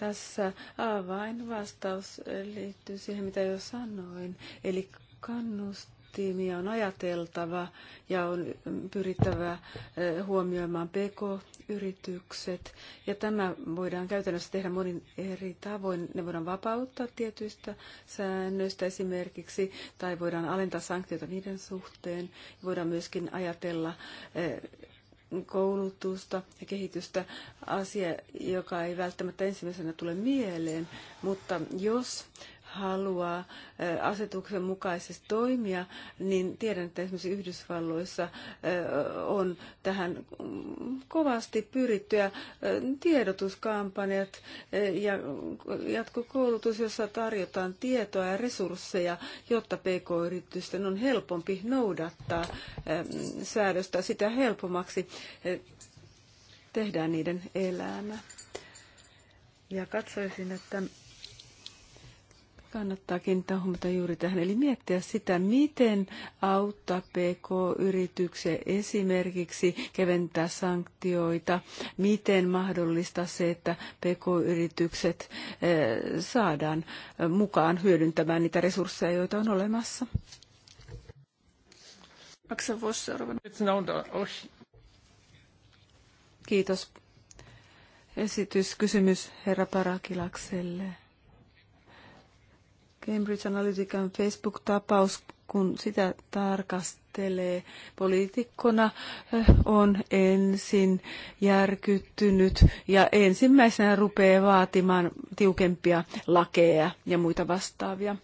Tässä avainvastaus liittyy siihen, mitä jo sanoin. Eli kannustimia on ajateltava ja on pyrittävä huomioimaan PK-yritykset. Ja tämä voidaan käytännössä tehdä monin eri tavoin. Ne voidaan vapauttaa tietyistä säännöistä esimerkiksi, tai voidaan alentaa sanktioita niiden suhteen. Voidaan myöskin ajatella koulutusta ja kehitystä, asia, joka ei välttämättä ensimmäisenä tule mieleen, mutta jos haluaa asetuksen mukaisesti toimia, niin tiedän, että esimerkiksi Yhdysvalloissa on tähän kovasti pyritty ja tiedotuskampanjat ja jatkokoulutus, jossa tarjotaan tietoa ja resursseja, jotta pk-yritysten on helpompi noudattaa säädöstä sitä helpommaksi tehdään niiden elämä. Ja katsoisin, että Kannattaa kiinnittää huomiota juuri tähän, eli miettiä sitä, miten auttaa PK-yrityksiä esimerkiksi keventää sanktioita, miten mahdollistaa se, että PK-yritykset eh, saadaan eh, mukaan hyödyntämään niitä resursseja, joita on olemassa. Kiitos. Esityskysymys herra Parakilakselle. Cambridge Analytican Facebook-tapaus, kun sitä tarkastelee poliitikkona, eh, on ensin järkyttynyt ja ensimmäisenä rupeaa vaatimaan tiukempia lakeja ja muita vastaavia.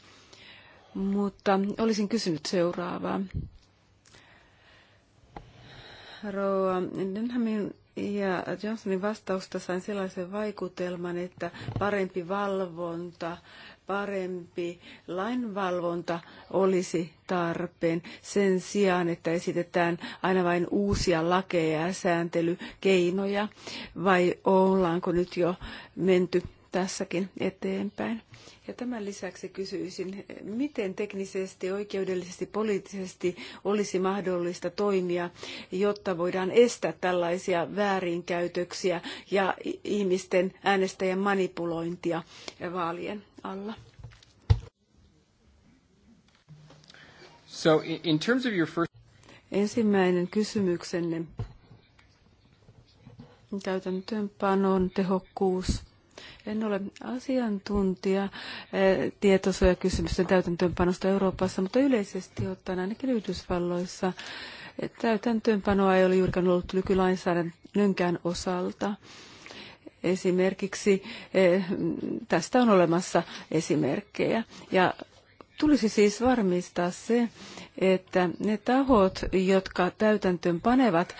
Mutta olisin kysynyt seuraavaa. Rouva Denhamin ja Johnsonin vastausta sain sellaisen vaikutelman, että parempi valvonta parempi lainvalvonta olisi tarpeen sen sijaan, että esitetään aina vain uusia lakeja ja sääntelykeinoja, vai ollaanko nyt jo menty tässäkin eteenpäin. Ja tämän lisäksi kysyisin, miten teknisesti, oikeudellisesti, poliittisesti olisi mahdollista toimia, jotta voidaan estää tällaisia väärinkäytöksiä ja ihmisten äänestäjän manipulointia vaalien alla? So in terms of your first... Ensimmäinen kysymyksenne. Käytäntöönpanon tehokkuus en ole asiantuntija eh, tietosuojakysymysten täytäntöönpanosta Euroopassa, mutta yleisesti ottaen ainakin Yhdysvalloissa eh, täytäntöönpanoa ei ole juurikaan ollut nykylainsäädännönkään osalta. Esimerkiksi eh, tästä on olemassa esimerkkejä. Ja tulisi siis varmistaa se, että ne tahot, jotka täytäntöön panevat,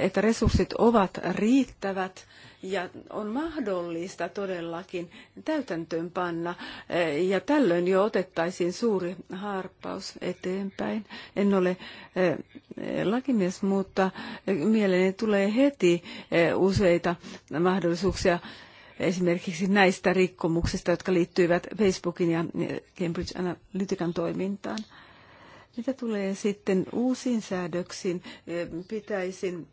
että resurssit ovat riittävät ja on mahdollista todellakin täytäntöönpanna eh, ja tällöin jo otettaisiin suuri harppaus eteenpäin. En ole eh, lakimies, mutta eh, mieleeni tulee heti useita mahdollisuuksia esimerkiksi näistä rikkomuksista, jotka liittyivät Facebookin ja Cambridge Analytican toimintaan. Mitä tulee sitten uusiin säädöksiin, pitäisin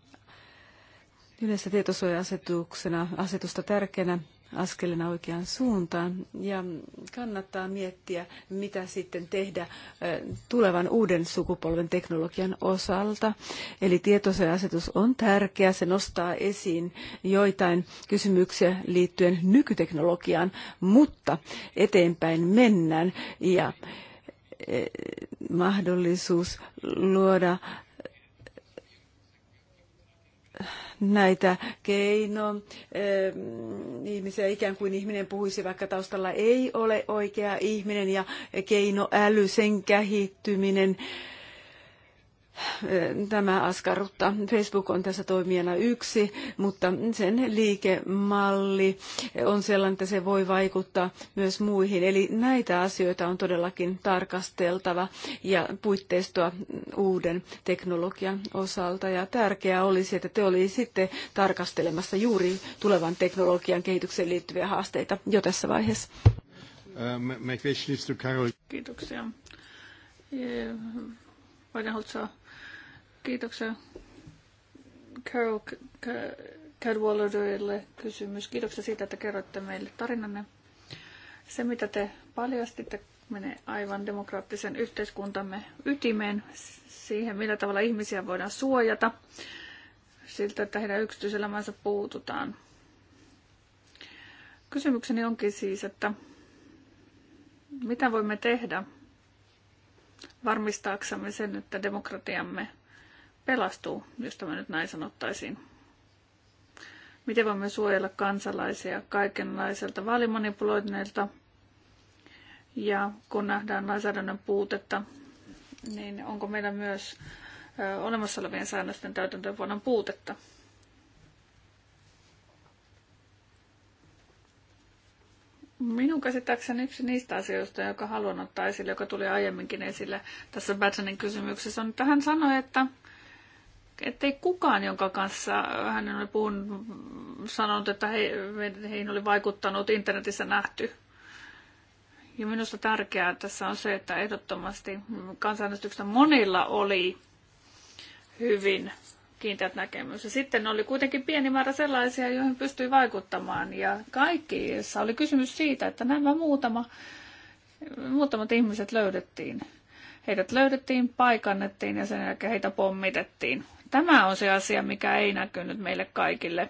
yleistä tietosuoja-asetuksena asetusta tärkeänä askelena oikeaan suuntaan ja kannattaa miettiä, mitä sitten tehdä tulevan uuden sukupolven teknologian osalta. Eli tietosuoja-asetus on tärkeä, se nostaa esiin joitain kysymyksiä liittyen nykyteknologiaan, mutta eteenpäin mennään ja e, mahdollisuus luoda näitä keino ähm, ihmisiä, ikään kuin ihminen puhuisi, vaikka taustalla ei ole oikea ihminen ja keinoäly, sen kehittyminen tämä askarruttaa. Facebook on tässä toimijana yksi, mutta sen liikemalli on sellainen, että se voi vaikuttaa myös muihin. Eli näitä asioita on todellakin tarkasteltava ja puitteistoa uuden teknologian osalta. Ja tärkeää olisi, että te olisitte tarkastelemassa juuri tulevan teknologian kehitykseen liittyviä haasteita jo tässä vaiheessa. Äh, Kiitoksia. Weidenholzer Kiitoksia Carol Cadwalladerille kysymys. Kiitoksia siitä, että kerroitte meille tarinanne. Se, mitä te paljastitte, menee aivan demokraattisen yhteiskuntamme ytimeen, siihen, millä tavalla ihmisiä voidaan suojata siltä, että heidän yksityiselämänsä puututaan. Kysymykseni onkin siis, että mitä voimme tehdä varmistaaksemme sen, että demokratiamme pelastuu, jos tämä nyt näin sanottaisiin. Miten voimme suojella kansalaisia kaikenlaiselta vaalimanipuloinneilta? Ja kun nähdään lainsäädännön puutetta, niin onko meillä myös olemassa olevien säännösten täytäntöönpanon puutetta? Minun käsittääkseni yksi niistä asioista, joka haluan ottaa esille, joka tuli aiemminkin esille tässä Batsonin kysymyksessä, on, että hän sanoi, että ettei kukaan, jonka kanssa hän oli puhunut, sanonut, että he, heihin oli vaikuttanut internetissä nähty. Ja minusta tärkeää tässä on se, että ehdottomasti kansanäänestyksestä monilla oli hyvin kiinteät näkemys. Ja sitten oli kuitenkin pieni määrä sellaisia, joihin pystyi vaikuttamaan. Ja kaikissa oli kysymys siitä, että nämä muutama, muutamat ihmiset löydettiin. Heidät löydettiin, paikannettiin ja sen jälkeen heitä pommitettiin. Tämä on se asia, mikä ei näkynyt meille kaikille.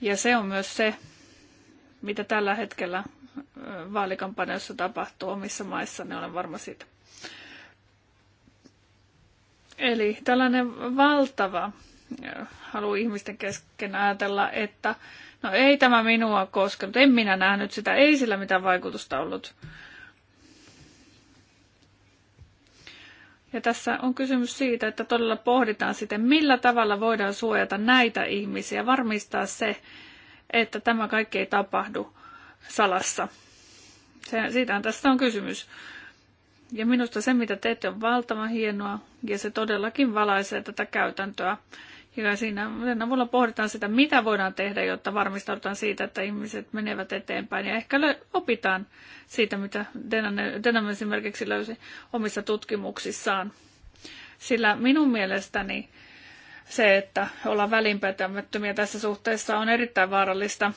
Ja se on myös se, mitä tällä hetkellä vaalikampanjassa tapahtuu omissa maissa, ne olen varma siitä. Eli tällainen valtava halu ihmisten kesken ajatella, että no ei tämä minua koskenut, en minä nähnyt sitä, ei sillä mitään vaikutusta ollut. Ja tässä on kysymys siitä, että todella pohditaan sitten, millä tavalla voidaan suojata näitä ihmisiä, varmistaa se, että tämä kaikki ei tapahdu salassa. Se, siitähän tässä on kysymys. Ja minusta se, mitä teette, on valtavan hienoa ja se todellakin valaisee tätä käytäntöä. Hyvä siinä sen avulla pohditaan sitä, mitä voidaan tehdä, jotta varmistaudutaan siitä, että ihmiset menevät eteenpäin. Ja ehkä opitaan siitä, mitä Denam esimerkiksi löysi omissa tutkimuksissaan. Sillä minun mielestäni se, että ollaan välinpäätämättömiä tässä suhteessa on erittäin vaarallista.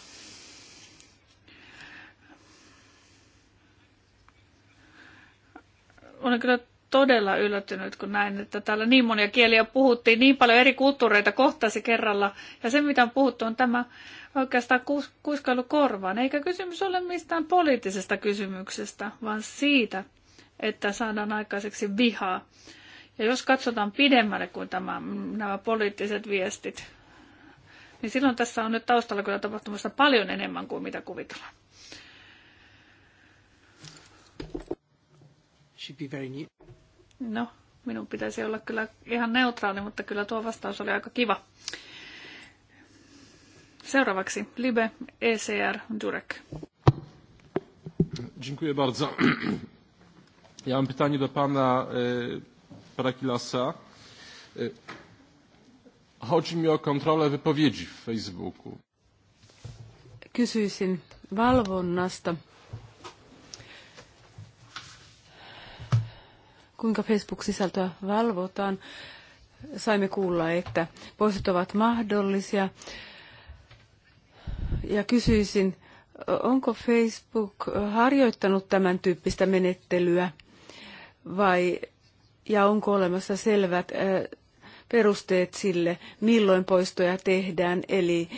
Olen kyllä todella yllättynyt, kun näin, että täällä niin monia kieliä puhuttiin, niin paljon eri kulttuureita kohtasi kerralla. Ja se, mitä on puhuttu, on tämä oikeastaan kus- kuiskailu korvaan. Eikä kysymys ole mistään poliittisesta kysymyksestä, vaan siitä, että saadaan aikaiseksi vihaa. Ja jos katsotaan pidemmälle kuin tämä, nämä poliittiset viestit, niin silloin tässä on nyt taustalla kyllä tapahtumassa paljon enemmän kuin mitä kuvitellaan. No, minun pitäisi olla kyllä ihan neutraali, mutta kyllä tuo vastaus oli aika kiva. Seuraavaksi Libe, ECR, Durek. Dziękuję bardzo. Ja mam pytanie do pana e, Parakilasa. E, chodzi mi o kontrolę wypowiedzi w Facebooku. Kysyisin valvonnasta kuinka Facebook-sisältöä valvotaan. Saimme kuulla, että poistot ovat mahdollisia. Ja kysyisin, onko Facebook harjoittanut tämän tyyppistä menettelyä vai ja onko olemassa selvät perusteet sille, milloin poistoja tehdään, eli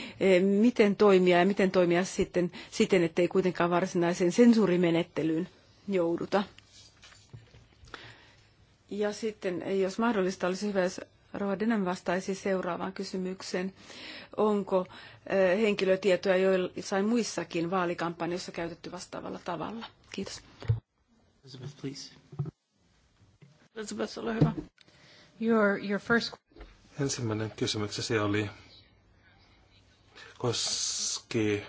miten toimia ja miten toimia sitten siten, ettei kuitenkaan varsinaiseen sensuurimenettelyyn jouduta. Ja sitten, jos mahdollista, olisi hyvä, jos Rohdinen vastaisi seuraavaan kysymykseen. Onko eh, henkilötietoja joissain muissakin vaalikampanjoissa käytetty vastaavalla tavalla? Kiitos. Elizabeth, please. Elizabeth, ole hyvä. Your, your first... Ensimmäinen kysymyksesi oli, koski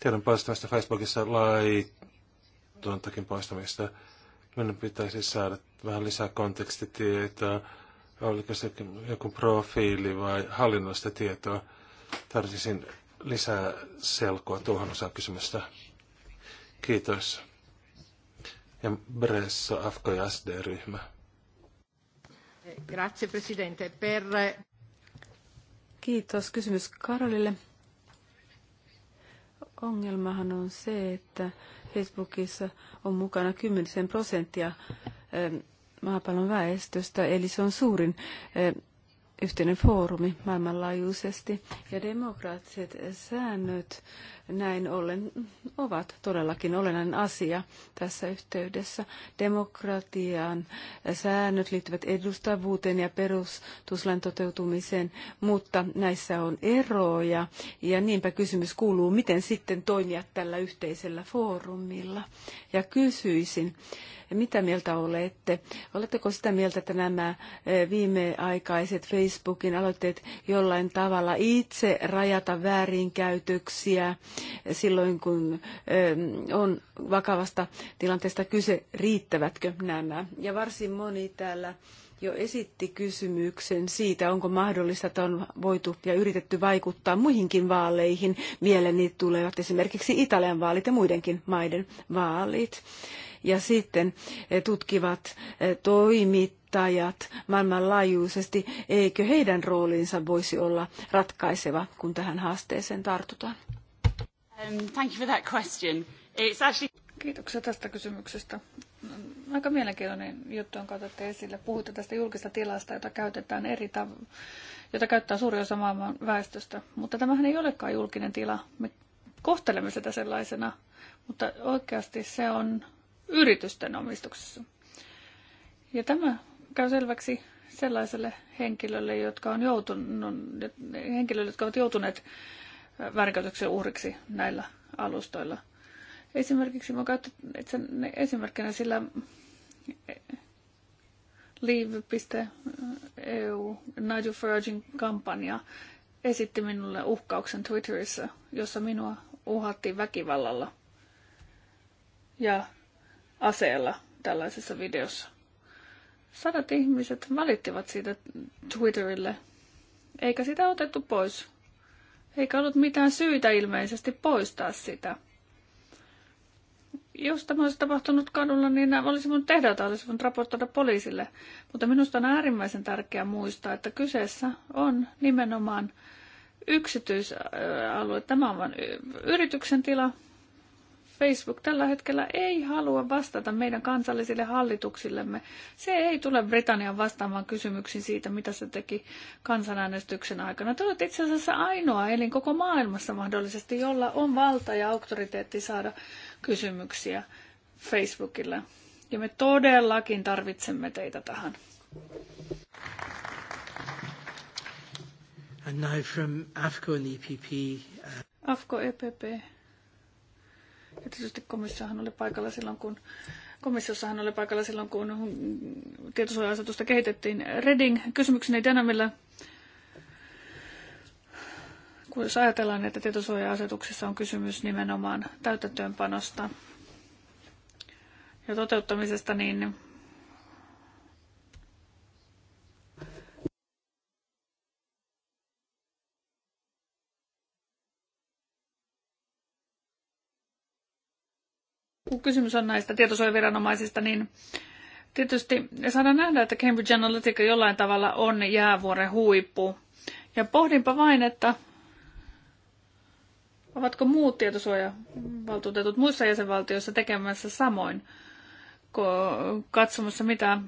tiedon poistamista Facebookissa laitontakin poistamista. Minun pitäisi saada vähän lisää kontekstitietoa, oliko se joku profiili vai hallinnollista tietoa. Tarvitsisin lisää selkoa tuohon osaan kysymystä. Kiitos. Ja Bresso, AFKO ja SD-ryhmä. Grazie, Presidente. Per... Kiitos. Kysymys Karolille. Ongelmahan on se, että Facebookissa on mukana 10 prosenttia eh, maapallon väestöstä, eli se on suurin eh, yhteinen foorumi maailmanlaajuisesti. Ja demokraattiset säännöt näin ollen ovat todellakin olennainen asia tässä yhteydessä. Demokratian säännöt liittyvät edustavuuteen ja perustuslain toteutumiseen, mutta näissä on eroja ja niinpä kysymys kuuluu, miten sitten toimia tällä yhteisellä foorumilla. Ja kysyisin, mitä mieltä olette? Oletteko sitä mieltä, että nämä eh, viimeaikaiset Facebookin aloitteet jollain tavalla itse rajata väärinkäytöksiä silloin, kun ähm, on vakavasta tilanteesta kyse, riittävätkö nämä. Ja varsin moni täällä jo esitti kysymyksen siitä, onko mahdollista, että on voitu ja yritetty vaikuttaa muihinkin vaaleihin. Mieleeni tulevat esimerkiksi Italian vaalit ja muidenkin maiden vaalit. Ja sitten eh, tutkivat eh, toimittajat maailmanlaajuisesti, eikö heidän roolinsa voisi olla ratkaiseva, kun tähän haasteeseen tartutaan. Um, thank you for that question. It's actually... Kiitoksia tästä kysymyksestä. Aika mielenkiintoinen juttu, jonka otatte esille. Puhuitte tästä julkista tilasta, jota käytetään eri tav- jota käyttää suuri osa maailman väestöstä. Mutta tämähän ei olekaan julkinen tila. Me kohtelemme sitä sellaisena, mutta oikeasti se on yritysten omistuksessa. Ja tämä käy selväksi sellaiselle henkilölle, jotka on joutunut, henkilölle, jotka ovat joutuneet väärinkäytöksen uhriksi näillä alustoilla. Esimerkiksi mä käytän sen esimerkkinä sillä leave.eu Nigel Faragein kampanja esitti minulle uhkauksen Twitterissä, jossa minua uhattiin väkivallalla ja aseella tällaisessa videossa. Sadat ihmiset valittivat siitä Twitterille, eikä sitä otettu pois eikä ollut mitään syytä ilmeisesti poistaa sitä. Jos tämä olisi tapahtunut kadulla, niin nämä olisi voinut tehdä jotain, olisi voinut raportoida poliisille. Mutta minusta on äärimmäisen tärkeää muistaa, että kyseessä on nimenomaan yksityisalue. Tämä on vain yrityksen tila, Facebook tällä hetkellä ei halua vastata meidän kansallisille hallituksillemme. Se ei tule Britannian vastaamaan kysymyksiin siitä, mitä se teki kansanäänestyksen aikana. Te olette itse asiassa ainoa elin koko maailmassa mahdollisesti, jolla on valta ja auktoriteetti saada kysymyksiä Facebookille. Ja me todellakin tarvitsemme teitä tähän. And now from AFCO and EPP. Uh... AFCO EPP tietysti komissiohan oli paikalla silloin, kun komissiossahan oli paikalla silloin, kun tietosuoja-asetusta kehitettiin. Reding, kysymykseni Dynamille. Kun jos ajatellaan, että tietosuoja-asetuksessa on kysymys nimenomaan täytäntöönpanosta ja toteuttamisesta, niin kun kysymys on näistä tietosuojaviranomaisista, niin tietysti saadaan nähdä, että Cambridge Analytica jollain tavalla on jäävuoren huippu. Ja pohdinpa vain, että ovatko muut tietosuojavaltuutetut muissa jäsenvaltioissa tekemässä samoin katsomassa, mitä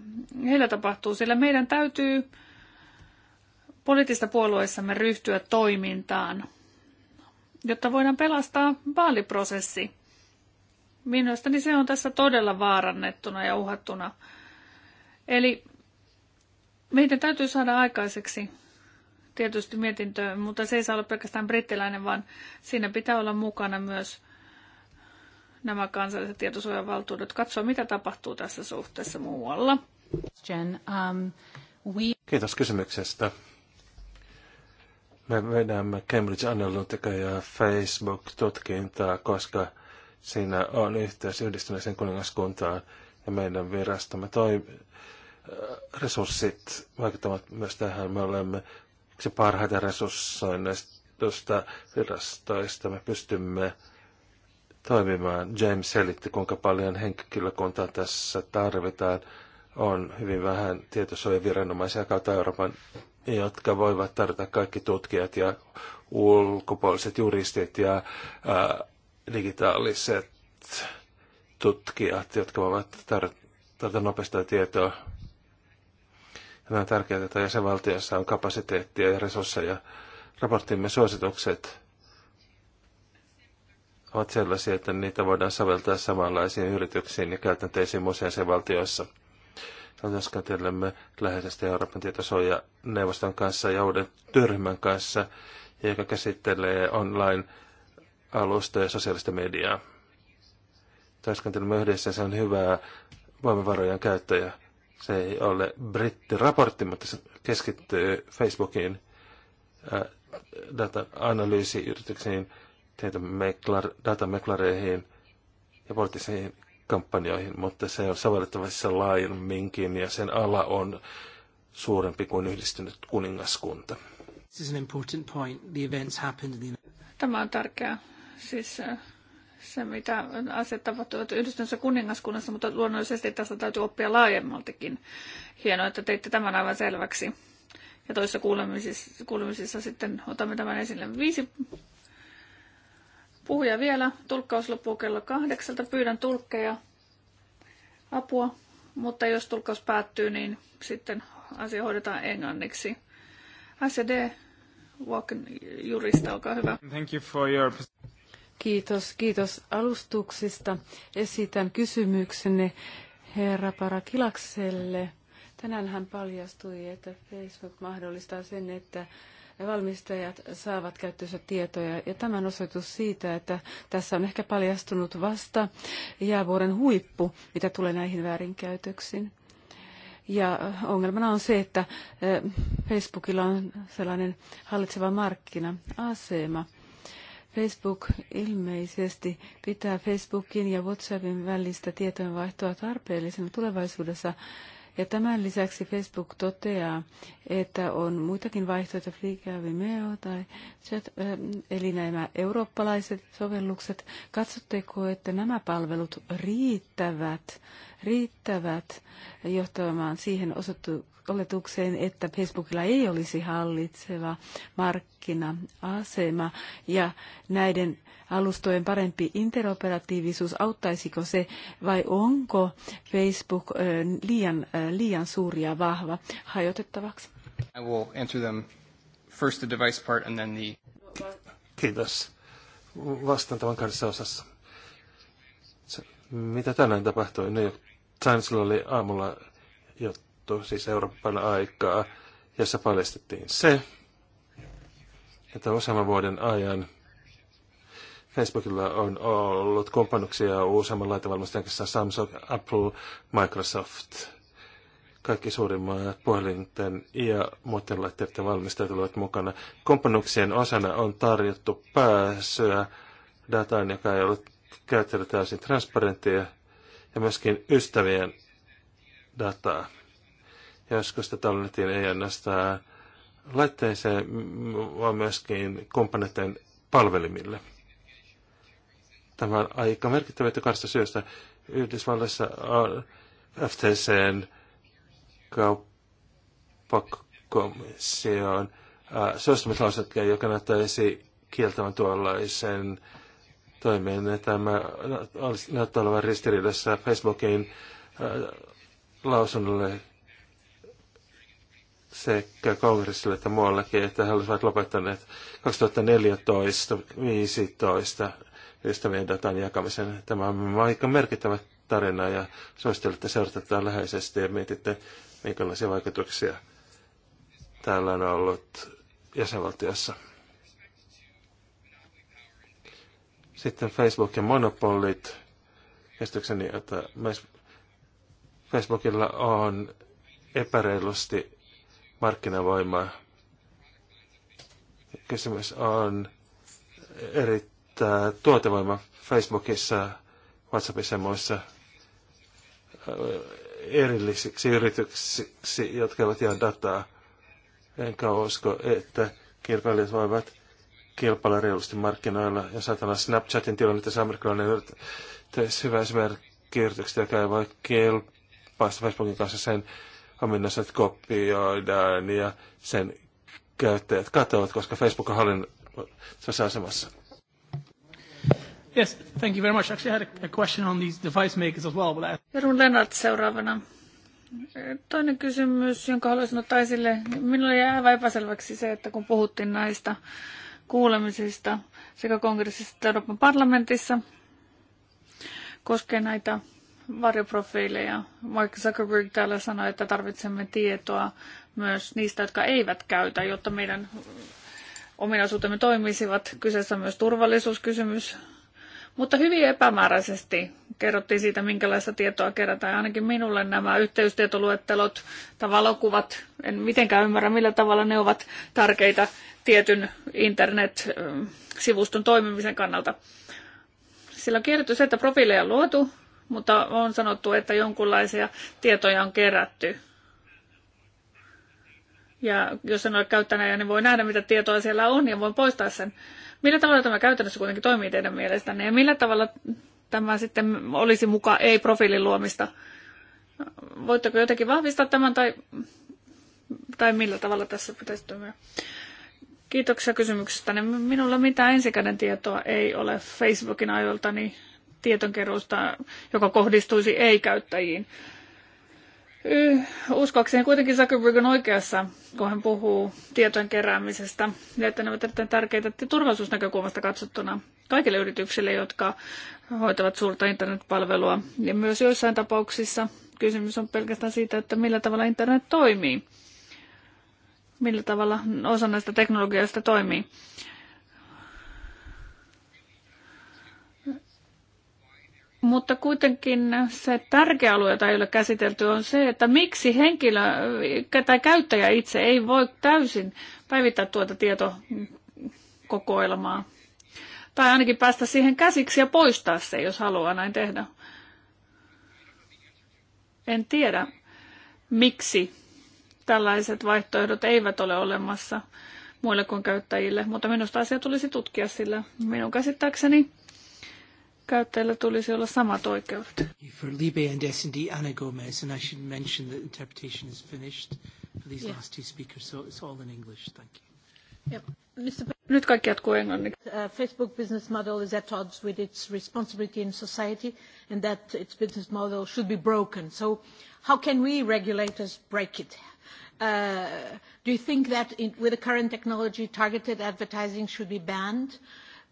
heillä tapahtuu, sillä meidän täytyy poliittista puolueissamme ryhtyä toimintaan, jotta voidaan pelastaa vaaliprosessi. Minusta niin se on tässä todella vaarannettuna ja uhattuna. Eli meidän täytyy saada aikaiseksi tietysti mietintö, mutta se ei saa olla pelkästään brittiläinen, vaan siinä pitää olla mukana myös nämä kansalliset tietosuojavaltuudet. Katsoa, mitä tapahtuu tässä suhteessa muualla. Jen, um, we... Kiitos kysymyksestä. Me vedämme Cambridge Analytica ja Facebook-tutkintaa, koska Siinä on yhteys yhdistyneeseen kuningaskuntaan ja meidän virastamme toi, äh, resurssit vaikuttavat myös tähän. Me olemme se parhaita resurssoinnista virastoista. Me pystymme toimimaan. James selitti, kuinka paljon henkilökuntaa tässä tarvitaan. On hyvin vähän tietosuojaviranomaisia kautta Euroopan, jotka voivat tarjota kaikki tutkijat ja ulkopuoliset juristit ja ää, äh, digitaaliset tutkijat, jotka voivat tarjota nopeasti tietoa. Tämä on tärkeää, että jäsenvaltiossa on kapasiteettia ja resursseja. Raporttimme suositukset ovat sellaisia, että niitä voidaan soveltaa samanlaisiin yrityksiin ja käytänteisiin muissa jäsenvaltioissa. Työskentelemme läheisesti Euroopan tietosuojaneuvoston kanssa ja uuden työryhmän kanssa, joka käsittelee online alusta ja sosiaalista mediaa. Täskentelimme yhdessä on hyvää voimavarojen käyttäjä. Se ei ole brittiraportti, mutta se keskittyy Facebookin äh, data-analyysiyrityksiin, datameklareihin ja poliittisiin kampanjoihin, mutta se on sovellettavissa laajemminkin ja sen ala on suurempi kuin yhdistynyt kuningaskunta. Tämä on tärkeä siis äh, se, mitä asiat tapahtuvat yhdistyneessä kuningaskunnassa, mutta luonnollisesti tästä täytyy oppia laajemmaltikin. Hienoa, että teitte tämän aivan selväksi. Ja toisessa kuulemisissa, kuulemisissa sitten otamme tämän esille. Viisi puhuja vielä. Tulkkaus loppuu kello kahdeksalta. Pyydän tulkkeja apua, mutta jos tulkkaus päättyy, niin sitten asia hoidetaan englanniksi. SD Walken jurista, olkaa hyvä. Thank you for your... Kiitos, kiitos alustuksista. Esitän kysymyksenne herra Parakilakselle. Tänään hän paljastui, että Facebook mahdollistaa sen, että valmistajat saavat käyttöönsä tietoja. Ja tämän osoitus siitä, että tässä on ehkä paljastunut vasta jäävuoren huippu, mitä tulee näihin väärinkäytöksiin. Ja ongelmana on se, että eh, Facebookilla on sellainen hallitseva markkina-asema – Facebook ilmeisesti pitää Facebookin ja WhatsAppin välistä tietojenvaihtoa tarpeellisena tulevaisuudessa. Ja tämän lisäksi Facebook toteaa, että on muitakin vaihtoehtoja, Flickr, Vimeo tai chat, äh, eli nämä eurooppalaiset sovellukset. Katsotteko, että nämä palvelut riittävät, riittävät johtamaan siihen osoittu, oletukseen, että Facebookilla ei olisi hallitseva markkina-asema ja näiden alustojen parempi interoperatiivisuus, auttaisiko se vai onko Facebook liian, liian suuri ja vahva hajotettavaksi? I will answer them first the device part and then the... Kiitos. Vastaan tämän kanssa osassa. mitä tänään tapahtui? No York Timesilla oli aamulla jo puhuttu, siis Euroopan aikaa, jossa paljastettiin se, että useamman vuoden ajan Facebookilla on ollut kumppanuksia useamman laitevalmistajan kanssa Samsung, Apple, Microsoft. Kaikki suurimmat puhelinten ja muiden laitteiden valmistajat ovat mukana. Kumppanuksien osana on tarjottu pääsyä dataan, joka ei ollut käyttänyt täysin transparenttia, ja myöskin ystävien dataa. Joskus tätä ei ainoastaan laitteeseen, vaan myöskin komponenttien palvelimille. Tämä on aika merkittävä, että kahdesta syystä Yhdysvalloissa on FTCn kauppakomission suostumuslauseke, joka näyttäisi kieltävän tuollaisen toimeen. Tämä näyttää olevan ristiriidassa Facebookin lausunnolle sekä kongressille että muuallekin, että he olisivat lopettaneet 2014-2015 ystävien datan jakamisen. Tämä on aika merkittävä tarina ja suosittelette seurata läheisesti ja mietitte, minkälaisia vaikutuksia täällä on ollut jäsenvaltiossa. Sitten Facebookin monopolit. Käsitykseni, että Facebookilla on epäreilusti markkinavoimaa. Kysymys on erittäin tuotevoima Facebookissa, WhatsAppissa ja muissa äh, erillisiksi yrityksiksi, jotka eivät jaa dataa. Enkä usko, että kilpailijat voivat kilpailla reilusti markkinoilla. Ja saatana Snapchatin tilanne, että amerikkalainen yritys, hyvä esimerkki yrityksestä, joka ei voi kilpailla Facebookin kanssa sen ominaisuudet kopioidaan ja sen käyttäjät katoavat, koska Facebook on hallinnassa asemassa. Yes, thank you very much. Actually, I had a question on these device makers as well. But I... Jarun Lennart seuraavana. Toinen kysymys, jonka haluaisin ottaa esille. Minulle jäi aivan epäselväksi se, että kun puhuttiin näistä kuulemisista sekä kongressissa että Euroopan parlamentissa, koskee näitä varjoprofiileja. Mark Zuckerberg täällä sanoi, että tarvitsemme tietoa myös niistä, jotka eivät käytä, jotta meidän ominaisuutemme toimisivat. Kyseessä on myös turvallisuuskysymys, mutta hyvin epämääräisesti kerrottiin siitä, minkälaista tietoa kerätään. Ainakin minulle nämä yhteystietoluettelot tai valokuvat, en mitenkään ymmärrä millä tavalla ne ovat tärkeitä tietyn internet-sivuston toimimisen kannalta. Sillä on kirjoitettu se, että profiileja on luotu, mutta on sanottu, että jonkunlaisia tietoja on kerätty. Ja jos en ole käyttänyt, niin voi nähdä, mitä tietoa siellä on ja voin poistaa sen. Millä tavalla tämä käytännössä kuitenkin toimii teidän mielestänne ja millä tavalla tämä sitten olisi mukaan ei-profiilin luomista? Voitteko jotenkin vahvistaa tämän tai, tai millä tavalla tässä pitäisi toimia? Kiitoksia kysymyksestä. Minulla mitään ensikäden tietoa ei ole Facebookin ajoilta, niin tietonkeruusta, joka kohdistuisi ei-käyttäjiin. Uskoakseni kuitenkin Zuckerberg on oikeassa, kun hän puhuu tietojen keräämisestä, ja että ne ovat erittäin tärkeitä turvallisuusnäkökulmasta katsottuna kaikille yrityksille, jotka hoitavat suurta internetpalvelua. Ja myös joissain tapauksissa kysymys on pelkästään siitä, että millä tavalla internet toimii, millä tavalla osa näistä teknologioista toimii. Mutta kuitenkin se tärkeä alue, jota ei ole käsitelty, on se, että miksi henkilö tai käyttäjä itse ei voi täysin päivittää tuota tietokokoelmaa. Tai ainakin päästä siihen käsiksi ja poistaa se, jos haluaa näin tehdä. En tiedä, miksi tällaiset vaihtoehdot eivät ole olemassa muille kuin käyttäjille, mutta minusta asia tulisi tutkia, sillä minun käsittääkseni käyttäjillä tulisi olla samat oikeudet. For Libe and S&D, Anna Gomez, and I should mention that interpretation is finished for these yeah. last two speakers, so it's all in English. Thank you. Yep. Nyt kaikki jatkuu englanniksi. Uh, Facebook business model is at odds with its responsibility in society and that its business model should be broken. So how can we regulators break it? Uh, do you think that in, with the current technology, targeted advertising should be banned?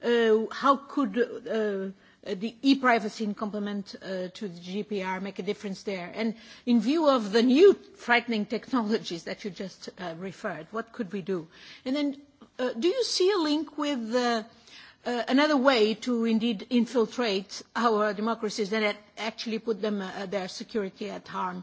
Uh, how could uh, Uh, the e-privacy in complement uh, to the GDPR make a difference there? And in view of the new frightening technologies that you just uh, referred, what could we do? And then uh, do you see a link with uh, another way to indeed infiltrate our democracies and actually put them, their security at harm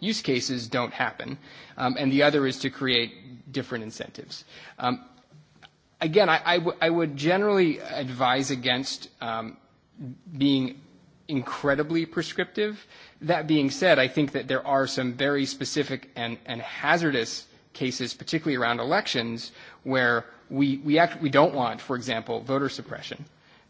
use cases don't happen. Um, and the other is to create different incentives. Um, again, I, I, w- I would generally advise against um, being incredibly prescriptive. That being said, I think that there are some very specific and, and hazardous cases, particularly around elections, where we, we, act, we don't want, for example, voter suppression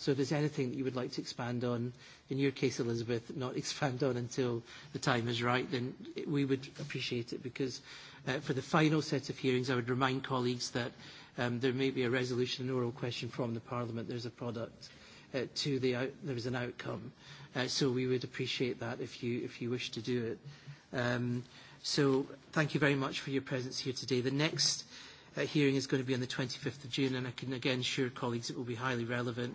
So if there's anything that you would like to expand on, in your case, Elizabeth, not expand on until the time is right, then we would appreciate it because uh, for the final set of hearings, I would remind colleagues that um, there may be a resolution, an oral question from the Parliament. There's a product uh, to the out, there is an outcome. Uh, so we would appreciate that if you, if you wish to do it. Um, so thank you very much for your presence here today. The next hearing is going to be on the 25th of June, and I can again assure colleagues it will be highly relevant